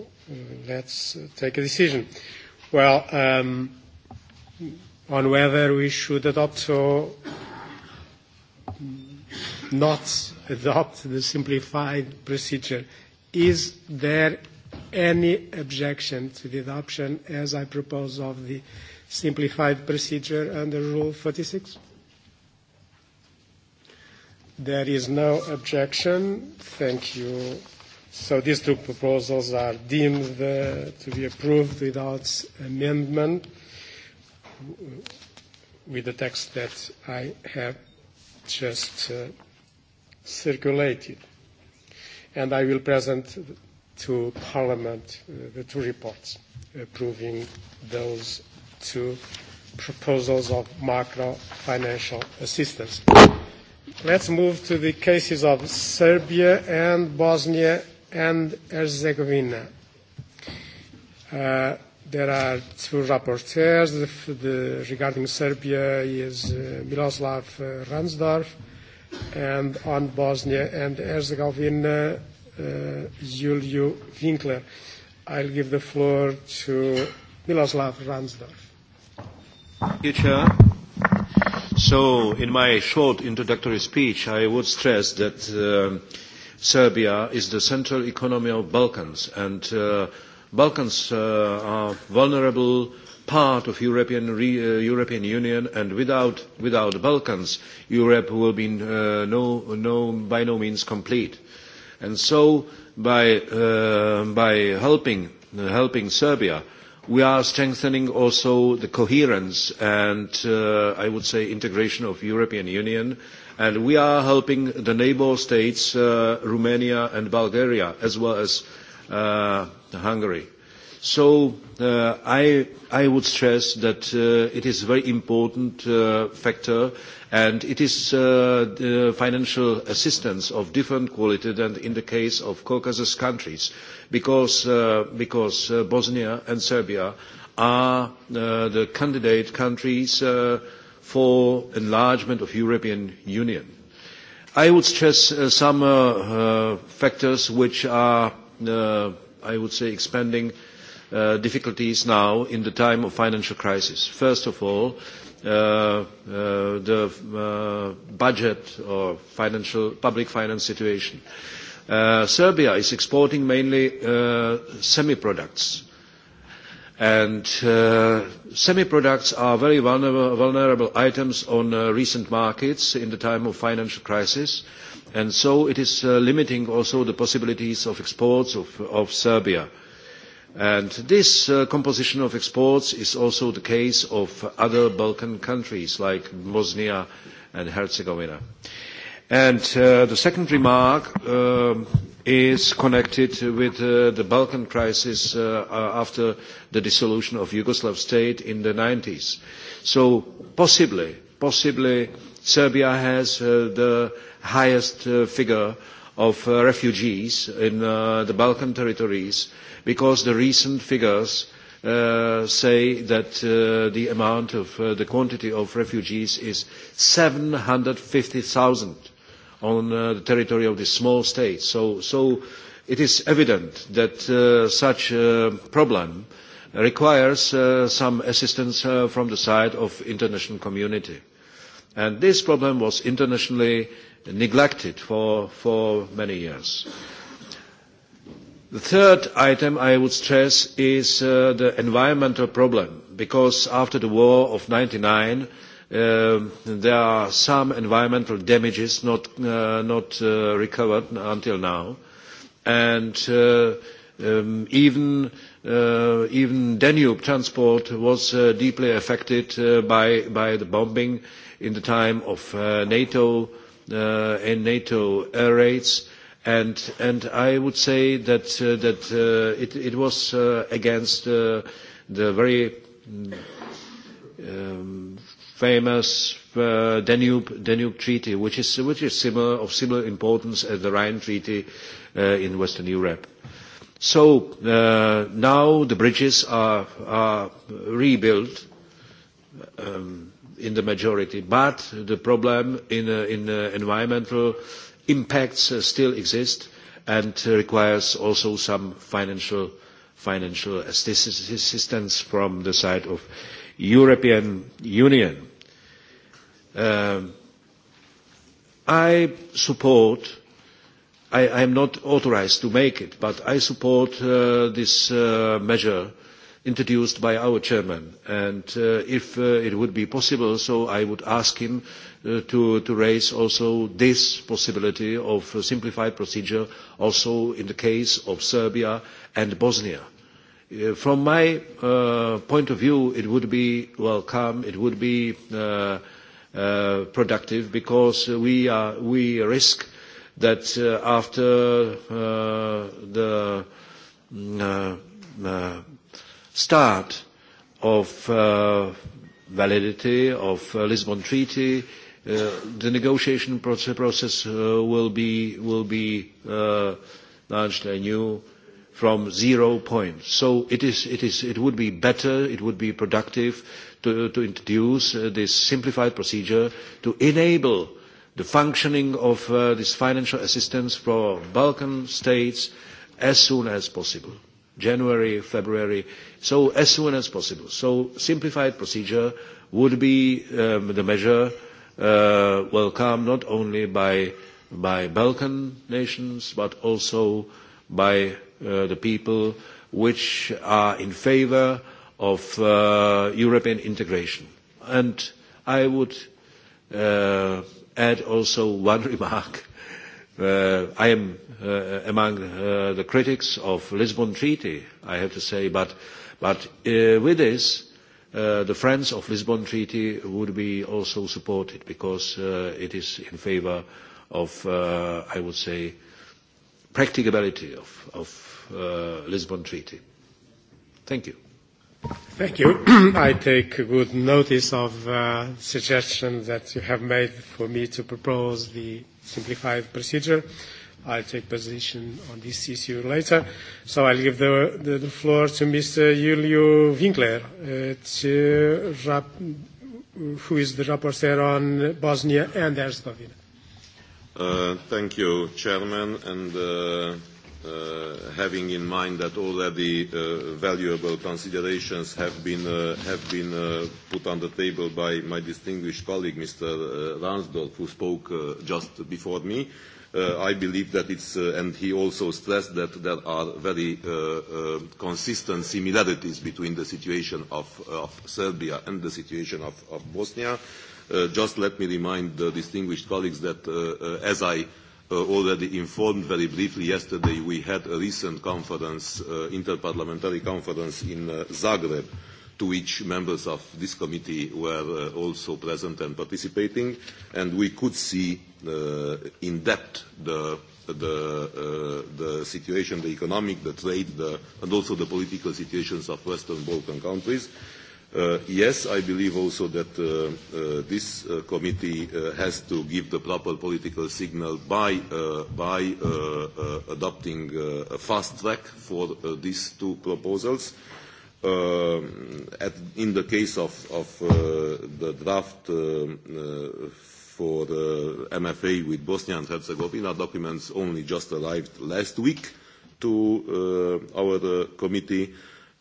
let's take a decision. Well, um, on whether we should adopt or not adopt the simplified procedure. Is there any objection to the adoption, as I propose, of the simplified procedure under Rule 46? There is no objection. Thank you. So these two proposals are deemed uh, to be approved without amendment with the text that I have just uh, circulated. And I will present to Parliament uh, the two reports approving those to proposals of macro financial assistance. Let's move to the cases of Serbia and Bosnia and Herzegovina. Uh, there are two rapporteurs. The, the, regarding Serbia is uh, Miroslav uh, Ransdorf, and on Bosnia and Herzegovina, uh, Julio Winkler. I'll give the floor to Miroslav Ransdorf you, Chair. So, in my short introductory speech, I would stress that uh, Serbia is the central economy of Balkans, and uh, Balkans uh, are vulnerable part of European, re, uh, European Union, and without without Balkans, Europe will be uh, no, no, by no means complete. And so, by uh, by helping helping Serbia We are strengthening also the coherence and, uh, I would say, integration of European Union. And we are helping the neighbor states, uh, Romania and Bulgaria, as well as uh, Hungary. So uh, I, I would stress that uh, it is a very important uh, factor and it is uh, the financial assistance of different quality than in the case of Caucasus countries because, uh, because uh, Bosnia and Serbia are uh, the candidate countries uh, for enlargement of European Union. I would stress uh, some factors which are, I would say, expanding Uh, difficulties now in the time of financial crisis. First of all, uh, uh the uh, budget or financial, public finance situation. Serbia is exporting mainly semi-products. And semi-products are very vulnerable, vulnerable items on recent markets in the time of financial crisis and so it is uh, limiting also the possibilities of exports of, of Serbia. And this uh, composition of exports is also the case of other Balkan countries like Bosnia and Herzegovina. And uh, the second remark uh, is connected with uh, the Balkan crisis uh, uh, after the dissolution of Yugoslav state in the 90s. So possibly, possibly Serbia has the highest figure of refugees in the Balkan territories because the recent figures uh, say that uh, the amount of uh, the quantity of refugees is 750,000 on uh, the territory of this small state. So, so it is evident that uh, such a problem requires uh, some assistance uh, from the side of international community. And this problem was internationally neglected for, for many years. The third item I would stress is uh, the environmental problem, because after the war of 99, uh, there are some environmental damages not, uh, not uh, recovered until now. And uh, um, even, uh, even Danube transport was uh, deeply affected uh, by, by the bombing in the time of uh, NATO uh, and NATO air raids And, and I would say that, uh, that uh, it, it was uh, against uh, the very mm, um, famous uh, Danube, Danube Treaty, which is, which is similar, of similar importance as the Rhine Treaty uh, in Western Europe. So uh, now the bridges are, are rebuilt um, in the majority, but the problem in, uh, in uh, environmental uh, impacts uh, still exist and requires also some financial, financial assistance from the side of European Union. Um, I support, I am not authorized to make it, but I support uh, this uh, measure introduced by our chairman. And if it would be possible, so I would ask him Uh, to, to raise also this possibility of simplified procedure also in the case of Serbia and Bosnia. Uh, from my uh, point of view, it would be welcome, it would be uh, uh, productive because we, are, we risk that uh, after uh, the mm, uh, uh, start of uh, validity of uh, Lisbon Treaty, Uh, the negotiation process uh, will be, will be uh, launched anew from zero point. So it, is, it, is, it would be better, it would be productive to, to introduce uh, this simplified procedure to enable the functioning of uh, this financial assistance for Balkan states as soon as possible. January, February, so as soon as possible. So simplified procedure would be um, the measure uh, will come not only by, by Balkan nations, but also by uh, the people which are in favor of uh, European integration. And I would uh, add also one remark. Uh, I am uh, among uh, the critics of Lisbon Treaty, I have to say, but, but uh, with this, Uh, the friends of Lisbon Treaty would be also supported because uh, it is in favour of, uh, I would say, practicability of, of uh, Lisbon Treaty. Thank you. Thank you. I take good notice of uh, suggestion that you have made for me to propose the simplified procedure. I'll take position on this issue later. So I'll give the, the, the floor to Mr. Julio Winkler, uh, to rap, who is the rapporteur on Bosnia and Herzegovina. Uh, thank you, Chairman, and uh, uh, having in mind that already uh, valuable considerations have been, uh, have been uh, put on the table by my distinguished colleague, Mr. Uh, Ransdorf, who spoke uh, just before me uh, I believe that it's, uh, and he also stressed that there are very uh, uh, consistent similarities between the situation of, uh, of Serbia and the situation of, of Bosnia. Uh, just let me remind the distinguished colleagues that, uh, uh, as I uh, already informed very briefly yesterday, we had a recent conference, uh, interparliamentary conference in uh, Zagreb, to which members of this committee were uh, also present and participating, and we could see uh, in depth the, the, uh, the situation, the economic, the trade, the, and also the political situations of Western Balkan countries. Uh, yes, I believe also that uh, uh, this uh, committee uh, has to give the proper political signal by, uh, by uh, uh, adopting uh, a fast track for uh, these two proposals. Uh, Uh, at, in the case of, of uh, the draft uh, uh, for uh, MFA with Bosnia and Herzegovina, documents only just arrived last week to uh, our uh, committee.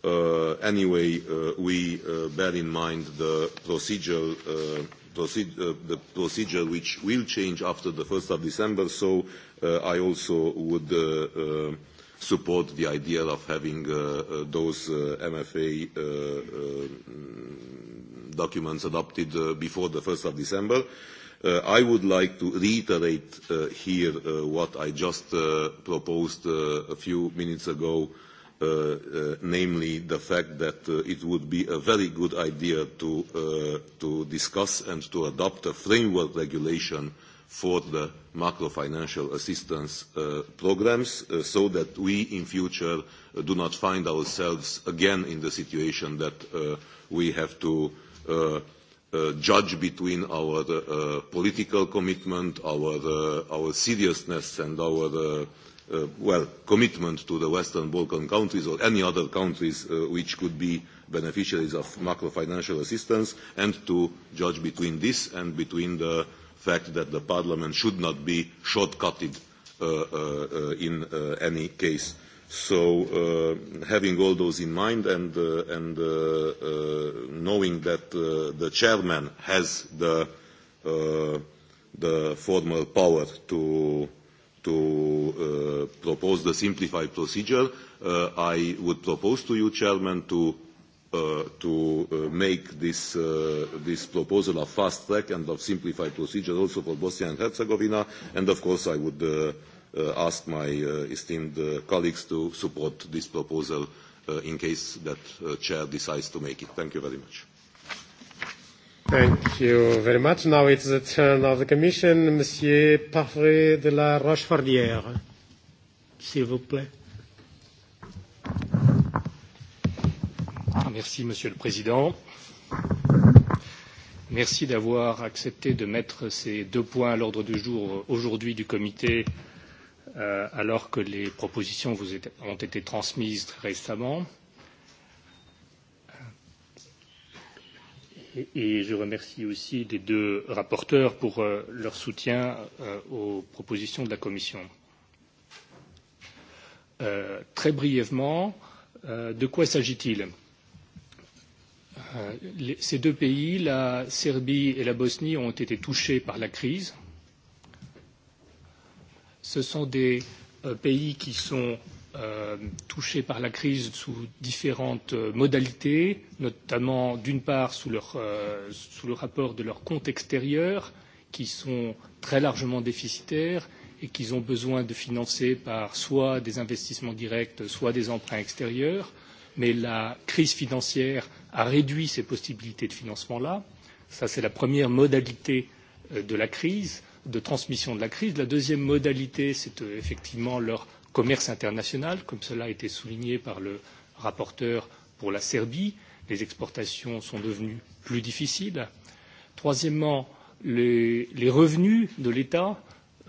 Uh, anyway, uh, we uh, bear in mind the procedure, uh, proced uh, the procedure which will change after the 1st of December, so uh, I also would uh, uh, support the idea of having uh, uh, those uh, MFA uh, uh, documents adopted uh, before the 1st of December. Uh, I would like to reiterate uh, here uh, what I just uh, proposed uh, a few minutes ago, uh, uh, namely the fact that uh, it would be a very good idea to, uh, to discuss and to adopt a framework regulation for the macro-financial assistance uh, programs uh, so that we in future uh, do not find ourselves again in the situation that uh, we have to uh, uh, judge between our uh, political commitment, our, uh, our seriousness and our uh, uh, well, commitment to the Western Balkan countries or any other countries uh, which could be beneficiaries of macro-financial assistance and to judge between this and between the fact that the parliament should not be short-cutted uh, uh, uh, in uh, any case. So uh, having all those in mind and, uh, and uh, uh, knowing that uh, the chairman has the, uh, the formal power to, to uh, propose the simplified procedure, uh, I would propose to you, chairman, to Uh, to uh, make this, uh, this proposal a fast track and of simplified procedure also for Bosnia and Herzegovina. And of course, I would uh, uh, ask my uh, esteemed uh, colleagues to support this proposal uh, in case that uh, chair decides to make it. Thank you very much. Thank you very much. Now it's the turn of the Commission. Monsieur Parfait de la Rochefordière, s'il vous plaît. Merci, Monsieur le Président. Merci d'avoir accepté de mettre ces deux points à l'ordre du jour aujourd'hui du comité, euh, alors que les propositions vous ont été transmises très récemment. Et, et je remercie aussi les deux rapporteurs pour euh, leur soutien euh, aux propositions de la Commission. Euh, très brièvement, euh, de quoi s'agit-il euh, Euh, les, ces deux pays, la Serbie et la Bosnie, ont été touchés par la crise. Ce sont des euh, pays qui sont euh, touchés par la crise sous différentes euh, modalités, notamment d'une part sous, leur, euh, sous le rapport de leurs comptes extérieurs, qui sont très largement déficitaires et qu'ils ont besoin de financer par soit des investissements directs, soit des emprunts extérieurs mais la crise financière a réduit ces possibilités de financement là. Ça, c'est la première modalité euh, de la crise, de transmission de la crise. La deuxième modalité, c'est euh, effectivement leur commerce international, comme cela a été souligné par le rapporteur pour la Serbie. Les exportations sont devenues plus difficiles. Troisièmement, les, les revenus de l'État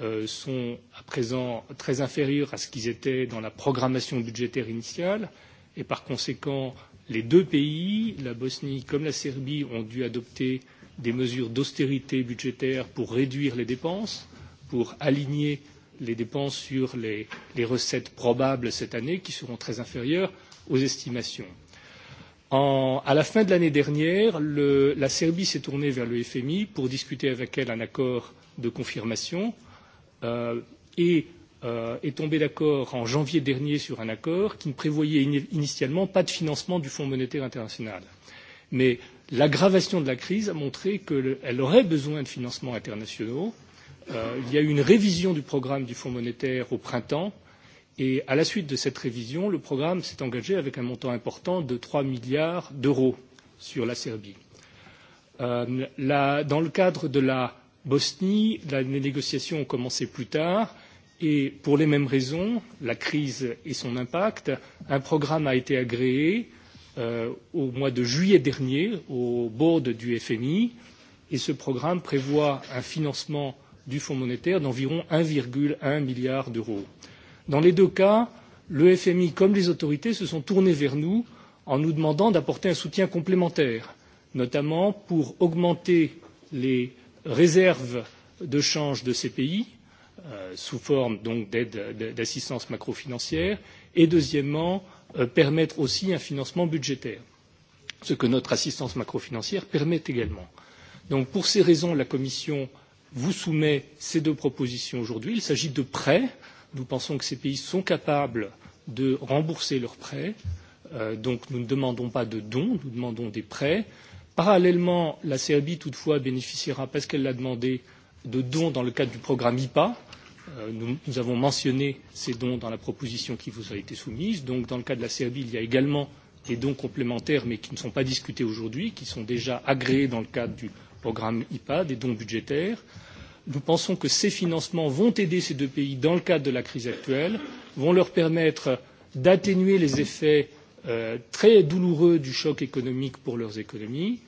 euh, sont à présent très inférieurs à ce qu'ils étaient dans la programmation budgétaire initiale. Euh, et par conséquent, les deux pays, la Bosnie comme la Serbie, ont dû adopter des mesures d'austérité budgétaire pour réduire les dépenses, pour aligner les dépenses sur les, les recettes probables cette année, qui seront très inférieures aux estimations. En, à la fin de l'année dernière, le, la Serbie s'est tournée vers le FMI pour discuter avec elle un accord de confirmation euh, et euh, est tombé d'accord en janvier dernier sur un accord qui ne prévoyait in initialement pas de financement du Fonds monétaire international. Mais l'aggravation de la crise a montré qu'elle aurait besoin de financements internationaux. Euh, il y a eu une révision du programme du Fonds monétaire au printemps et à la suite de cette révision, le programme s'est engagé avec un montant important de 3 milliards d'euros sur la Serbie. Euh, la, dans le cadre de la Bosnie, la, les négociations ont commencé plus tard Et pour les mêmes raisons, la crise et son impact, un programme a été agréé euh, au mois de juillet dernier au board du FMI et ce programme prévoit un financement du Fonds monétaire d'environ 1,1 milliard d'euros. Dans les deux cas, le FMI comme les autorités se sont tournés vers nous en nous demandant d'apporter un soutien complémentaire, notamment pour augmenter les réserves de change de ces pays Euh, sous forme donc d'aide d'assistance macrofinancière et deuxièmement euh, permettre aussi un financement budgétaire ce que notre assistance macrofinancière permet également. Donc pour ces raisons la commission vous soumet ces deux propositions aujourd'hui il s'agit de prêts nous pensons que ces pays sont capables de rembourser leurs prêts euh, donc nous ne demandons pas de dons nous demandons des prêts parallèlement la Serbie toutefois bénéficiera parce qu'elle l'a demandé euh, de dons dans le cadre du programme IPA. Euh, nous, nous avons mentionné ces dons dans la proposition qui vous a été soumise. Donc, dans le cas de la Serbie, il y a également des dons complémentaires, mais qui ne sont pas discutés aujourd'hui, qui sont déjà agréés dans le cadre du programme IPA, des dons budgétaires. Nous pensons que ces financements vont aider ces deux pays dans le cadre de la crise actuelle, vont leur permettre d'atténuer les effets euh, très douloureux du choc économique pour leurs économies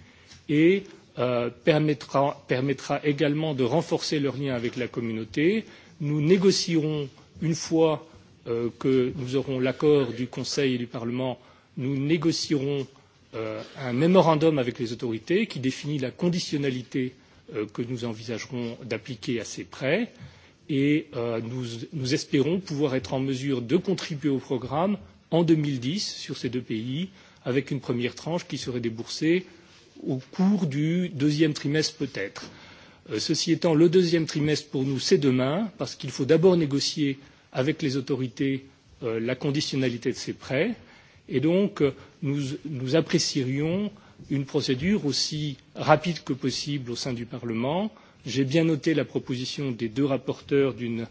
et Euh, permettra, permettra également de renforcer leur lien avec la communauté. Nous négocierons, une fois euh, que nous aurons l'accord du Conseil et du Parlement, nous négocierons euh, un mémorandum avec les autorités qui définit la conditionnalité euh, que nous envisagerons d'appliquer à ces prêts et euh, nous, nous espérons pouvoir être en mesure de contribuer au programme en 2010 sur ces deux pays avec une première tranche qui serait déboursée euh, au cours du deuxième trimestre peut-être. Euh, ceci étant, le deuxième trimestre pour nous, c'est demain, parce qu'il faut d'abord négocier avec les autorités euh, la conditionnalité de ces prêts. Et donc, euh, nous, nous apprécierions une procédure aussi rapide que possible au sein du Parlement. J'ai bien noté la proposition des deux rapporteurs d'une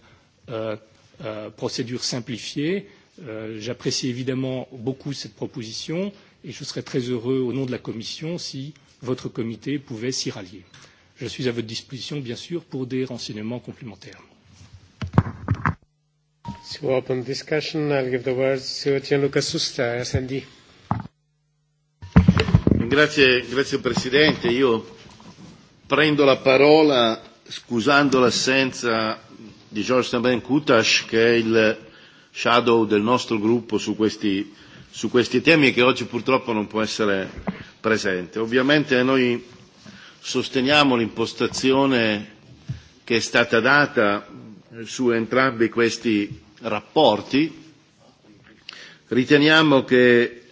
euh, euh, procédure simplifiée. Euh, J'apprécie évidemment beaucoup cette proposition et je serais très heureux, au nom de la Commission, si votre comité pouvait s'y rallier. Je suis à votre disposition, bien sûr, pour des renseignements complémentaires. To open discussion, I'll give the words to Gianluca Susta, SND. Grazie, grazie Presidente. Io prendo la parola scusando l'assenza di George Saban Kutash, che è il shadow del nostro gruppo su questi su questi temi e che oggi purtroppo non può essere presente. Ovviamente noi sosteniamo l'impostazione che è stata data su entrambi questi rapporti. Riteniamo che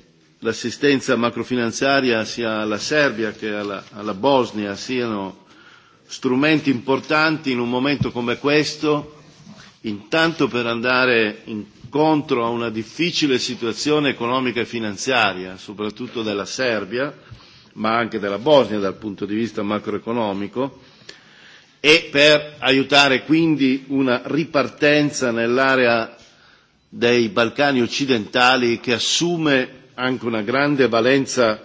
l'assistenza macrofinanziaria sia alla Serbia che alla, alla Bosnia siano strumenti importanti in un momento come questo intanto per andare incontro a una difficile situazione economica e finanziaria, soprattutto della Serbia, ma anche della Bosnia dal punto di vista macroeconomico, e per aiutare quindi una ripartenza nell'area dei Balcani occidentali che assume anche una grande valenza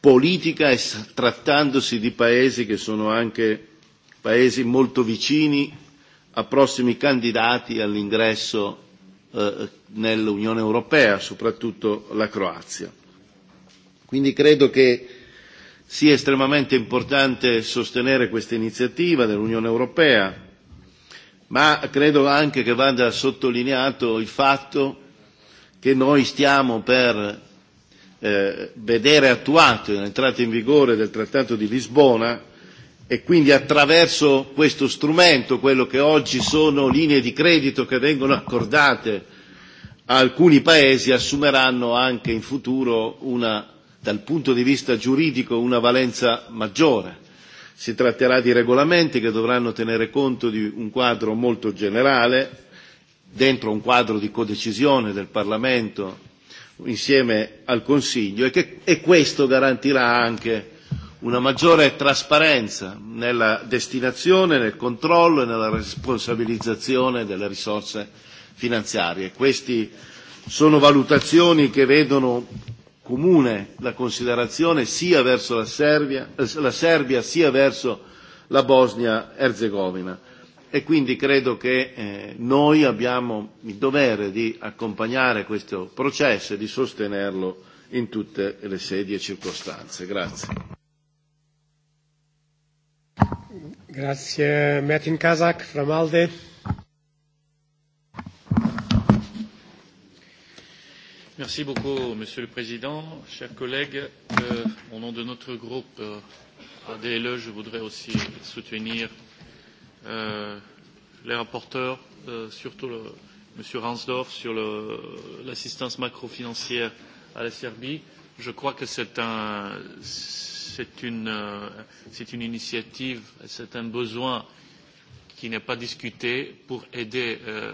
politica e trattandosi di paesi che sono anche paesi molto vicini a prossimi candidati all'ingresso eh, nell'Unione Europea, soprattutto la Croazia. Quindi credo che sia estremamente importante sostenere questa iniziativa dell'Unione Europea, ma credo anche che vada sottolineato il fatto che noi stiamo per eh, vedere attuato l'entrata in vigore del Trattato di Lisbona e quindi attraverso questo strumento, quello che oggi sono linee di credito che vengono accordate a alcuni paesi, assumeranno anche in futuro una, dal punto di vista giuridico una valenza maggiore. Si tratterà di regolamenti che dovranno tenere conto di un quadro molto generale, dentro un quadro di codecisione del Parlamento insieme al Consiglio e, che, e questo garantirà anche una maggiore trasparenza nella destinazione, nel controllo e nella responsabilizzazione delle risorse finanziarie. Queste sono valutazioni che vedono comune la considerazione sia verso la Serbia, eh, la Serbia sia verso la Bosnia-Erzegovina e quindi credo che eh, noi abbiamo il dovere di accompagnare questo processo e di sostenerlo in tutte le sedi e circostanze. Grazie. Grazie. Metin Kazak from ALDE. Merci beaucoup, Monsieur le Président. Chers collègues, euh, au nom de notre groupe euh, ADLE, je voudrais aussi soutenir euh, les rapporteurs, euh, surtout le, M. Ransdorf, sur l'assistance macrofinancière à la Serbie. Je crois que c'est un, c'est une, euh, une initiative, c'est un besoin qui n'est pas discuté pour aider euh,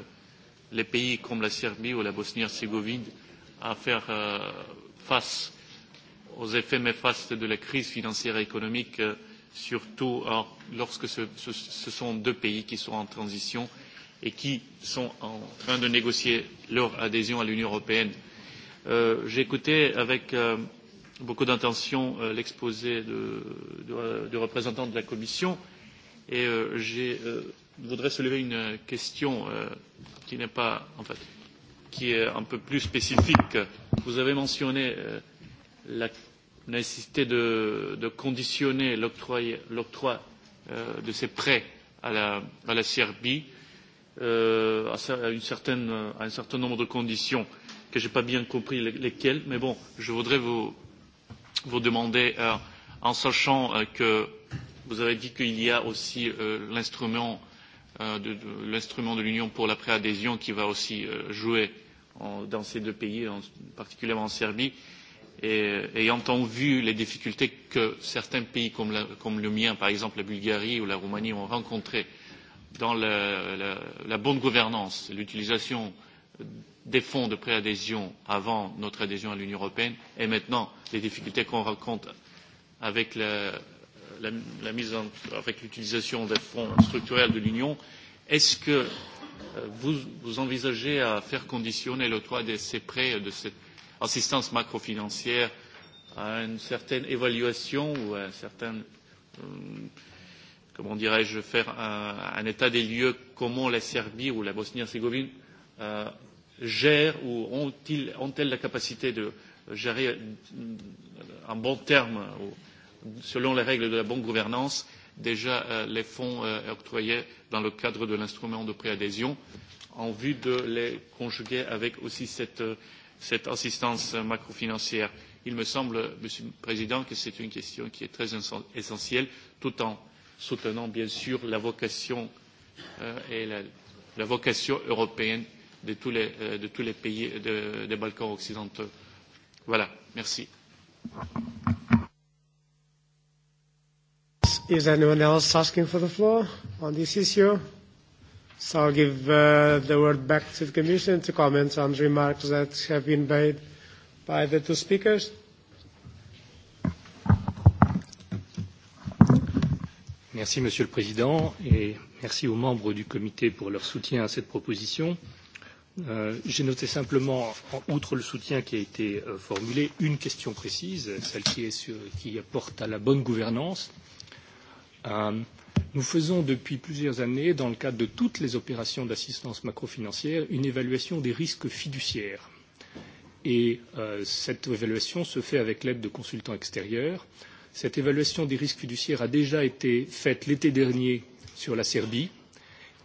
les pays comme la Serbie ou la Bosnie-Herzégovine à faire euh, face aux effets néfastes de la crise financière et économique, euh, surtout lorsque ce, ce sont deux pays qui sont en transition et qui sont en train de négocier leur adhésion à l'Union européenne. Euh, J'ai écouté avec euh, beaucoup d'attention euh, l'exposé du représentant de la Commission et euh, euh, je voudrais soulever une question euh, qui n'est pas en fait qui est un peu plus spécifique. Vous avez mentionné euh, la nécessité de, de conditionner l'octroi euh, de ces prêts à la, à la Serbie euh, à, une certaine, à un certain nombre de conditions que je n'ai pas bien compris lesquelles, mais bon, je voudrais vous, vous demander, euh, en sachant euh, que vous avez dit qu'il y a aussi euh, l'instrument euh, de, de, de l'Union pour la préadhésion qui va aussi euh, jouer en, dans ces deux pays, en, particulièrement en Serbie, et ayant vu les difficultés que certains pays comme, la, comme le mien, par exemple la Bulgarie ou la Roumanie, ont rencontrées dans la, la, la bonne gouvernance, l'utilisation des fonds de préadhésion avant notre adhésion à l'Union européenne et maintenant les difficultés qu'on rencontre avec la, la, la mise en, avec l'utilisation des fonds structurels de l'Union, est-ce que euh, vous, vous envisagez à faire conditionner l'octroi de ces prêts, e de cette assistance macrofinancière à une certaine évaluation ou à un certain, euh, comment dirais-je, faire un, un état des lieux comment la Serbie ou la Bosnie-Herzégovine euh, gèrent ou ont elles la capacité de gérer euh, en bon ou selon les règles de la bonne gouvernance, déjà euh, les fonds euh, octroyés dans le cadre de l'instrument de préadhésion en vue de les conjuguer avec aussi cette, cette assistance macrofinancière. Il me semble, Monsieur le Président, que c'est une question qui est très essentielle, tout en soutenant bien sûr la vocation euh, et la, la vocation européenne euh, de tous les, euh, de tous les pays de, des Balkans occidentaux. Voilà, merci. Is anyone else asking for the floor on this issue? So I'll give uh, the word back to the Commission to comment on the remarks that have been made by the two speakers. Merci, Monsieur le Président, et merci aux membres du comité pour leur soutien à cette proposition. Euh, Euh, j'ai noté simplement, outre le soutien qui a été euh, formulé, une question précise, celle qui, est sur, qui apporte à la bonne gouvernance. Euh, nous faisons depuis plusieurs années, dans le cadre de toutes les opérations d'assistance macrofinancière, une évaluation des risques fiduciaires. Et euh, cette évaluation se fait avec l'aide de consultants extérieurs. Cette évaluation des risques fiduciaires a déjà été faite l'été dernier sur la Serbie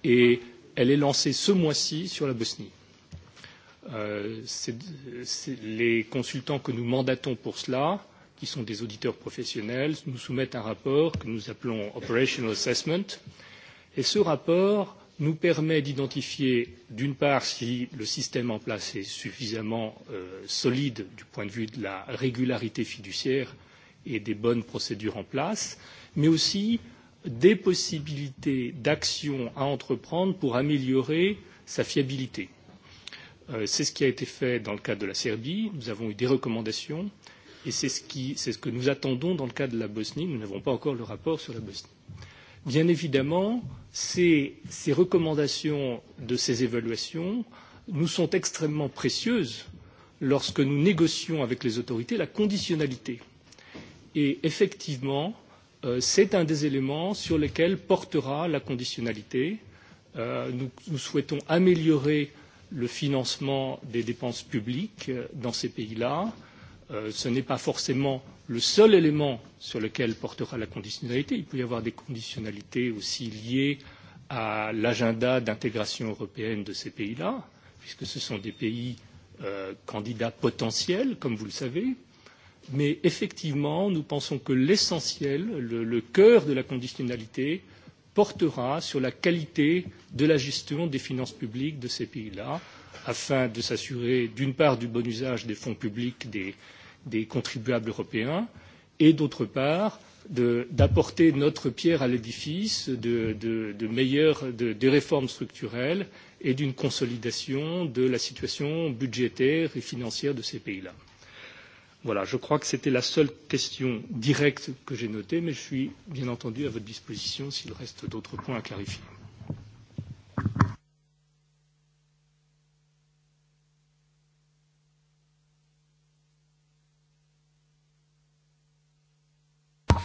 et elle est lancée ce mois-ci sur la Bosnie. Euh, les consultants que nous mandatons pour cela, qui sont des auditeurs professionnels, nous soumettent un rapport que nous appelons Operational Assessment. Et ce rapport nous permet d'identifier, d'une part, si le système en place est suffisamment euh, solide du point de vue de la régularité fiduciaire et des bonnes procédures en place, mais aussi des possibilités d'action à entreprendre pour améliorer sa fiabilité Euh, c'est ce qui a été fait dans le cadre de la Serbie. Nous avons eu des recommandations et c'est ce, ce que nous attendons dans le cas de la Bosnie. Nous n'avons pas encore le rapport sur la Bosnie. Bien évidemment, ces, ces recommandations de ces évaluations nous sont extrêmement précieuses lorsque nous négocions avec les autorités la conditionnalité. Et effectivement, euh, c'est un des éléments sur lesquels portera la conditionnalité. Euh, nous, nous souhaitons améliorer euh, le financement des dépenses publiques euh, dans ces pays-là. Euh, ce n'est pas forcément le seul élément sur lequel portera la conditionnalité. Il peut y avoir des conditionnalités aussi liées à l'agenda d'intégration européenne de ces pays-là, puisque ce sont des pays euh, candidats potentiels, comme vous le savez. Mais effectivement, nous pensons que l'essentiel, le, le cœur de la conditionnalité, euh, portera sur la qualité de la gestion des finances publiques de ces pays-là, afin de s'assurer d'une part du bon usage des fonds publics des, des contribuables européens et d'autre part d'apporter notre pierre à l'édifice de, de, de meilleures de, de réformes structurelles et d'une consolidation de la situation budgétaire et financière de ces pays-là. Voilà, je crois que c'était la seule question directe que j'ai notée, mais je suis bien entendu à votre disposition s'il reste d'autres points à clarifier.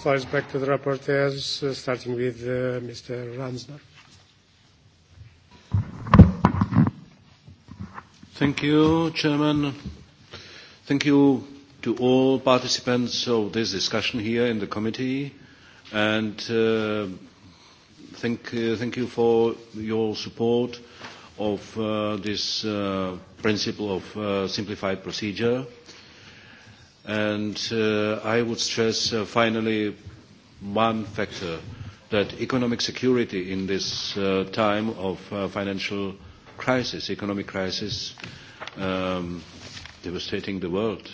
floor back to the rapporteurs, uh, starting with uh, Mr. Ransdorf. Thank you, Chairman. Thank you to all participants of this discussion here in the committee and uh, thank, uh, thank you for your support of uh, this uh, principle of uh, simplified procedure. And uh, I would stress uh, finally one factor, that economic security in this uh, time of uh, financial crisis, economic crisis um, devastating the world,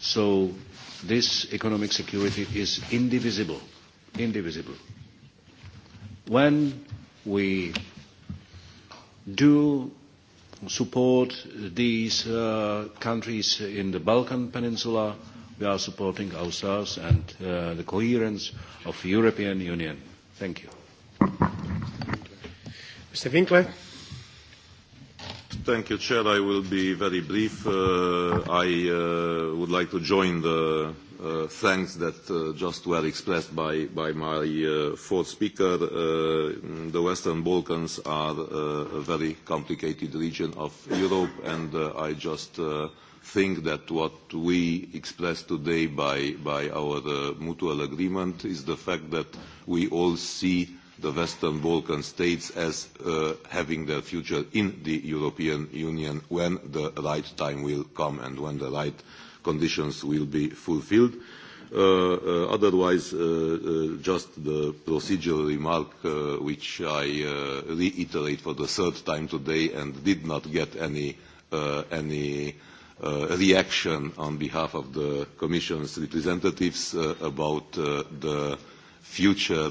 So this economic security is indivisible, indivisible. When we do support these uh, countries in the Balkan Peninsula, we are supporting ourselves and uh, the coherence of the European Union. Thank you. Mr. Winkler. Thank you, Chair. I will be very brief. Uh, I uh, would like to join the uh, thanks that uh, just were expressed by, by my uh, fourth speaker. Uh, the Western Balkans are uh, a very complicated region of Europe, and uh, I just uh, think that what we expressed today by, by our uh, mutual agreement is the fact that we all see the Western Balkan states as uh, having their future in the European Union when the right time will come and when the right conditions will be fulfilled. Uh, uh, otherwise, uh, uh just the procedural remark, uh, which I uh, reiterate for the third time today and did not get any, any reaction on behalf of the Commission's representatives about the future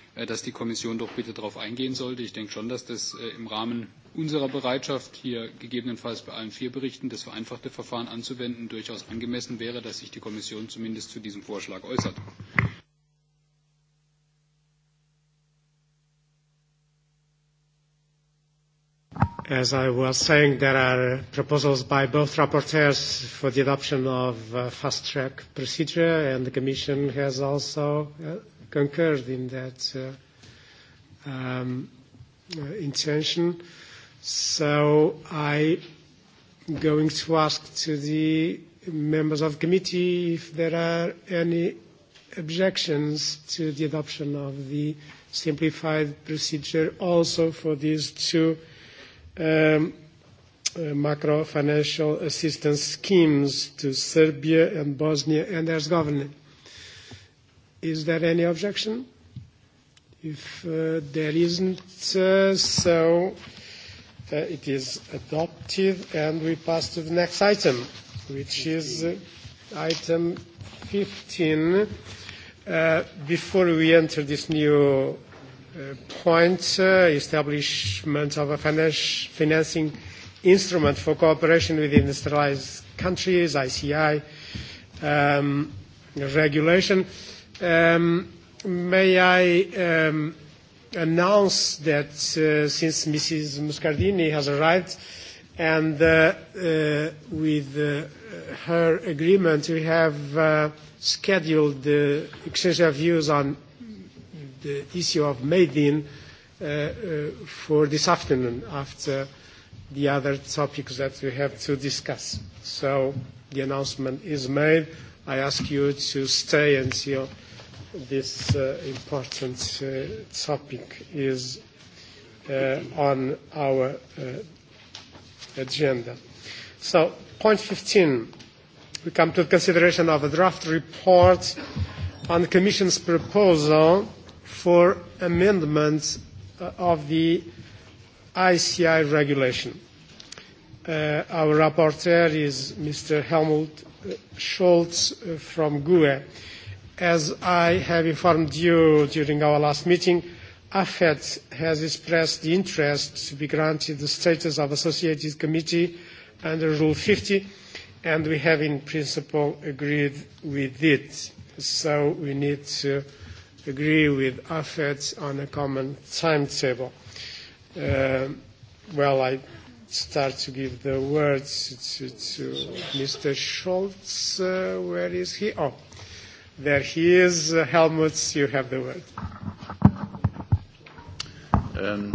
Äh, dass die Kommission doch bitte darauf eingehen sollte. Ich denke schon, dass das äh, im Rahmen unserer Bereitschaft, hier gegebenenfalls bei allen vier Berichten das vereinfachte Verfahren anzuwenden, durchaus angemessen wäre, dass sich die Kommission zumindest zu diesem Vorschlag äußert. As I was saying, there are proposals by both rapporteurs for the adoption of uh, fast-track procedure, and the Commission has also uh, concurred in that uh, um, uh, intention. So I going to ask to the members of committee if there are any objections to the adoption of the simplified procedure also for these two um, uh, macro financial assistance schemes to Serbia and Bosnia and Herzegovina. Is there any objection? If uh, there isn't, uh, so uh, it is adopted, and we pass to the next item, which is uh, item 15. Uh, before we enter this new uh, point, uh, establishment of a finance, financing instrument for cooperation with industrialized countries, ICI um, regulation. Uh, Um, may I um, announce that uh, since Mrs. Muscardini has arrived and uh, uh, with uh, her agreement, we have uh, scheduled the exchange of views on the issue of Made in uh, uh, for this afternoon after the other topics that we have to discuss. So the announcement is made I ask you to stay until this uh, important uh, topic is uh, on our uh, agenda. So, point 15, we come to the consideration of a draft report on the Commission's proposal for amendment uh, of the ICI regulation. Uh, our rapporteur is Mr. Helmut uh, Scholz uh, from GUE. As I have informed you during our last meeting, AFET has expressed the interest to be granted the status of Associated Committee under Rule 50, and we have in principle agreed with it. So we need to agree with AFET on a common timetable. Uh, well, I start to give the words to, to Mr. Schultz. Uh, where is he? Oh, there he is. Uh, Helmut, you have the word. Ähm,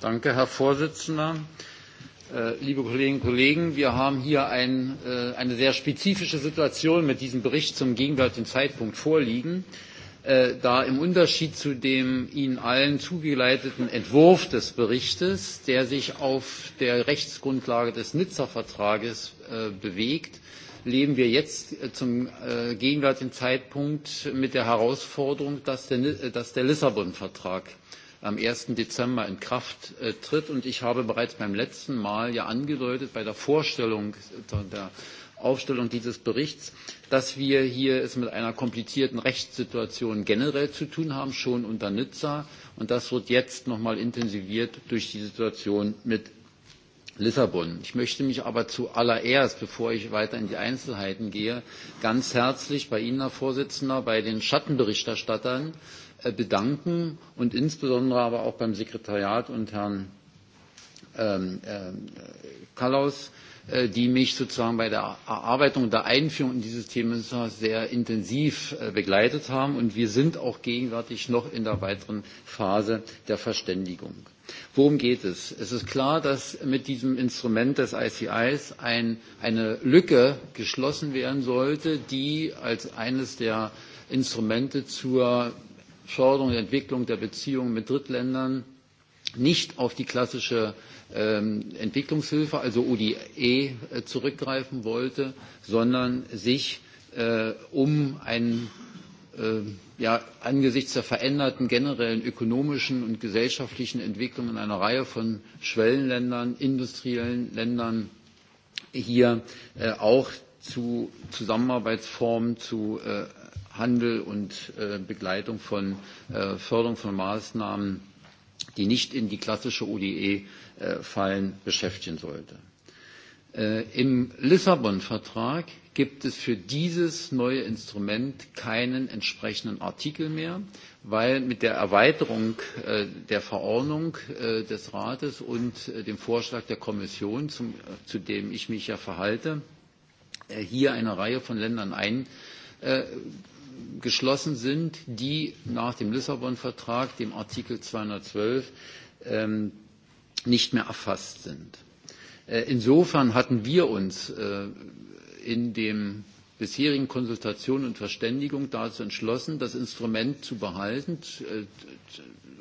danke, Herr Vorsitzender. Äh, liebe Kolleginnen und Kollegen, wir haben hier ein, äh, eine sehr spezifische Situation mit diesem Bericht zum gegenwärtigen Zeitpunkt vorliegen. Äh, da im Unterschied zu dem Ihnen allen zugeleiteten Entwurf des berichts der sich auf der Rechtsgrundlage des Nizza-Vertrages äh, bewegt, leben wir jetzt äh, zum gegenwärtigen Zeitpunkt mit der Herausforderung, dass der, Lissabon-Vertrag am eins Dezember in Kraft tritt. Und ich habe bereits beim letzten Mal angedeutet, bei der Vorstellung der Aufstellung dieses Berichts, dass wir es hier es mit einer komplizierten Rechtssituation generell zu tun haben, schon unter Nizza. Und das wird jetzt noch nochmal intensiviert durch die Situation mit Lissabon. Ich möchte mich aber zuallererst, bevor ich weiter in die Einzelheiten gehe, ganz herzlich bei Ihnen, Herr Vorsitzender, bei den Schattenberichterstattern äh, bedanken und insbesondere aber auch beim Sekretariat und Herrn ähm, äh, kallas Äh, die mich sozusagen bei der Erarbeitung und der Einführung in dieses Thema sehr intensiv äh, begleitet haben. Und wir sind auch gegenwärtig noch in der weiteren Phase der Verständigung. Worum geht es? Es ist klar, dass mit diesem Instrument des ici ein, eine Lücke geschlossen werden sollte, die als eines der Instrumente zur Förderung und Entwicklung der Beziehungen mit Drittländern nicht auf die klassische ähm, Entwicklungshilfe, also ODE, äh, zurückgreifen wollte, sondern sich äh, um einen äh, ja, angesichts der veränderten generellen ökonomischen und gesellschaftlichen Entwicklung in einer Reihe von Schwellenländern, industriellen Ländern hier äh, auch zu Zusammenarbeitsformen, zu äh, Handel und äh, Begleitung von äh, Förderung von Maßnahmen die nicht in die klassische ODE äh, fallen, beschäftigen sollte. Äh, Im Lissabon-Vertrag gibt es für dieses neue Instrument keinen entsprechenden Artikel mehr, weil mit der Erweiterung äh, der Verordnung des Rates und dem Vorschlag der Kommission, zum, zu dem ich mich ja verhalte, hier eine Reihe von Ländern ein geschlossen sind, die nach dem Lissabon-Vertrag, dem Artikel zweihundertzwölf ähm, nicht mehr erfasst sind. Äh, insofern hatten wir uns äh, in den bisherigen Konsultationen und verständigungen dazu entschlossen, das Instrument zu behalten, äh,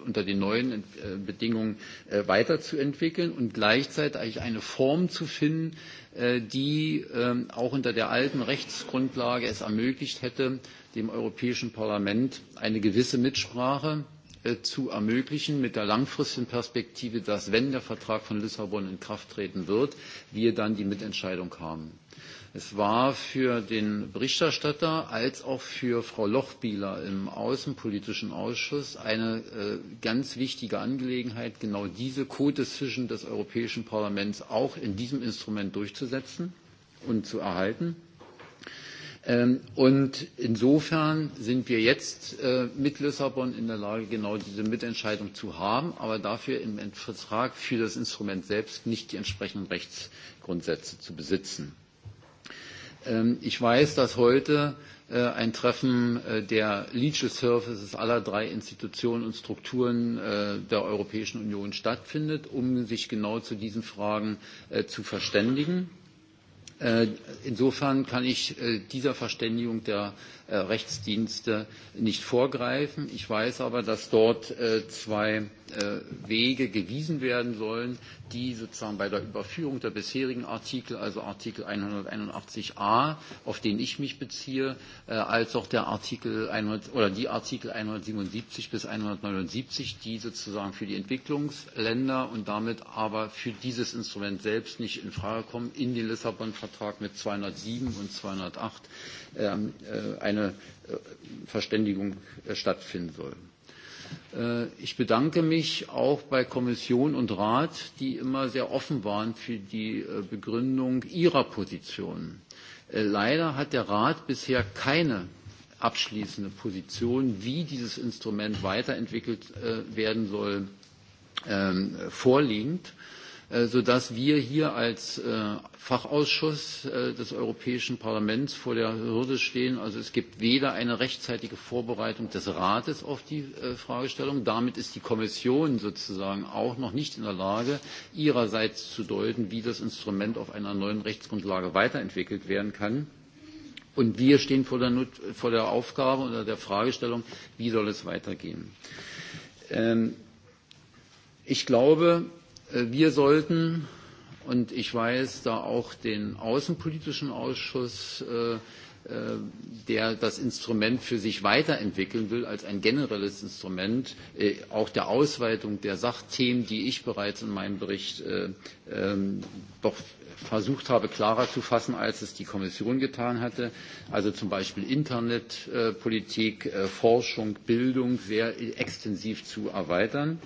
unter den neuen äh, Bedingungen äh, weiterzuentwickeln und gleichzeitig eine Form zu finden, äh, die ähm, auch unter der alten Rechtsgrundlage es ermöglicht hätte, dem Europäischen Parlament eine gewisse Mitsprache zu ermöglichen mit der langfristigen Perspektive, dass, wenn der Vertrag von Lissabon in Kraft treten wird, wir dann die Mitentscheidung haben. Es war für den Berichterstatter als auch für Frau Lochbieler im Außenpolitischen Ausschuss eine äh, ganz wichtige Angelegenheit, genau diese Co-Decision des Europäischen Parlaments auch in diesem Instrument durchzusetzen und zu erhalten. Ähm, und insofern sind wir jetzt äh, mit Lissabon in der Lage, genau diese Mitentscheidung zu haben, aber dafür im Vertrag für das Instrument selbst nicht die entsprechenden Rechtsgrundsätze zu besitzen. Ähm, ich weiß, dass heute äh, ein Treffen äh, der Legal Services aller drei Institutionen und Strukturen äh, der Europäischen Union stattfindet, um sich genau zu diesen Fragen zu verständigen. Insofern kann ich dieser Verständigung der Äh, Rechtsdienste nicht vorgreifen. Ich weiß aber, dass dort äh, zwei äh, Wege gewiesen werden sollen, die sozusagen bei der Überführung der bisherigen Artikel, also Artikel 181a, auf den ich mich beziehe, als auch der Artikel 100, oder die Artikel 177 bis 179, die sozusagen für die Entwicklungsländer und damit aber für dieses Instrument selbst nicht in Frage kommen, in den Lissabon-Vertrag mit 207 und 208 Ähm, äh, eine äh, Verständigung äh, stattfinden soll. Ich bedanke mich auch bei Kommission und Rat, die immer sehr offen waren für die Begründung ihrer Position. Leider hat der Rat bisher keine abschließende Position, wie dieses Instrument weiterentwickelt werden soll, ähm, vorliegend. Äh, sodass wir hier als äh, Fachausschuss äh, des Europäischen Parlaments vor der Hürde stehen. Also es gibt weder eine rechtzeitige Vorbereitung des Rates auf die Fragestellung, damit ist die Kommission sozusagen auch noch nicht in der Lage, ihrerseits zu deuten, wie das Instrument auf einer neuen Rechtsgrundlage weiterentwickelt werden kann. Und wir stehen vor der, Not vor der Aufgabe oder der Fragestellung, wie soll es weitergehen. Ähm, ich glaube, Äh, wir sollten, und ich weiß da auch den Außenpolitischen Ausschuss, äh, äh, der das Instrument für sich weiterentwickeln will als ein generelles Instrument, auch der Ausweitung der Sachthemen, die ich bereits in meinem Bericht ähm, doch versucht habe, klarer zu fassen, als es die Kommission getan hatte. Also zum Beispiel Internetpolitik, Forschung, Bildung sehr extensiv zu erweitern.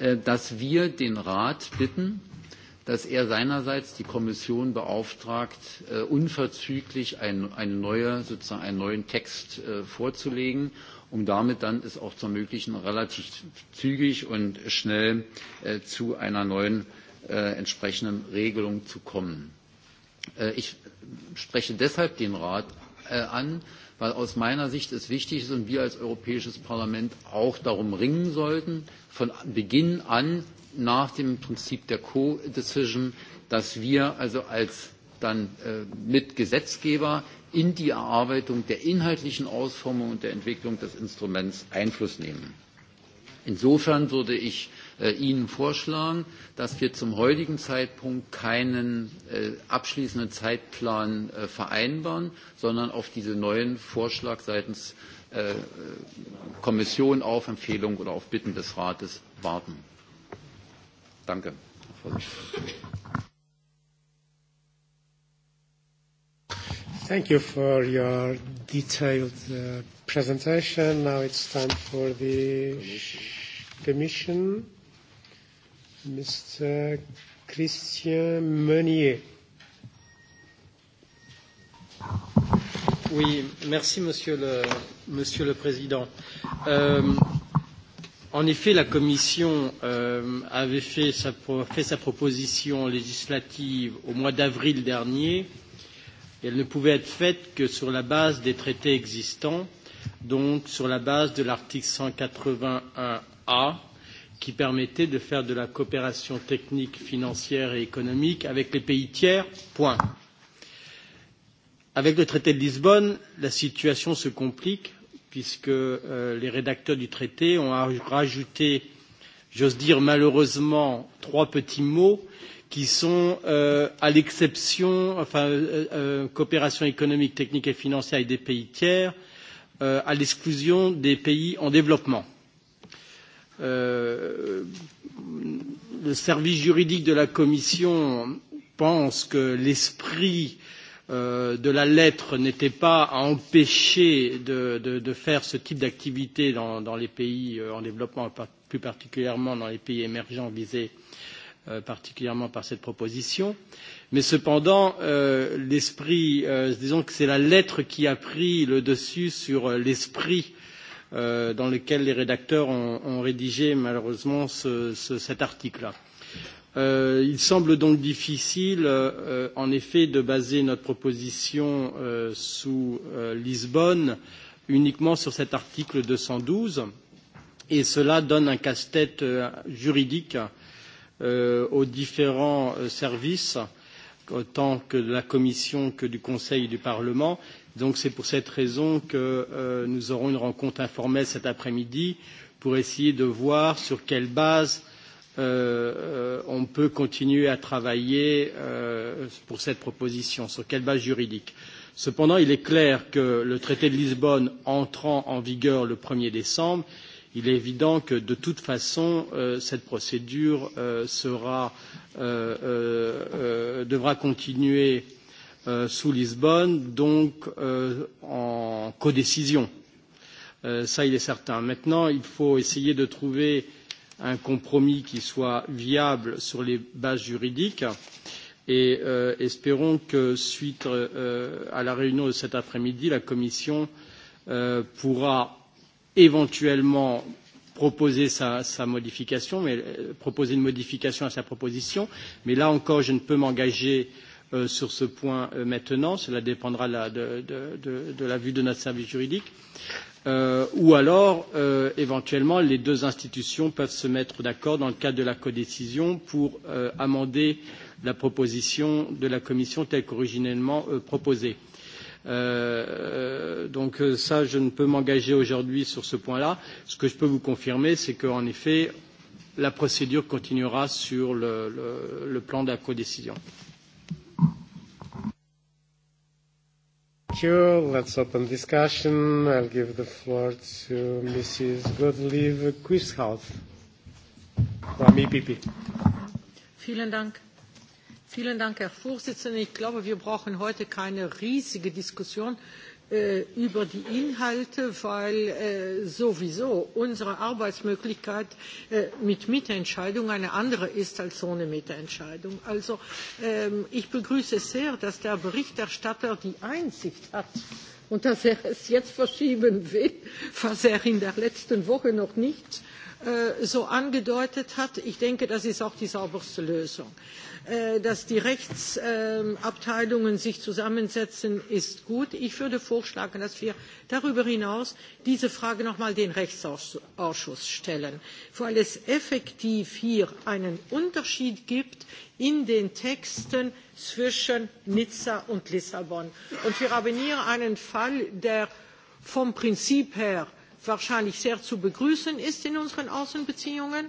Äh, dass wir den Rat bitten, dass er seinerseits die Kommission beauftragt, äh, unverzüglich ein, eine sozusagen einen neuen Text äh, vorzulegen, um damit dann es auch zu ermöglichen, relativ zügig und schnell zu einer neuen entsprechenden Regelung zu kommen. Ich spreche deshalb den Rat an, weil aus meiner Sicht es wichtig ist und wir als Europäisches Parlament auch darum ringen sollten, von Beginn an nach dem Prinzip der Co-Decision, dass wir also als dann äh, Mitgesetzgeber in die Erarbeitung der inhaltlichen Ausformung und der Entwicklung des Instruments Einfluss nehmen. Insofern würde ich äh, Ihnen vorschlagen, dass wir zum heutigen Zeitpunkt keinen äh, abschließenden Zeitplan äh, vereinbaren, sondern auf diesen neuen Vorschlag seitens Äh, Kommission auf Empfehlung oder auf Bitten des Rates warten. Danke. Thank you for your detailed uh, presentation. Now it's time for the Commission. Mr. Christian Meunier. Oui, merci Monsieur le, monsieur le Président. Euh, en effet, la Commission euh, avait fait sa, fait sa proposition législative au mois d'avril dernier et elle ne pouvait être faite que sur la base des traités existants, donc sur la base de l'article 181A qui permettait de faire de la coopération technique, financière et économique avec les pays tiers, point. Euh, Avec le traité de Lisbonne, la situation se complique puisque euh, les rédacteurs du traité ont rajouté, j'ose dire malheureusement, trois petits mots qui sont euh, à l'exception, enfin, euh, euh, coopération économique, technique et financière avec des pays tiers, euh, à l'exclusion des pays en développement. Euh, le service juridique de la Commission pense que l'esprit Euh, de la lettre n'était pas à empêcher de, de, de faire ce type d'activité dans, dans les pays euh, en développement, plus particulièrement dans les pays émergents visés euh, particulièrement par cette proposition. Mais cependant, euh, l'esprit, euh, disons que c'est la lettre qui a pris le dessus sur euh, l'esprit euh, dans lequel les rédacteurs ont, ont rédigé malheureusement ce, ce, cet article-là. Euh, il semble donc difficile, euh, en effet, de baser notre proposition euh, sous euh, Lisbonne uniquement sur cet article 212, et cela donne un casse-tête euh, juridique euh, aux différents euh, services, tant que de la Commission que du Conseil et du Parlement. Donc c'est pour cette raison que euh, nous aurons une rencontre informelle cet après-midi pour essayer de voir sur quelle base euh, on peut continuer à travailler euh, pour cette proposition Sur quelle base juridique Cependant, il est clair que le traité de Lisbonne entrant en vigueur le 1er décembre, il est évident que de toute façon, euh, cette procédure euh, sera, euh, euh, euh, devra continuer euh, sous Lisbonne, donc euh, en codécision. Euh, ça, il est certain. Maintenant, il faut essayer de trouver euh, un compromis qui soit viable sur les bases juridiques et euh, espérons que, suite euh, à la réunion de cet après-midi, la Commission euh, pourra éventuellement proposer sa, sa modification, mais euh, proposer une modification à sa proposition. Mais là encore, je ne peux m'engager euh, sur ce point euh, maintenant. Cela dépendra la, de, de, de, de la vue de notre service juridique euh, ou alors euh, éventuellement les deux institutions peuvent se mettre d'accord dans le cadre de la codécision pour euh, amender la proposition de la Commission telle qu'originellement euh, proposée. Euh, euh donc euh, ça, je ne peux m'engager aujourd'hui sur ce point-là. Ce que je peux vous confirmer, c'est qu'en effet, la procédure continuera sur le, le, le plan de la codécision. Thank you. Let's open discussion. I'll give the floor to Mrs. Godlieve Quisthout from EPP. Vielen Dank. Vielen Dank, Herr Vorsitzender. Ich glaube, wir brauchen heute keine riesige Diskussion Äh, über die Inhalte, weil äh, sowieso unsere Arbeitsmöglichkeit äh, mit Mitentscheidung eine andere ist als ohne Mitentscheidung. Also ähm, ich begrüße es sehr, dass der Berichterstatter die Einsicht hat und dass er es jetzt verschieben will, was er in der letzten Woche noch nicht Äh, so angedeutet hat. Ich denke, das ist auch die sauberste Lösung. Äh, dass die Rechtsabteilungen sich zusammensetzen, ist gut. Ich würde vorschlagen, dass wir darüber hinaus diese Frage noch einmal den Rechtsausschuss stellen, weil es effektiv hier einen Unterschied gibt in den Texten zwischen Nizza und Lissabon. Und wir haben hier einen Fall, der vom Prinzip her wahrscheinlich sehr zu begrüßen ist in unseren Außenbeziehungen,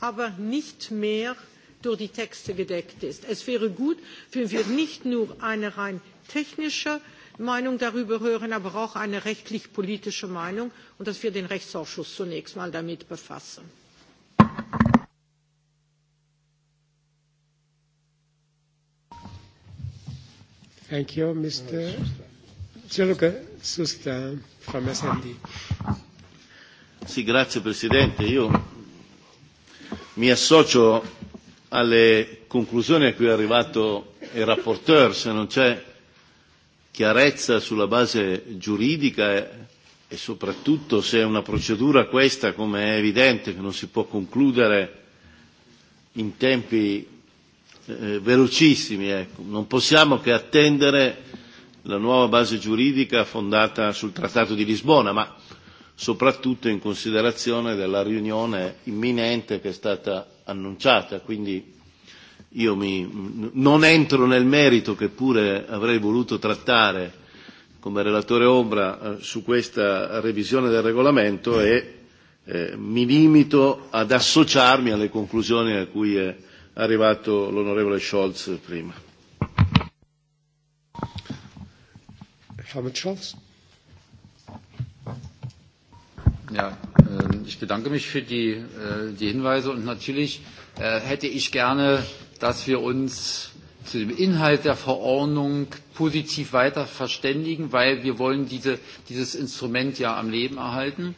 aber nicht mehr durch die Texte gedeckt ist. Es wäre gut, wenn wir nicht nur eine rein technische Meinung darüber hören, aber auch eine rechtlich-politische Meinung und dass wir den Rechtsausschuss zunächst mal damit befassen. Thank you, Mr. Gianluca Susta from SND. Sì, grazie Presidente. Io mi associo alle conclusioni a cui è arrivato il rapporteur. Se non c'è chiarezza sulla base giuridica e, e soprattutto se è una procedura questa, come è evidente, che non si può concludere in tempi eh, velocissimi, ecco. non possiamo che attendere la nuova base giuridica fondata sul Trattato di Lisbona, ma soprattutto in considerazione della riunione imminente che è stata annunciata. Quindi io mi, non entro nel merito che pure avrei voluto trattare come relatore ombra eh, su questa revisione del regolamento e eh, mi limito ad associarmi alle conclusioni a cui è arrivato l'onorevole Scholz prima. Helmut Scholz. Ja, ähm, ich bedanke mich für die, äh, die Hinweise und natürlich äh, hätte ich gerne, dass wir uns zu dem Inhalt der Verordnung positiv weiter verständigen, weil wir wollen diese, dieses Instrument ja am Leben erhalten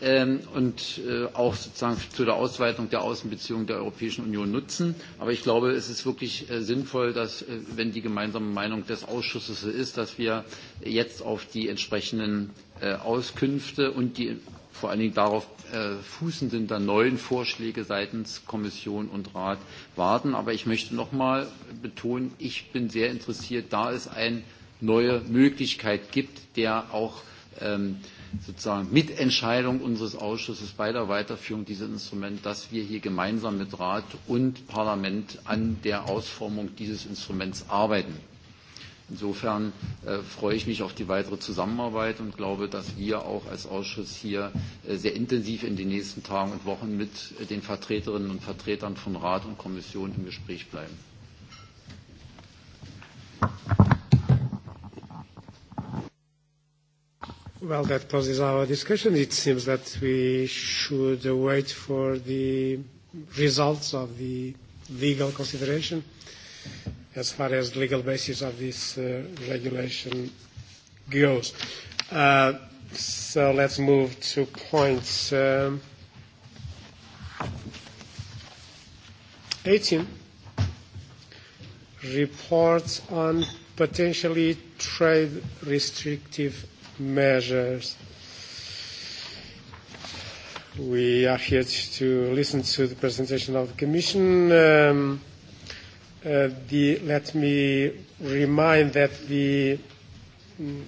ähm, und äh, auch sozusagen zu der Ausweitung der Außenbeziehungen der Europäischen Union nutzen. Aber ich glaube, es ist wirklich sinnvoll, dass, wenn die gemeinsame Meinung des Ausschusses so ist, dass wir jetzt auf die entsprechenden Auskünfte und die vor allen Dingen darauf äh, fußenden dann neuen Vorschläge seitens Kommission und Rat warten. Aber ich möchte noch nochmal betonen, ich bin sehr interessiert, da es eine neue Möglichkeit gibt, der auch ähm, sozusagen Mitentscheidung unseres Ausschusses bei der Weiterführung dieses Instruments, dass wir hier gemeinsam mit Rat und Parlament an der Ausformung dieses Instruments arbeiten. Insofern äh, freue ich mich auf die weitere Zusammenarbeit und glaube, dass wir auch als Ausschuss hier äh, sehr intensiv in den nächsten Tagen und Wochen mit äh, den Vertreterinnen und Vertretern von Rat und Kommission im Gespräch bleiben. Well, that closes our discussion. It seems that we should wait for the results of the legal consideration as far as the legal basis of this uh, regulation goes. Uh, so let's move to points um, 18. Reports on potentially trade restrictive measures. We are here to listen to the presentation of the Commission. Um, Uh, the, let me remind that the mm,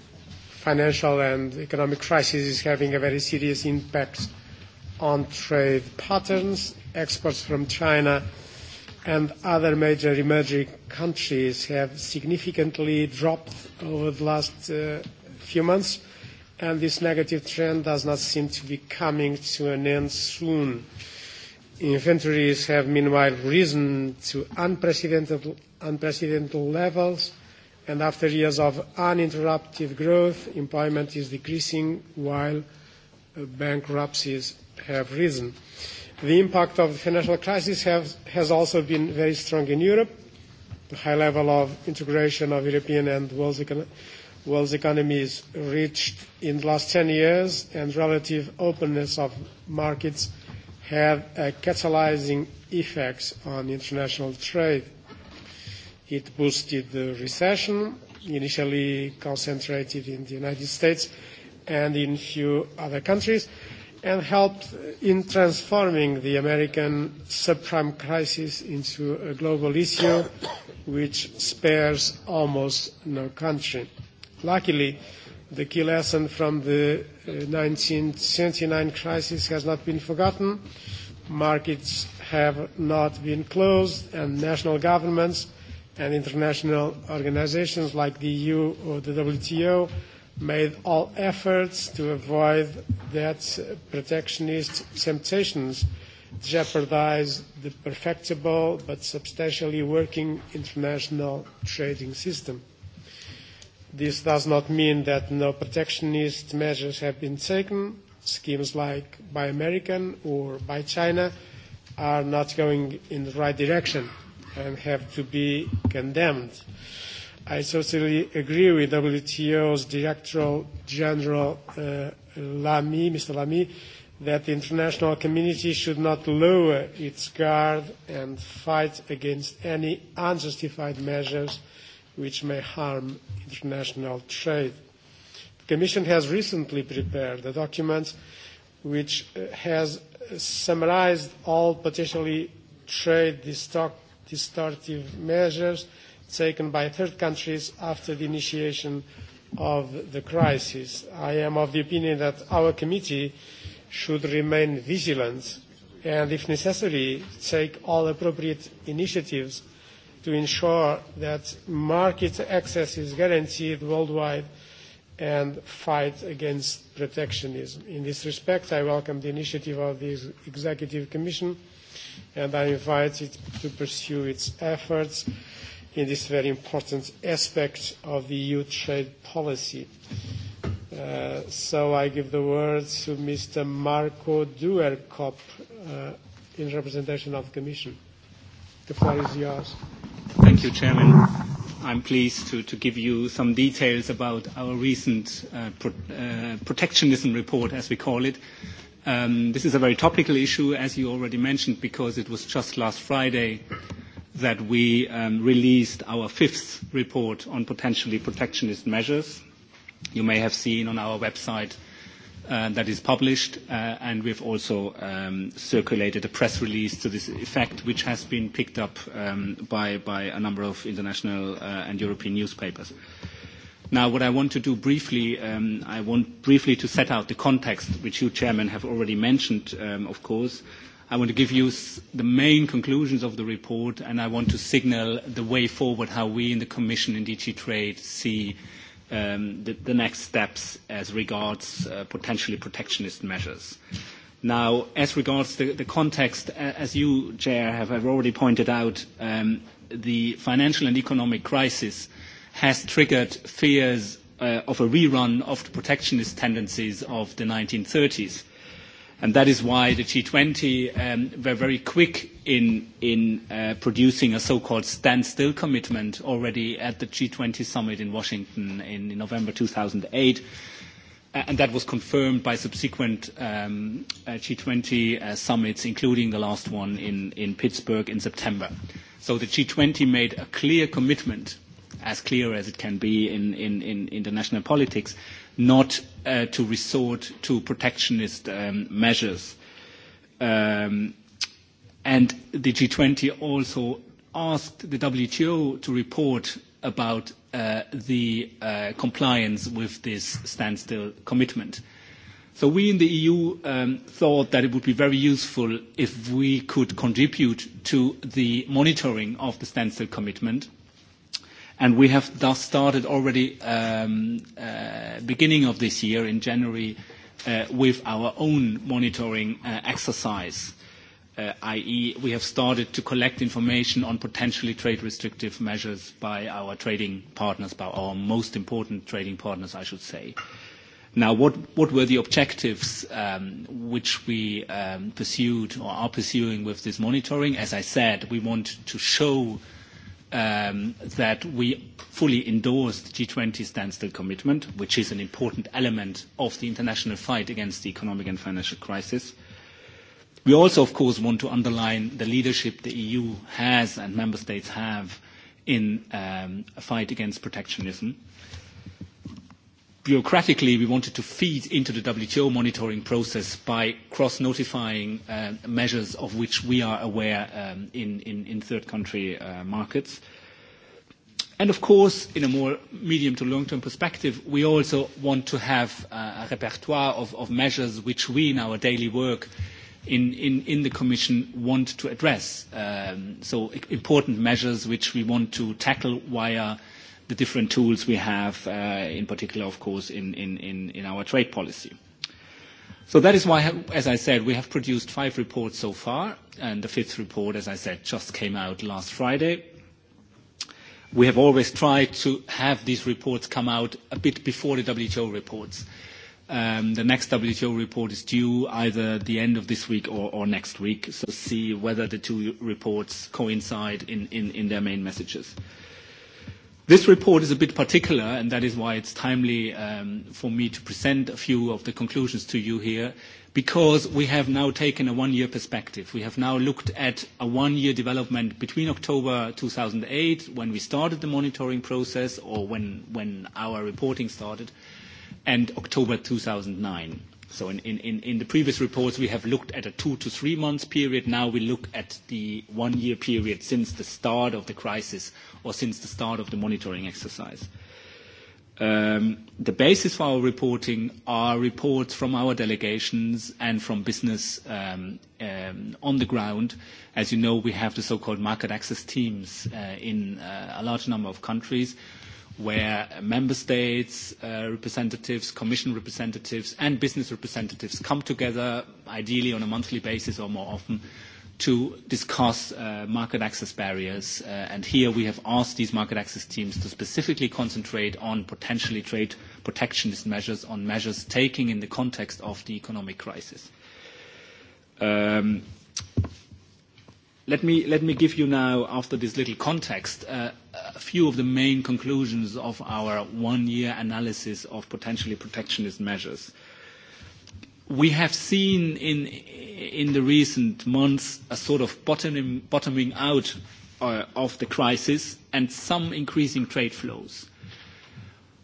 financial and economic crisis is having a very serious impact on trade patterns. Exports from China and other major emerging countries have significantly dropped over the last uh, few months, and this negative trend does not seem to be coming to an end soon. Uh, Inventories have meanwhile risen to unprecedented, levels, and after years of uninterrupted growth, employment is decreasing while uh, bankruptcies have risen. The impact of the financial crisis has also been very strong in Europe. The high level of integration of European and world world's economies reached in the last 10 years, and relative openness of markets – have a catalyzing effects on international trade. It boosted the recession, initially concentrated in the United States and in few other countries, and helped in transforming the American subprime crisis into a global issue which spares almost no country. Luckily, uh, the key lesson from the 1979 uh, crisis has not been forgotten. Markets have not been closed, and national governments and international organizations like the EU or the WTO made all efforts to avoid that protectionist temptations jeopardize the perfectible but substantially working international trading system. This does not mean that no protectionist measures have been taken. Schemes like Buy American or Buy China are not going in the right direction and have to be condemned. I totally agree with WTO's Director General uh, Lamy, Mr. Lamy, that the international community should not lower its guard and fight against any unjustified measures – which may harm international trade. The Commission has recently prepared a document which uh, has uh, summarized all potentially trade distortive measures taken by third countries after the initiation of the crisis. I am of the opinion that our committee should remain vigilant and, if necessary, take all appropriate initiatives to ensure that market access is guaranteed worldwide and fight against protectionism. In this respect, I welcome the initiative of the Executive Commission and I invite it to pursue its efforts in this very important aspect of the EU trade policy. Uh, so I give the word to Mr. Marco Duerkop uh, in representation of the Commission. The floor is yours. Thank you, Chairman. I'm pleased to, to give you some details about our recent uh, pro, uh, protectionism report, as we call it. Um, this is a very topical issue, as you already mentioned, because it was just last Friday that we um, released our fifth report on potentially protectionist measures. You may have seen on our website Uh, that is published, uh, and we've also um, circulated a press release to this effect, which has been picked up um, by, a number of international uh, and European newspapers. Now, what I want to do briefly, um, I want briefly to set out the context, which you, Chairman, have already mentioned, of course. I want to give you the main conclusions of the report, and I want to signal the way forward, how we in the Commission in DG Trade see Um, the, next steps as regards uh, potentially protectionist measures. Now, as regards the, the context, as you, Chair, have, already pointed out, um, the financial and economic crisis has triggered fears uh, of a rerun of the protectionist tendencies of the 1930s And that is why the G20 um, were very quick in, in uh, producing a so-called standstill commitment already at the G20 summit in Washington in, in November 2008. and that was confirmed by subsequent um, uh, G20 uh, summits, including the last one in, in Pittsburgh in September. So the G20 made a clear commitment, as clear as it can be in, in, in international politics, not uh, to resort to protectionist um, measures. Um, and the G20 also asked the WTO to report about uh, the uh, compliance with this standstill commitment. So we in the EU um, thought that it would be very useful if we could contribute to the monitoring of the standstill commitment – And we have thus started already um, uh, beginning of this year in January uh, with our own monitoring uh, exercise, i.e., we have started to collect information on potentially trade restrictive measures by our trading partners, by our most important trading partners, I should say. Now, what, were the objectives um, which we um, pursued or are pursuing with this monitoring? As I said, we want to show um, that we fully endorse the G20 standstill commitment, which is an important element of the international fight against the economic and financial crisis. We also, of course, want to underline the leadership the EU has and member states have in um, a fight against protectionism bureaucratically, we wanted to feed into the WTO monitoring process by cross-notifying uh, measures of which we are aware um, in, in, in third country uh, markets. And of course, in a more medium to long-term perspective, we also want to have uh, a repertoire of, of measures which we in our daily work in, in, in the Commission want to address. Um, so important measures which we want to tackle via the different tools we have, uh, in particular, of course, in, our trade policy. that is why, as I said, we have produced five reports so far, and the fifth report, as I said, just came out last Friday. We have always tried to have these reports come out a bit before the WTO reports. Um, the next WTO report is due either the end of this week or, next week, so see whether the two reports coincide in, their main messages. This report is a bit particular, and that is why it's timely um, for me to present a few of the conclusions to you here, because we have now taken a one-year perspective. We have now looked at a one-year development between October 2008, when we started the monitoring process, or when, when our reporting started, and October 2009. So in, in, in the previous reports, we have looked at a two to three months period. Now we look at the one-year period since the start of the crisis or since the start of the monitoring exercise. Um, the basis for our reporting are reports from our delegations and from business um, um, on the ground. As you know, we have the so-called market access teams uh, in uh, a large number of countries where member states uh, representatives, commission representatives, and business representatives come together, ideally on a monthly basis or more often, to discuss uh, market access barriers. Uh, and here we have asked these market access teams to specifically concentrate on potentially trade protectionist measures, on measures taken in the context of the economic crisis. Um, let, me, let me give you now, after this little context, uh, a few of the main conclusions of our one-year analysis of potentially protectionist measures. Uh, we have seen in, in the recent months a sort of bottoming, bottoming out uh, of the crisis and some increasing trade flows.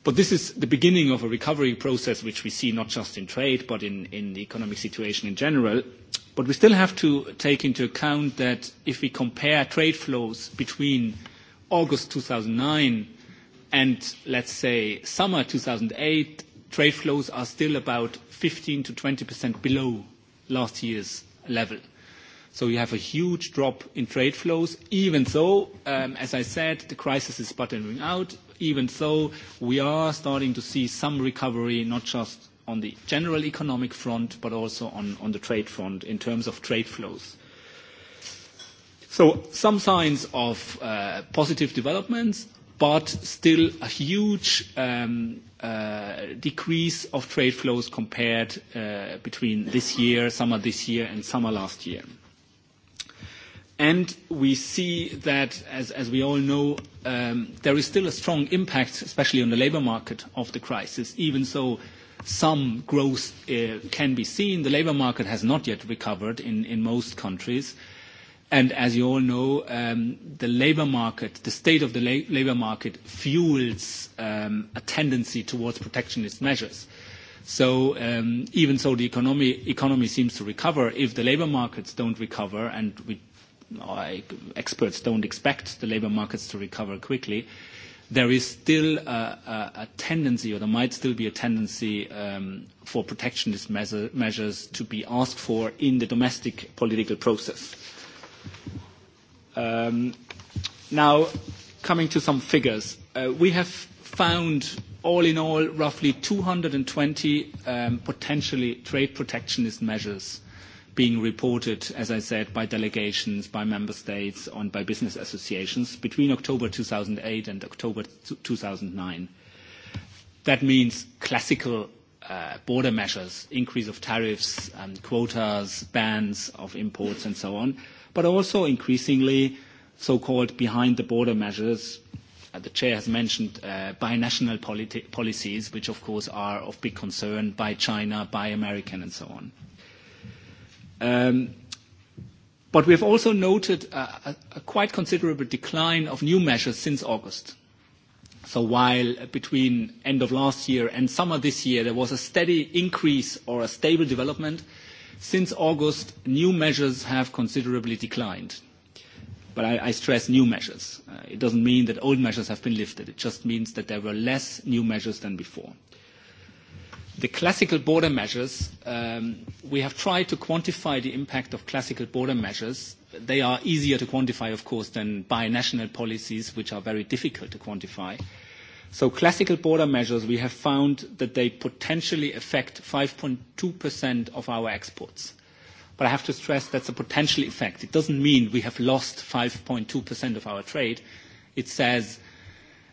But this is the beginning of a recovery process which we see not just in trade but in, in the economic situation in general. But we still have to take into account that if we compare trade flows between August 2009 and, let's say, summer 2008 trade flows are still about 15 to 20% below last year's level. So you have a huge drop in trade flows, even though, um, as I said, the crisis is bottoming out, even though we are starting to see some recovery, not just on the general economic front, but also on, on the trade front in terms of trade flows. So some signs of uh, positive developments, but still a huge um, uh, decrease of trade flows compared uh, between this year, summer this year, and summer last year. And we see that, as, we all know, um, there is still a strong impact, especially on the labor market, of the crisis, even so some growth uh, can be seen. The labor market has not yet recovered in, most countries. And as you all know, um, the labor market, the state of the la- labor market fuels um, a tendency towards protectionist measures. So um, even so, the economy, economy seems to recover. If the labor markets don't recover, and we, like, experts don't expect the labor markets to recover quickly, there is still a, a, a tendency, or there might still be a tendency um, for protectionist measure, measures to be asked for in the domestic political process. Um, now, coming to some figures, uh, we have found all in all roughly 220 um, potentially trade protectionist measures being reported, as I said, by delegations, by member states, and by business associations between October 2008 and October 2009. That means classical uh, border measures, increase of tariffs, um, quotas, bans of imports, and so on but also increasingly so-called behind-the-border measures. Uh, the chair has mentioned uh, binational policies, which of course are of big concern by China, by American, and so on. Um, but we have also noted a, a, a quite considerable decline of new measures since August. So while between end of last year and summer this year, there was a steady increase or a stable development, Since August, new measures have considerably declined. But I, stress new measures. Uh, it doesn't mean that old measures have been lifted. It just means that there were less new measures than before. The classical border measures, um, we have tried to quantify the impact of classical border measures. They are easier to quantify, of course, than binational policies, which are very difficult to quantify. So classical border measures, we have found that they potentially affect 5.2% of our exports. But I have to stress that's a potential effect. It doesn't mean we have lost 5.2% of our trade. It says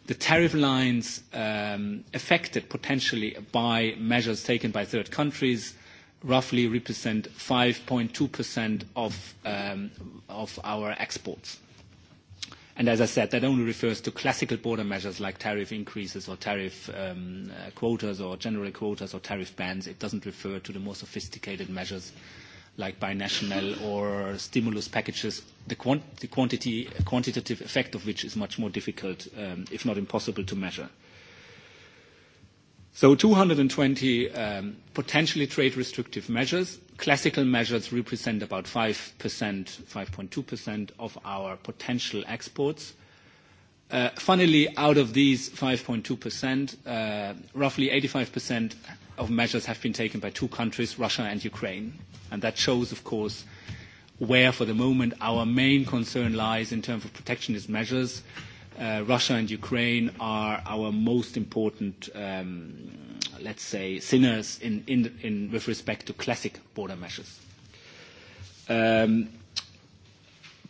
the tariff lines um, affected potentially by measures taken by third countries roughly represent 5.2% of, um, of our exports. And as I said, that only refers to classical border measures like tariff increases or tariff um, uh, quotas or general quotas or tariff bans. It doesn't refer to the more sophisticated measures like binational or stimulus packages, the, quantitative effect of which is much more difficult, um, if not impossible, to measure. So 220 um, potentially trade restrictive measures classical measures represent about 5%, 5.2% of our potential exports. Uh, funnily, out of these 5.2%, uh, roughly 85% of measures have been taken by two countries, Russia and Ukraine. And that shows, of course, where for the moment our main concern lies in terms of protectionist measures. Uh, Russia and Ukraine are our most important, um, let's say, sinners in, in, in, with respect to classic border measures. Um,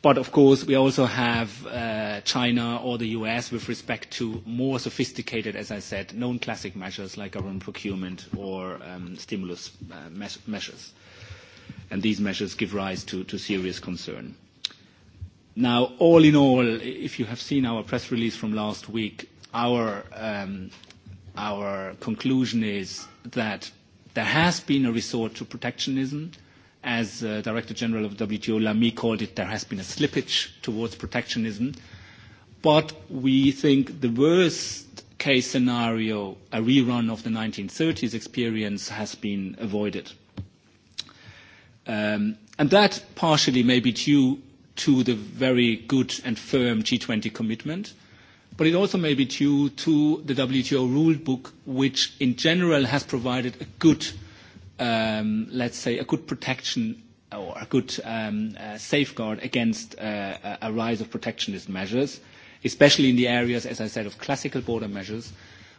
but of course, we also have uh, China or the US with respect to more sophisticated, as I said, known classic measures like government procurement or um, stimulus uh, measures. And these measures give rise to, to serious concern. Now, all in all, if you have seen our press release from last week, our, um, our conclusion is that there has been a resort to protectionism. As uh, Director General of WTO Lamy called it, there has been a slippage towards protectionism. But we think the worst case scenario, a rerun of the 1930s experience, has been avoided. Um, and that partially may be due to the very good and firm G20 commitment, but it also may be due to the WTO rule book, which in general has provided a good, um, let's say, a good protection or a good um, uh, safeguard against uh, a rise of protectionist measures, especially in the areas, as I said, of classical border measures,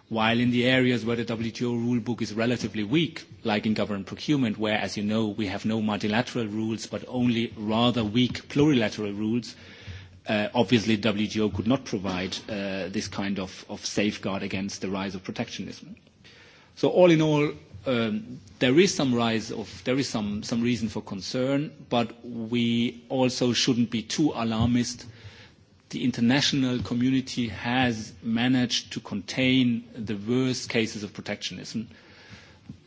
while in the areas where the WTO rulebook is relatively weak, like in government procurement, where, as you know, we have no multilateral rules but only rather weak plurilateral rules, uh, obviously WTO could not provide uh, this kind of, of safeguard against the rise of protectionism. So all in all, um, there is some rise of, there is some, some reason for concern, but we also shouldn't be too alarmist the international community has managed to contain the worst cases of protectionism.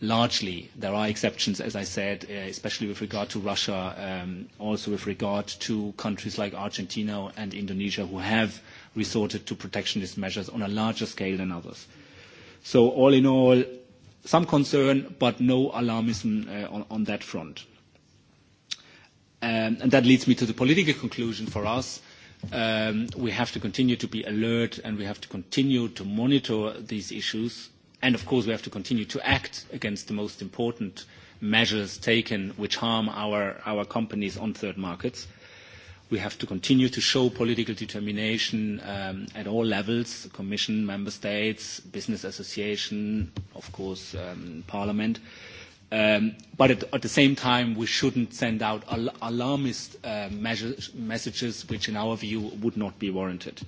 Largely, there are exceptions, as I said, uh, especially with regard to Russia, um, also with regard to countries like Argentina and Indonesia, who have resorted to protectionist measures on a larger scale than others. So, all in all, some concern, but no alarmism uh, on, on that front. Um, and that leads me to the political conclusion for us Um, we have to continue to be alert and we have to continue to monitor these issues. And of course, we have to continue to act against the most important measures taken which harm our, our companies on third markets. We have to continue to show political determination um, at all levels, Commission, Member States, business association, of course, um, Parliament. Uh, Um, but at, at, the same time, we shouldn't send out al alarmist uh, measures, messages which, in our view, would not be warranted.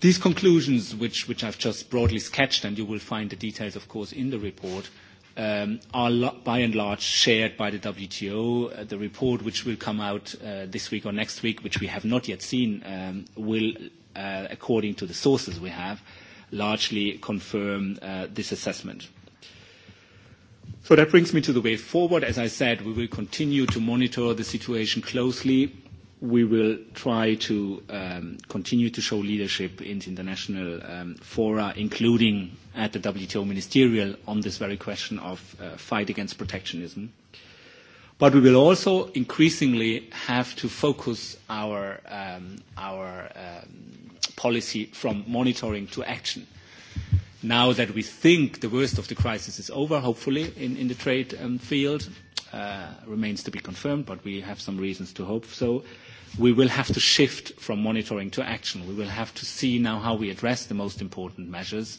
These conclusions, which, which I've just broadly sketched, and you will find the details, of course, in the report, um, are by and large shared by the WTO. Uh, the report, which will come out uh, this week or next week, which we have not yet seen, um, will, uh, according to the sources we have, largely confirm uh, this assessment. So that brings me to the way forward. As I said, we will continue to monitor the situation closely. We will try to um, continue to show leadership in international um, fora, including at the WTO ministerial on this very question of uh, fight against protectionism. But we will also increasingly have to focus our, um, our policy from monitoring to action now that we think the worst of the crisis is over, hopefully, in, in the trade um, field, uh, remains to be confirmed, but we have some reasons to hope so. We will have to shift from monitoring to action. We will have to see now how we address the most important measures.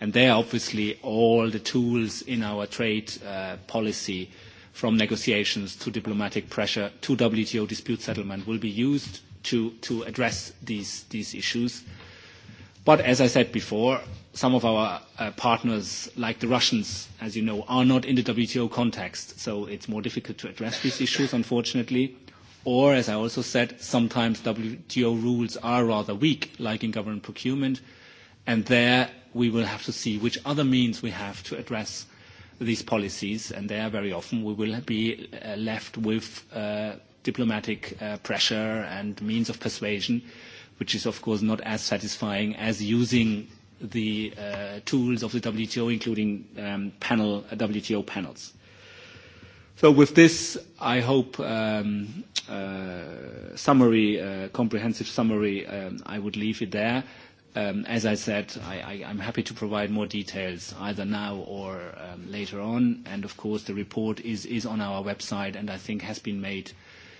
And there, obviously, all the tools in our trade uh, policy, from negotiations to diplomatic pressure to WTO dispute settlement, will be used to, to address these, these issues. But as I said before, some of our uh, partners, like the Russians, as you know, are not in the WTO context, so it's more difficult to address these issues, unfortunately. Or, as I also said, sometimes WTO rules are rather weak, like in government procurement, and there we will have to see which other means we have to address these policies, and there very often we will be uh, left with uh, diplomatic uh, pressure and means of persuasion, which is, of course, not as satisfying as using the uh, tools of the WTO, including um, panel, uh, WTO panels. So with this, I hope um, uh, summary, uh, comprehensive summary, um, I would leave it there. Um, as I said, I, I, I'm happy to provide more details either now or um, later on. And of course, the report is, is on our website and I think has been made,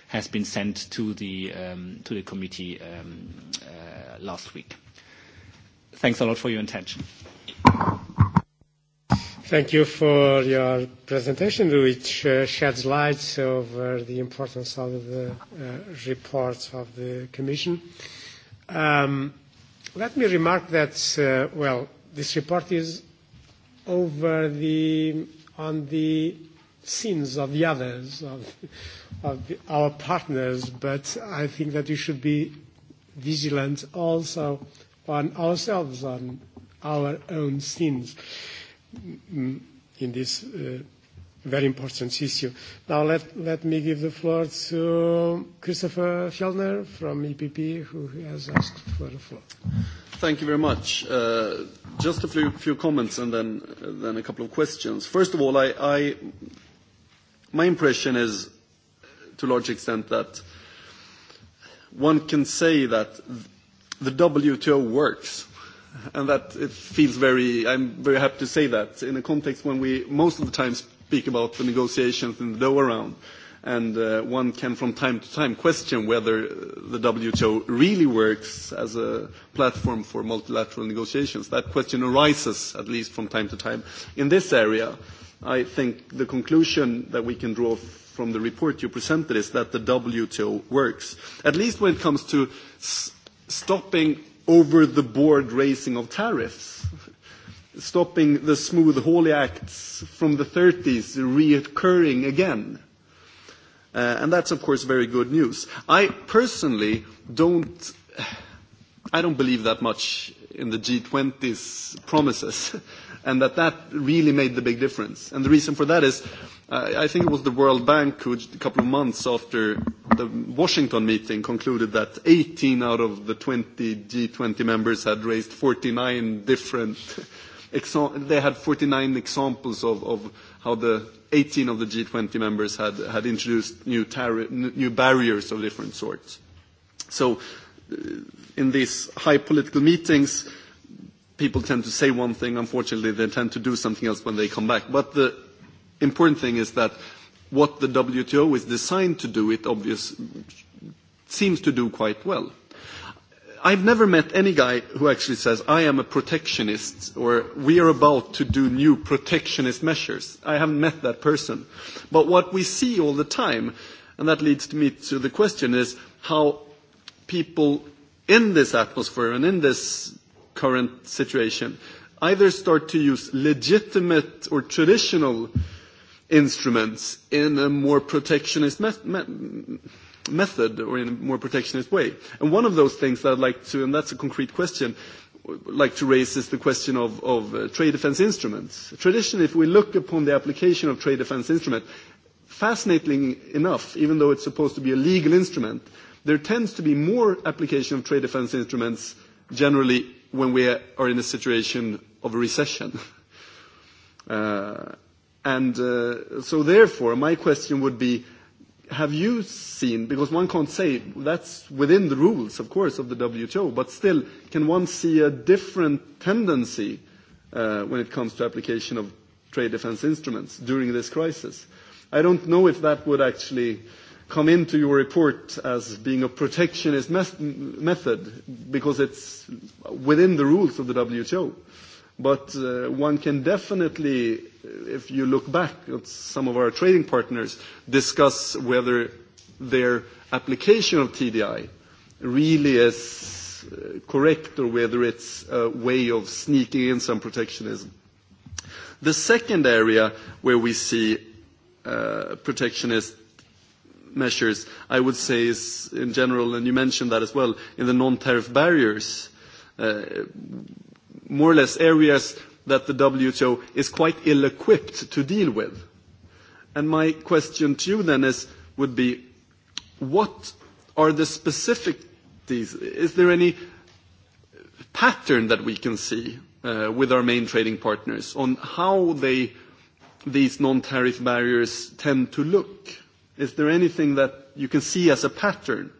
has been sent to the, um, to the committee um, uh, last week. Thanks a lot for your attention. Thank you for your presentation, which uh, sheds light over the importance of the uh, reports of the Commission. Um, let me remark that, uh, well, this report is over the, on the sins of the others, of, of the, our partners, but I think that you should be vigilant also on ourselves, on our own sins mm, in this uh, very important issue. Now let, let me give the floor to Christopher Fjellner from EPP, who has asked for the floor. Thank you very much. Uh, just a few, few comments and then, then a couple of questions. First of all, I, I, my impression is to a large extent that one can say that the WTO works. And that it feels very, I'm very happy to say that in a context when we most of the time speak about the negotiations in the Doha round, and uh, one can from time to time question whether uh, the WTO really works as a platform for multilateral negotiations. That question arises, at least from time to time. In this area, I think the conclusion that we can draw from the report you presented is that the WTO works, at least when it comes to stopping over the board raising of tariffs, stopping the smooth Hawley acts from the 30s reoccurring again. Uh, and that's, of course, very good news. I personally don't, I don't believe that much in the G20's promises. and that that really made the big difference. And the reason for that is, uh, I think it was the World Bank who, a couple of months after the Washington meeting, concluded that 18 out of the 20 G20 members had raised 49 different, they had 49 examples of, of how the 18 of the G20 members had, had introduced new, new barriers of different sorts. So uh, in these high political meetings, people tend to say one thing, unfortunately, they tend to do something else when they come back. But the important thing is that what the WTO is designed to do, it obvious, seems to do quite well. I've never met any guy who actually says, I am a protectionist, or we are about to do new protectionist measures. I haven't met that person. But what we see all the time, and that leads to me to the question, is how people in this atmosphere and in this current situation, either start to use legitimate or traditional instruments in a more protectionist me me method or in a more protectionist way. And one of those things that I'd like to, and that's a concrete question, like to raise is the question of, of uh, trade defense instruments. Traditionally, if we look upon the application of trade defense instruments, fascinatingly enough, even though it's supposed to be a legal instrument, there tends to be more application of trade defense instruments generally when we are in a situation of a recession. Uh, and uh, so therefore, my question would be, have you seen, because one can't say that's within the rules, of course, of the WTO, but still, can one see a different tendency uh, when it comes to application of trade defense instruments during this crisis? I don't know if that would actually uh, come into your report as being a protectionist method because it's within the rules of the WHO. But uh, one can definitely, if you look back at some of our trading partners, discuss whether their application of TDI really is uh, correct or whether it's a way of sneaking in some protectionism. The second area where we see uh, protectionist measures, I would say is in general, and you mentioned that as well, in the non-tariff barriers, uh, more or less areas that the WTO is quite ill-equipped to deal with. And my question to you then is, would be, what are the specific these? Is there any pattern that we can see uh, with our main trading partners on how they, these non-tariff barriers tend to look? Is there anything that you can see as a pattern?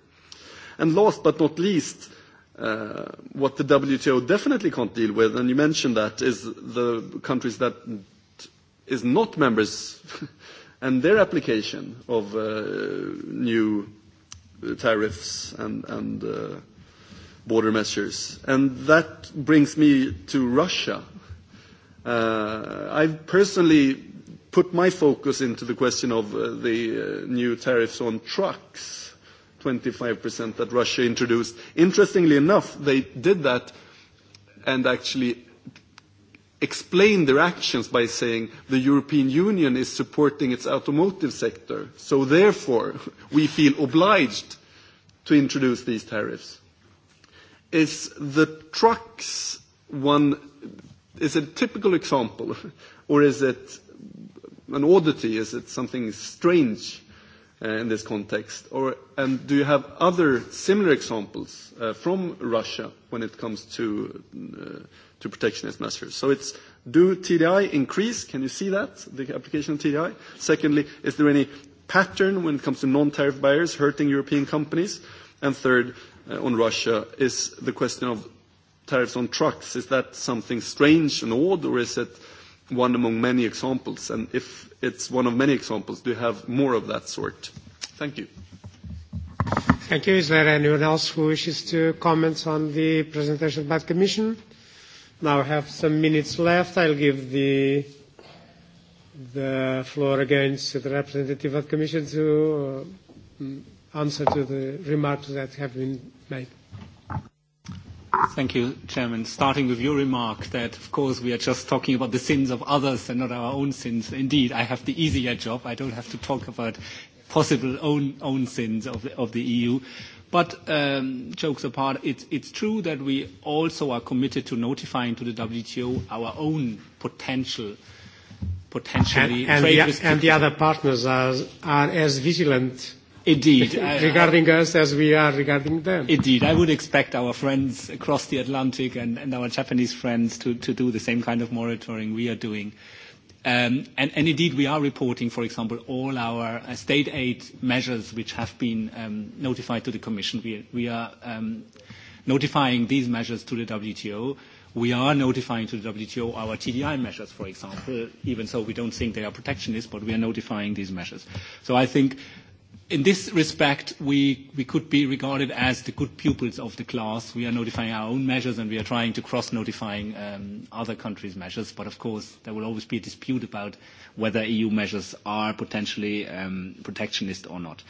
And last but not least, uh, what the WTO definitely can't deal with, and you mentioned that, is the countries that is not members and their application of uh, new tariffs and, and uh, border measures. And that brings me to Russia. Uh, I've personally put my focus into the question of uh, the uh, new tariffs on trucks, 25% that Russia introduced. Interestingly enough, they did that and actually explained their actions by saying the European Union is supporting its automotive sector, so therefore we feel obliged to introduce these tariffs. Is the trucks one, is a typical example, or is it an oddity? Is it something strange uh, in this context? Or, and do you have other similar examples uh, from Russia when it comes to, uh, to protectionist measures? So it's do TDI increase? Can you see that, the application of TDI? Secondly, is there any pattern when it comes to non-tariff barriers hurting European companies? And third, uh, on Russia, is the question of tariffs on trucks, is that something strange and odd, or is it one among many examples? And if it's one of many examples, do you have more of that sort? Thank you. Thank you. Is there anyone else who wishes to comment on the presentation by the Commission? Now I have some minutes left. I'll give the the floor again to the representative of the Commission to uh, answer to the remarks that have been made. Thank you, Chairman. Starting with your remark that, of course, we are just talking about the sins of others and not our own sins. Indeed, I have the easier job. I don't have to talk about possible own, own sins of the, of the EU. But um, jokes apart, it's, it's true that we also are committed to notifying to the WTO our own potential potentially and, and, the, and the other partners are, are as vigilant Indeed. regarding I, us as we are regarding them. Indeed. I would expect our friends across the Atlantic and, and our Japanese friends to, to do the same kind of monitoring we are doing. Um, and, and indeed, we are reporting, for example, all our uh, state aid measures which have been um, notified to the Commission. We, we are um, notifying these measures to the WTO. We are notifying to the WTO our TDI measures, for example, even so we don't think they are protectionist, but we are notifying these measures. So I think in this respect, we, we could be regarded as the good pupils of the class. We are notifying our own measures and we are trying to cross-notifying um, other countries' measures. But of course, there will always be a dispute about whether EU measures are potentially um, protectionist or not.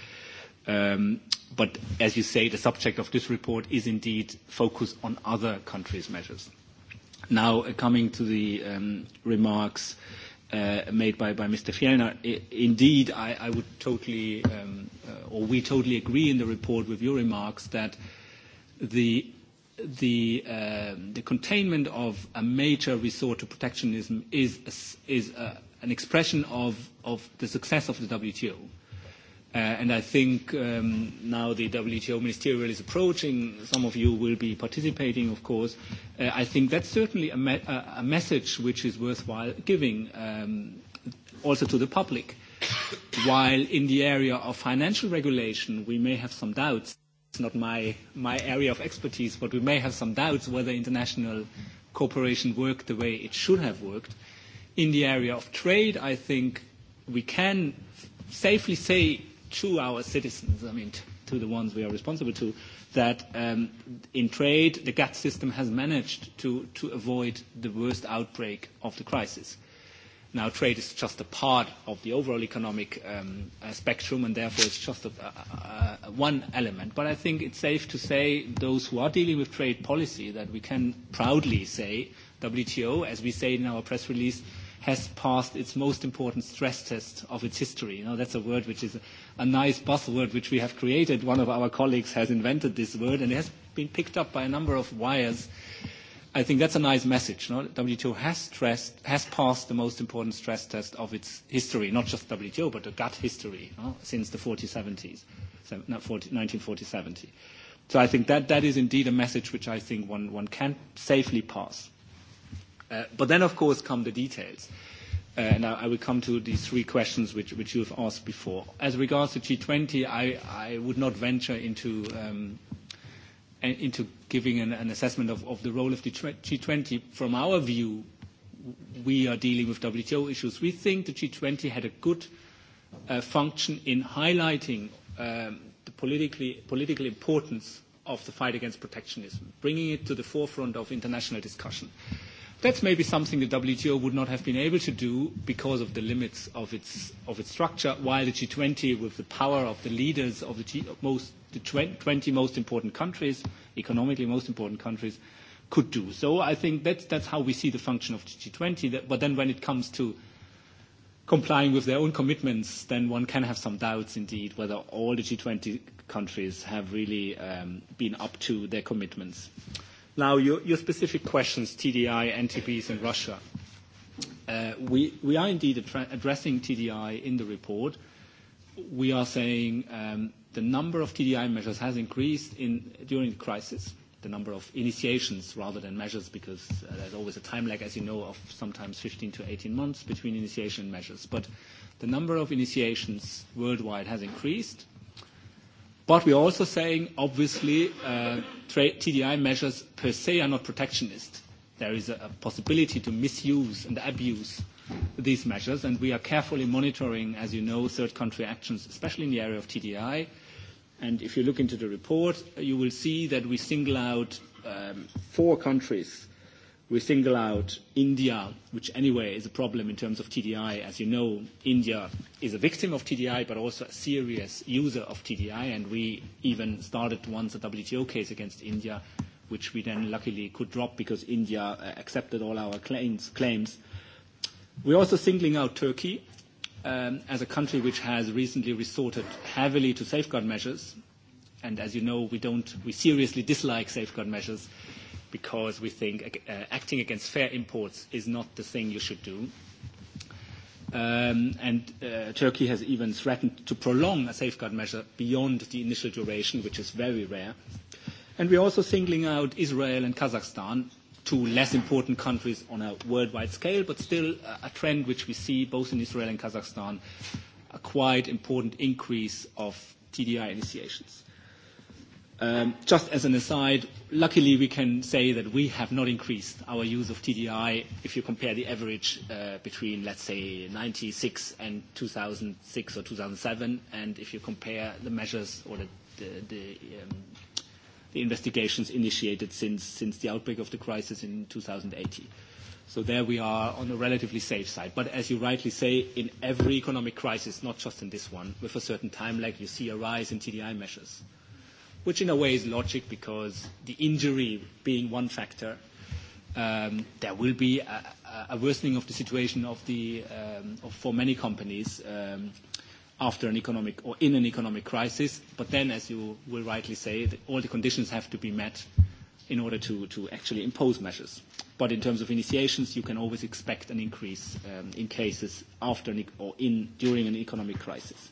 Um, but as you say, the subject of this report is indeed focused on other countries' measures. Now, uh, coming to the um, remarks uh, made by, by Mr. Fjellner. I, indeed, I, I would totally, um, uh, or we totally agree in the report with your remarks that the the, uh, the containment of a major resort to protectionism is, a, is a, an expression of, of the success of the WTO. Uh, Uh, and I think um, now the WTO ministerial is approaching. Some of you will be participating, of course. Uh, I think that's certainly a, me- a message which is worthwhile giving um, also to the public. While in the area of financial regulation, we may have some doubts. It's not my, my area of expertise, but we may have some doubts whether international cooperation worked the way it should have worked. In the area of trade, I think we can safely say to our citizens, I mean, to the ones we are responsible to, that um, in trade the GATT system has managed to, to avoid the worst outbreak of the crisis. Now, trade is just a part of the overall economic um, uh, spectrum, and therefore it's just a, a, a one element. But I think it's safe to say, those who are dealing with trade policy, that we can proudly say WTO, as we say in our press release, has passed its most important stress test of its history. You know, that's a word which is a, a nice buzzword which we have created. One of our colleagues has invented this word, and it has been picked up by a number of wires. I think that's a nice message. know? WTO has, stressed, has passed the most important stress test of its history, not just WTO, but the gut history know, since the 4070s, so, not 40, 1940-70. So I think that, that is indeed a message which I think one, one can safely pass. Uh, but then, of course, come the details. Uh, now, I, I will come to these three questions which, which you have asked before. As regards to G20, I, I would not venture into, um, into giving an, an assessment of, of the role of the G20. From our view, we are dealing with WTO issues. We think the G20 had a good uh, function in highlighting um, the politically, political importance of the fight against protectionism, bringing it to the forefront of international discussion. Uh, That's maybe something the WTO would not have been able to do because of the limits of its, of its structure, while the G20, with the power of the leaders of the, G, most, the 20 most important countries, economically most important countries, could do. So I think that's, that's how we see the function of the G20. That, but then when it comes to complying with their own commitments, then one can have some doubts indeed whether all the G20 countries have really um, been up to their commitments. Uh, Now, your, your specific questions, TDI, NTPs, and Russia. Uh, we, we are indeed addressing TDI in the report. We are saying um, the number of TDI measures has increased in, during the crisis, the number of initiations rather than measures, because uh, there's always a time lag, as you know, of sometimes 15 to 18 months between initiation and measures. But the number of initiations worldwide has increased But we're also saying, obviously, uh, TDI measures per se are not protectionist. There is a, a possibility to misuse and abuse these measures, and we are carefully monitoring, as you know, third country actions, especially in the area of TDI. And if you look into the report, you will see that we single out um, four countries We single out India, which anyway is a problem in terms of TDI. As you know, India is a victim of TDI, but also a serious user of TDI, and we even started once a WTO case against India, which we then luckily could drop because India uh, accepted all our claims. claims. We're also singling out Turkey um, as a country which has recently resorted heavily to safeguard measures. And as you know, we, don't, we seriously dislike safeguard measures because we think uh, acting against fair imports is not the thing you should do. Um, and uh, Turkey has even threatened to prolong a safeguard measure beyond the initial duration, which is very rare. And we're also singling out Israel and Kazakhstan, two less important countries on a worldwide scale, but still a trend which we see both in Israel and Kazakhstan, a quite important increase of TDI initiations. Um, just as an aside, luckily we can say that we have not increased our use of TDI if you compare the average uh, between, let's say, 96 and 2006 or 2007, and if you compare the measures or the, um, investigations initiated since, the outbreak of the crisis in 2018. So there we are on a relatively safe side. But as you rightly say, in every economic crisis, not just in this one, with a certain time lag, you see a rise in TDI measures which in a way is logic because the injury being one factor, um, there will be a, a worsening of the situation of the, um, of, for many companies um, after an economic or in an economic crisis. But then, as you will rightly say, the, all the conditions have to be met in order to, to actually impose measures. But in terms of initiations, you can always expect an increase um, in cases after an, e, or in, during an economic crisis.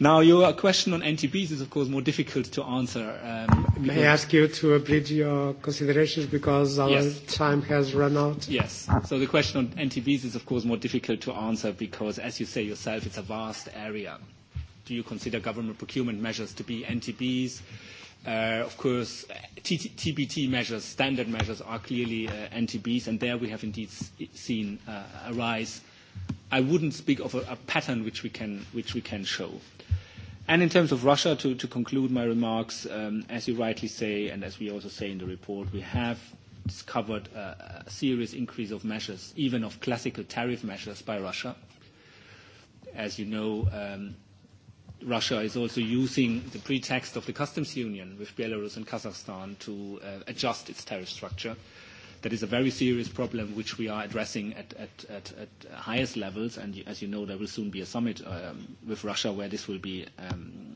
Now, your question on NTBs is, of course, more difficult to answer. Um, May I ask you to abridge your considerations because our yes. time has run out? Yes. So the question on NTBs is, of course, more difficult to answer because, as you say yourself, it's a vast area. Do you consider government procurement measures to be NTBs? Uh, of course, TBT measures, standard measures, are clearly uh, NTBs, and there we have indeed seen uh, a rise. I wouldn't speak of a, a pattern which we can, which we can show in terms of Russia, to, conclude my remarks, um, as you rightly say, and as we also say in the report, we have discovered a, serious increase of measures, even of classical tariff measures by Russia. As you know, um, Russia is also using the pretext of the customs union with Belarus and Kazakhstan to uh, adjust its tariff structure that is a very serious problem which we are addressing at, at, at, at highest levels. And as you know, there will soon be a summit um, with Russia where this will be um,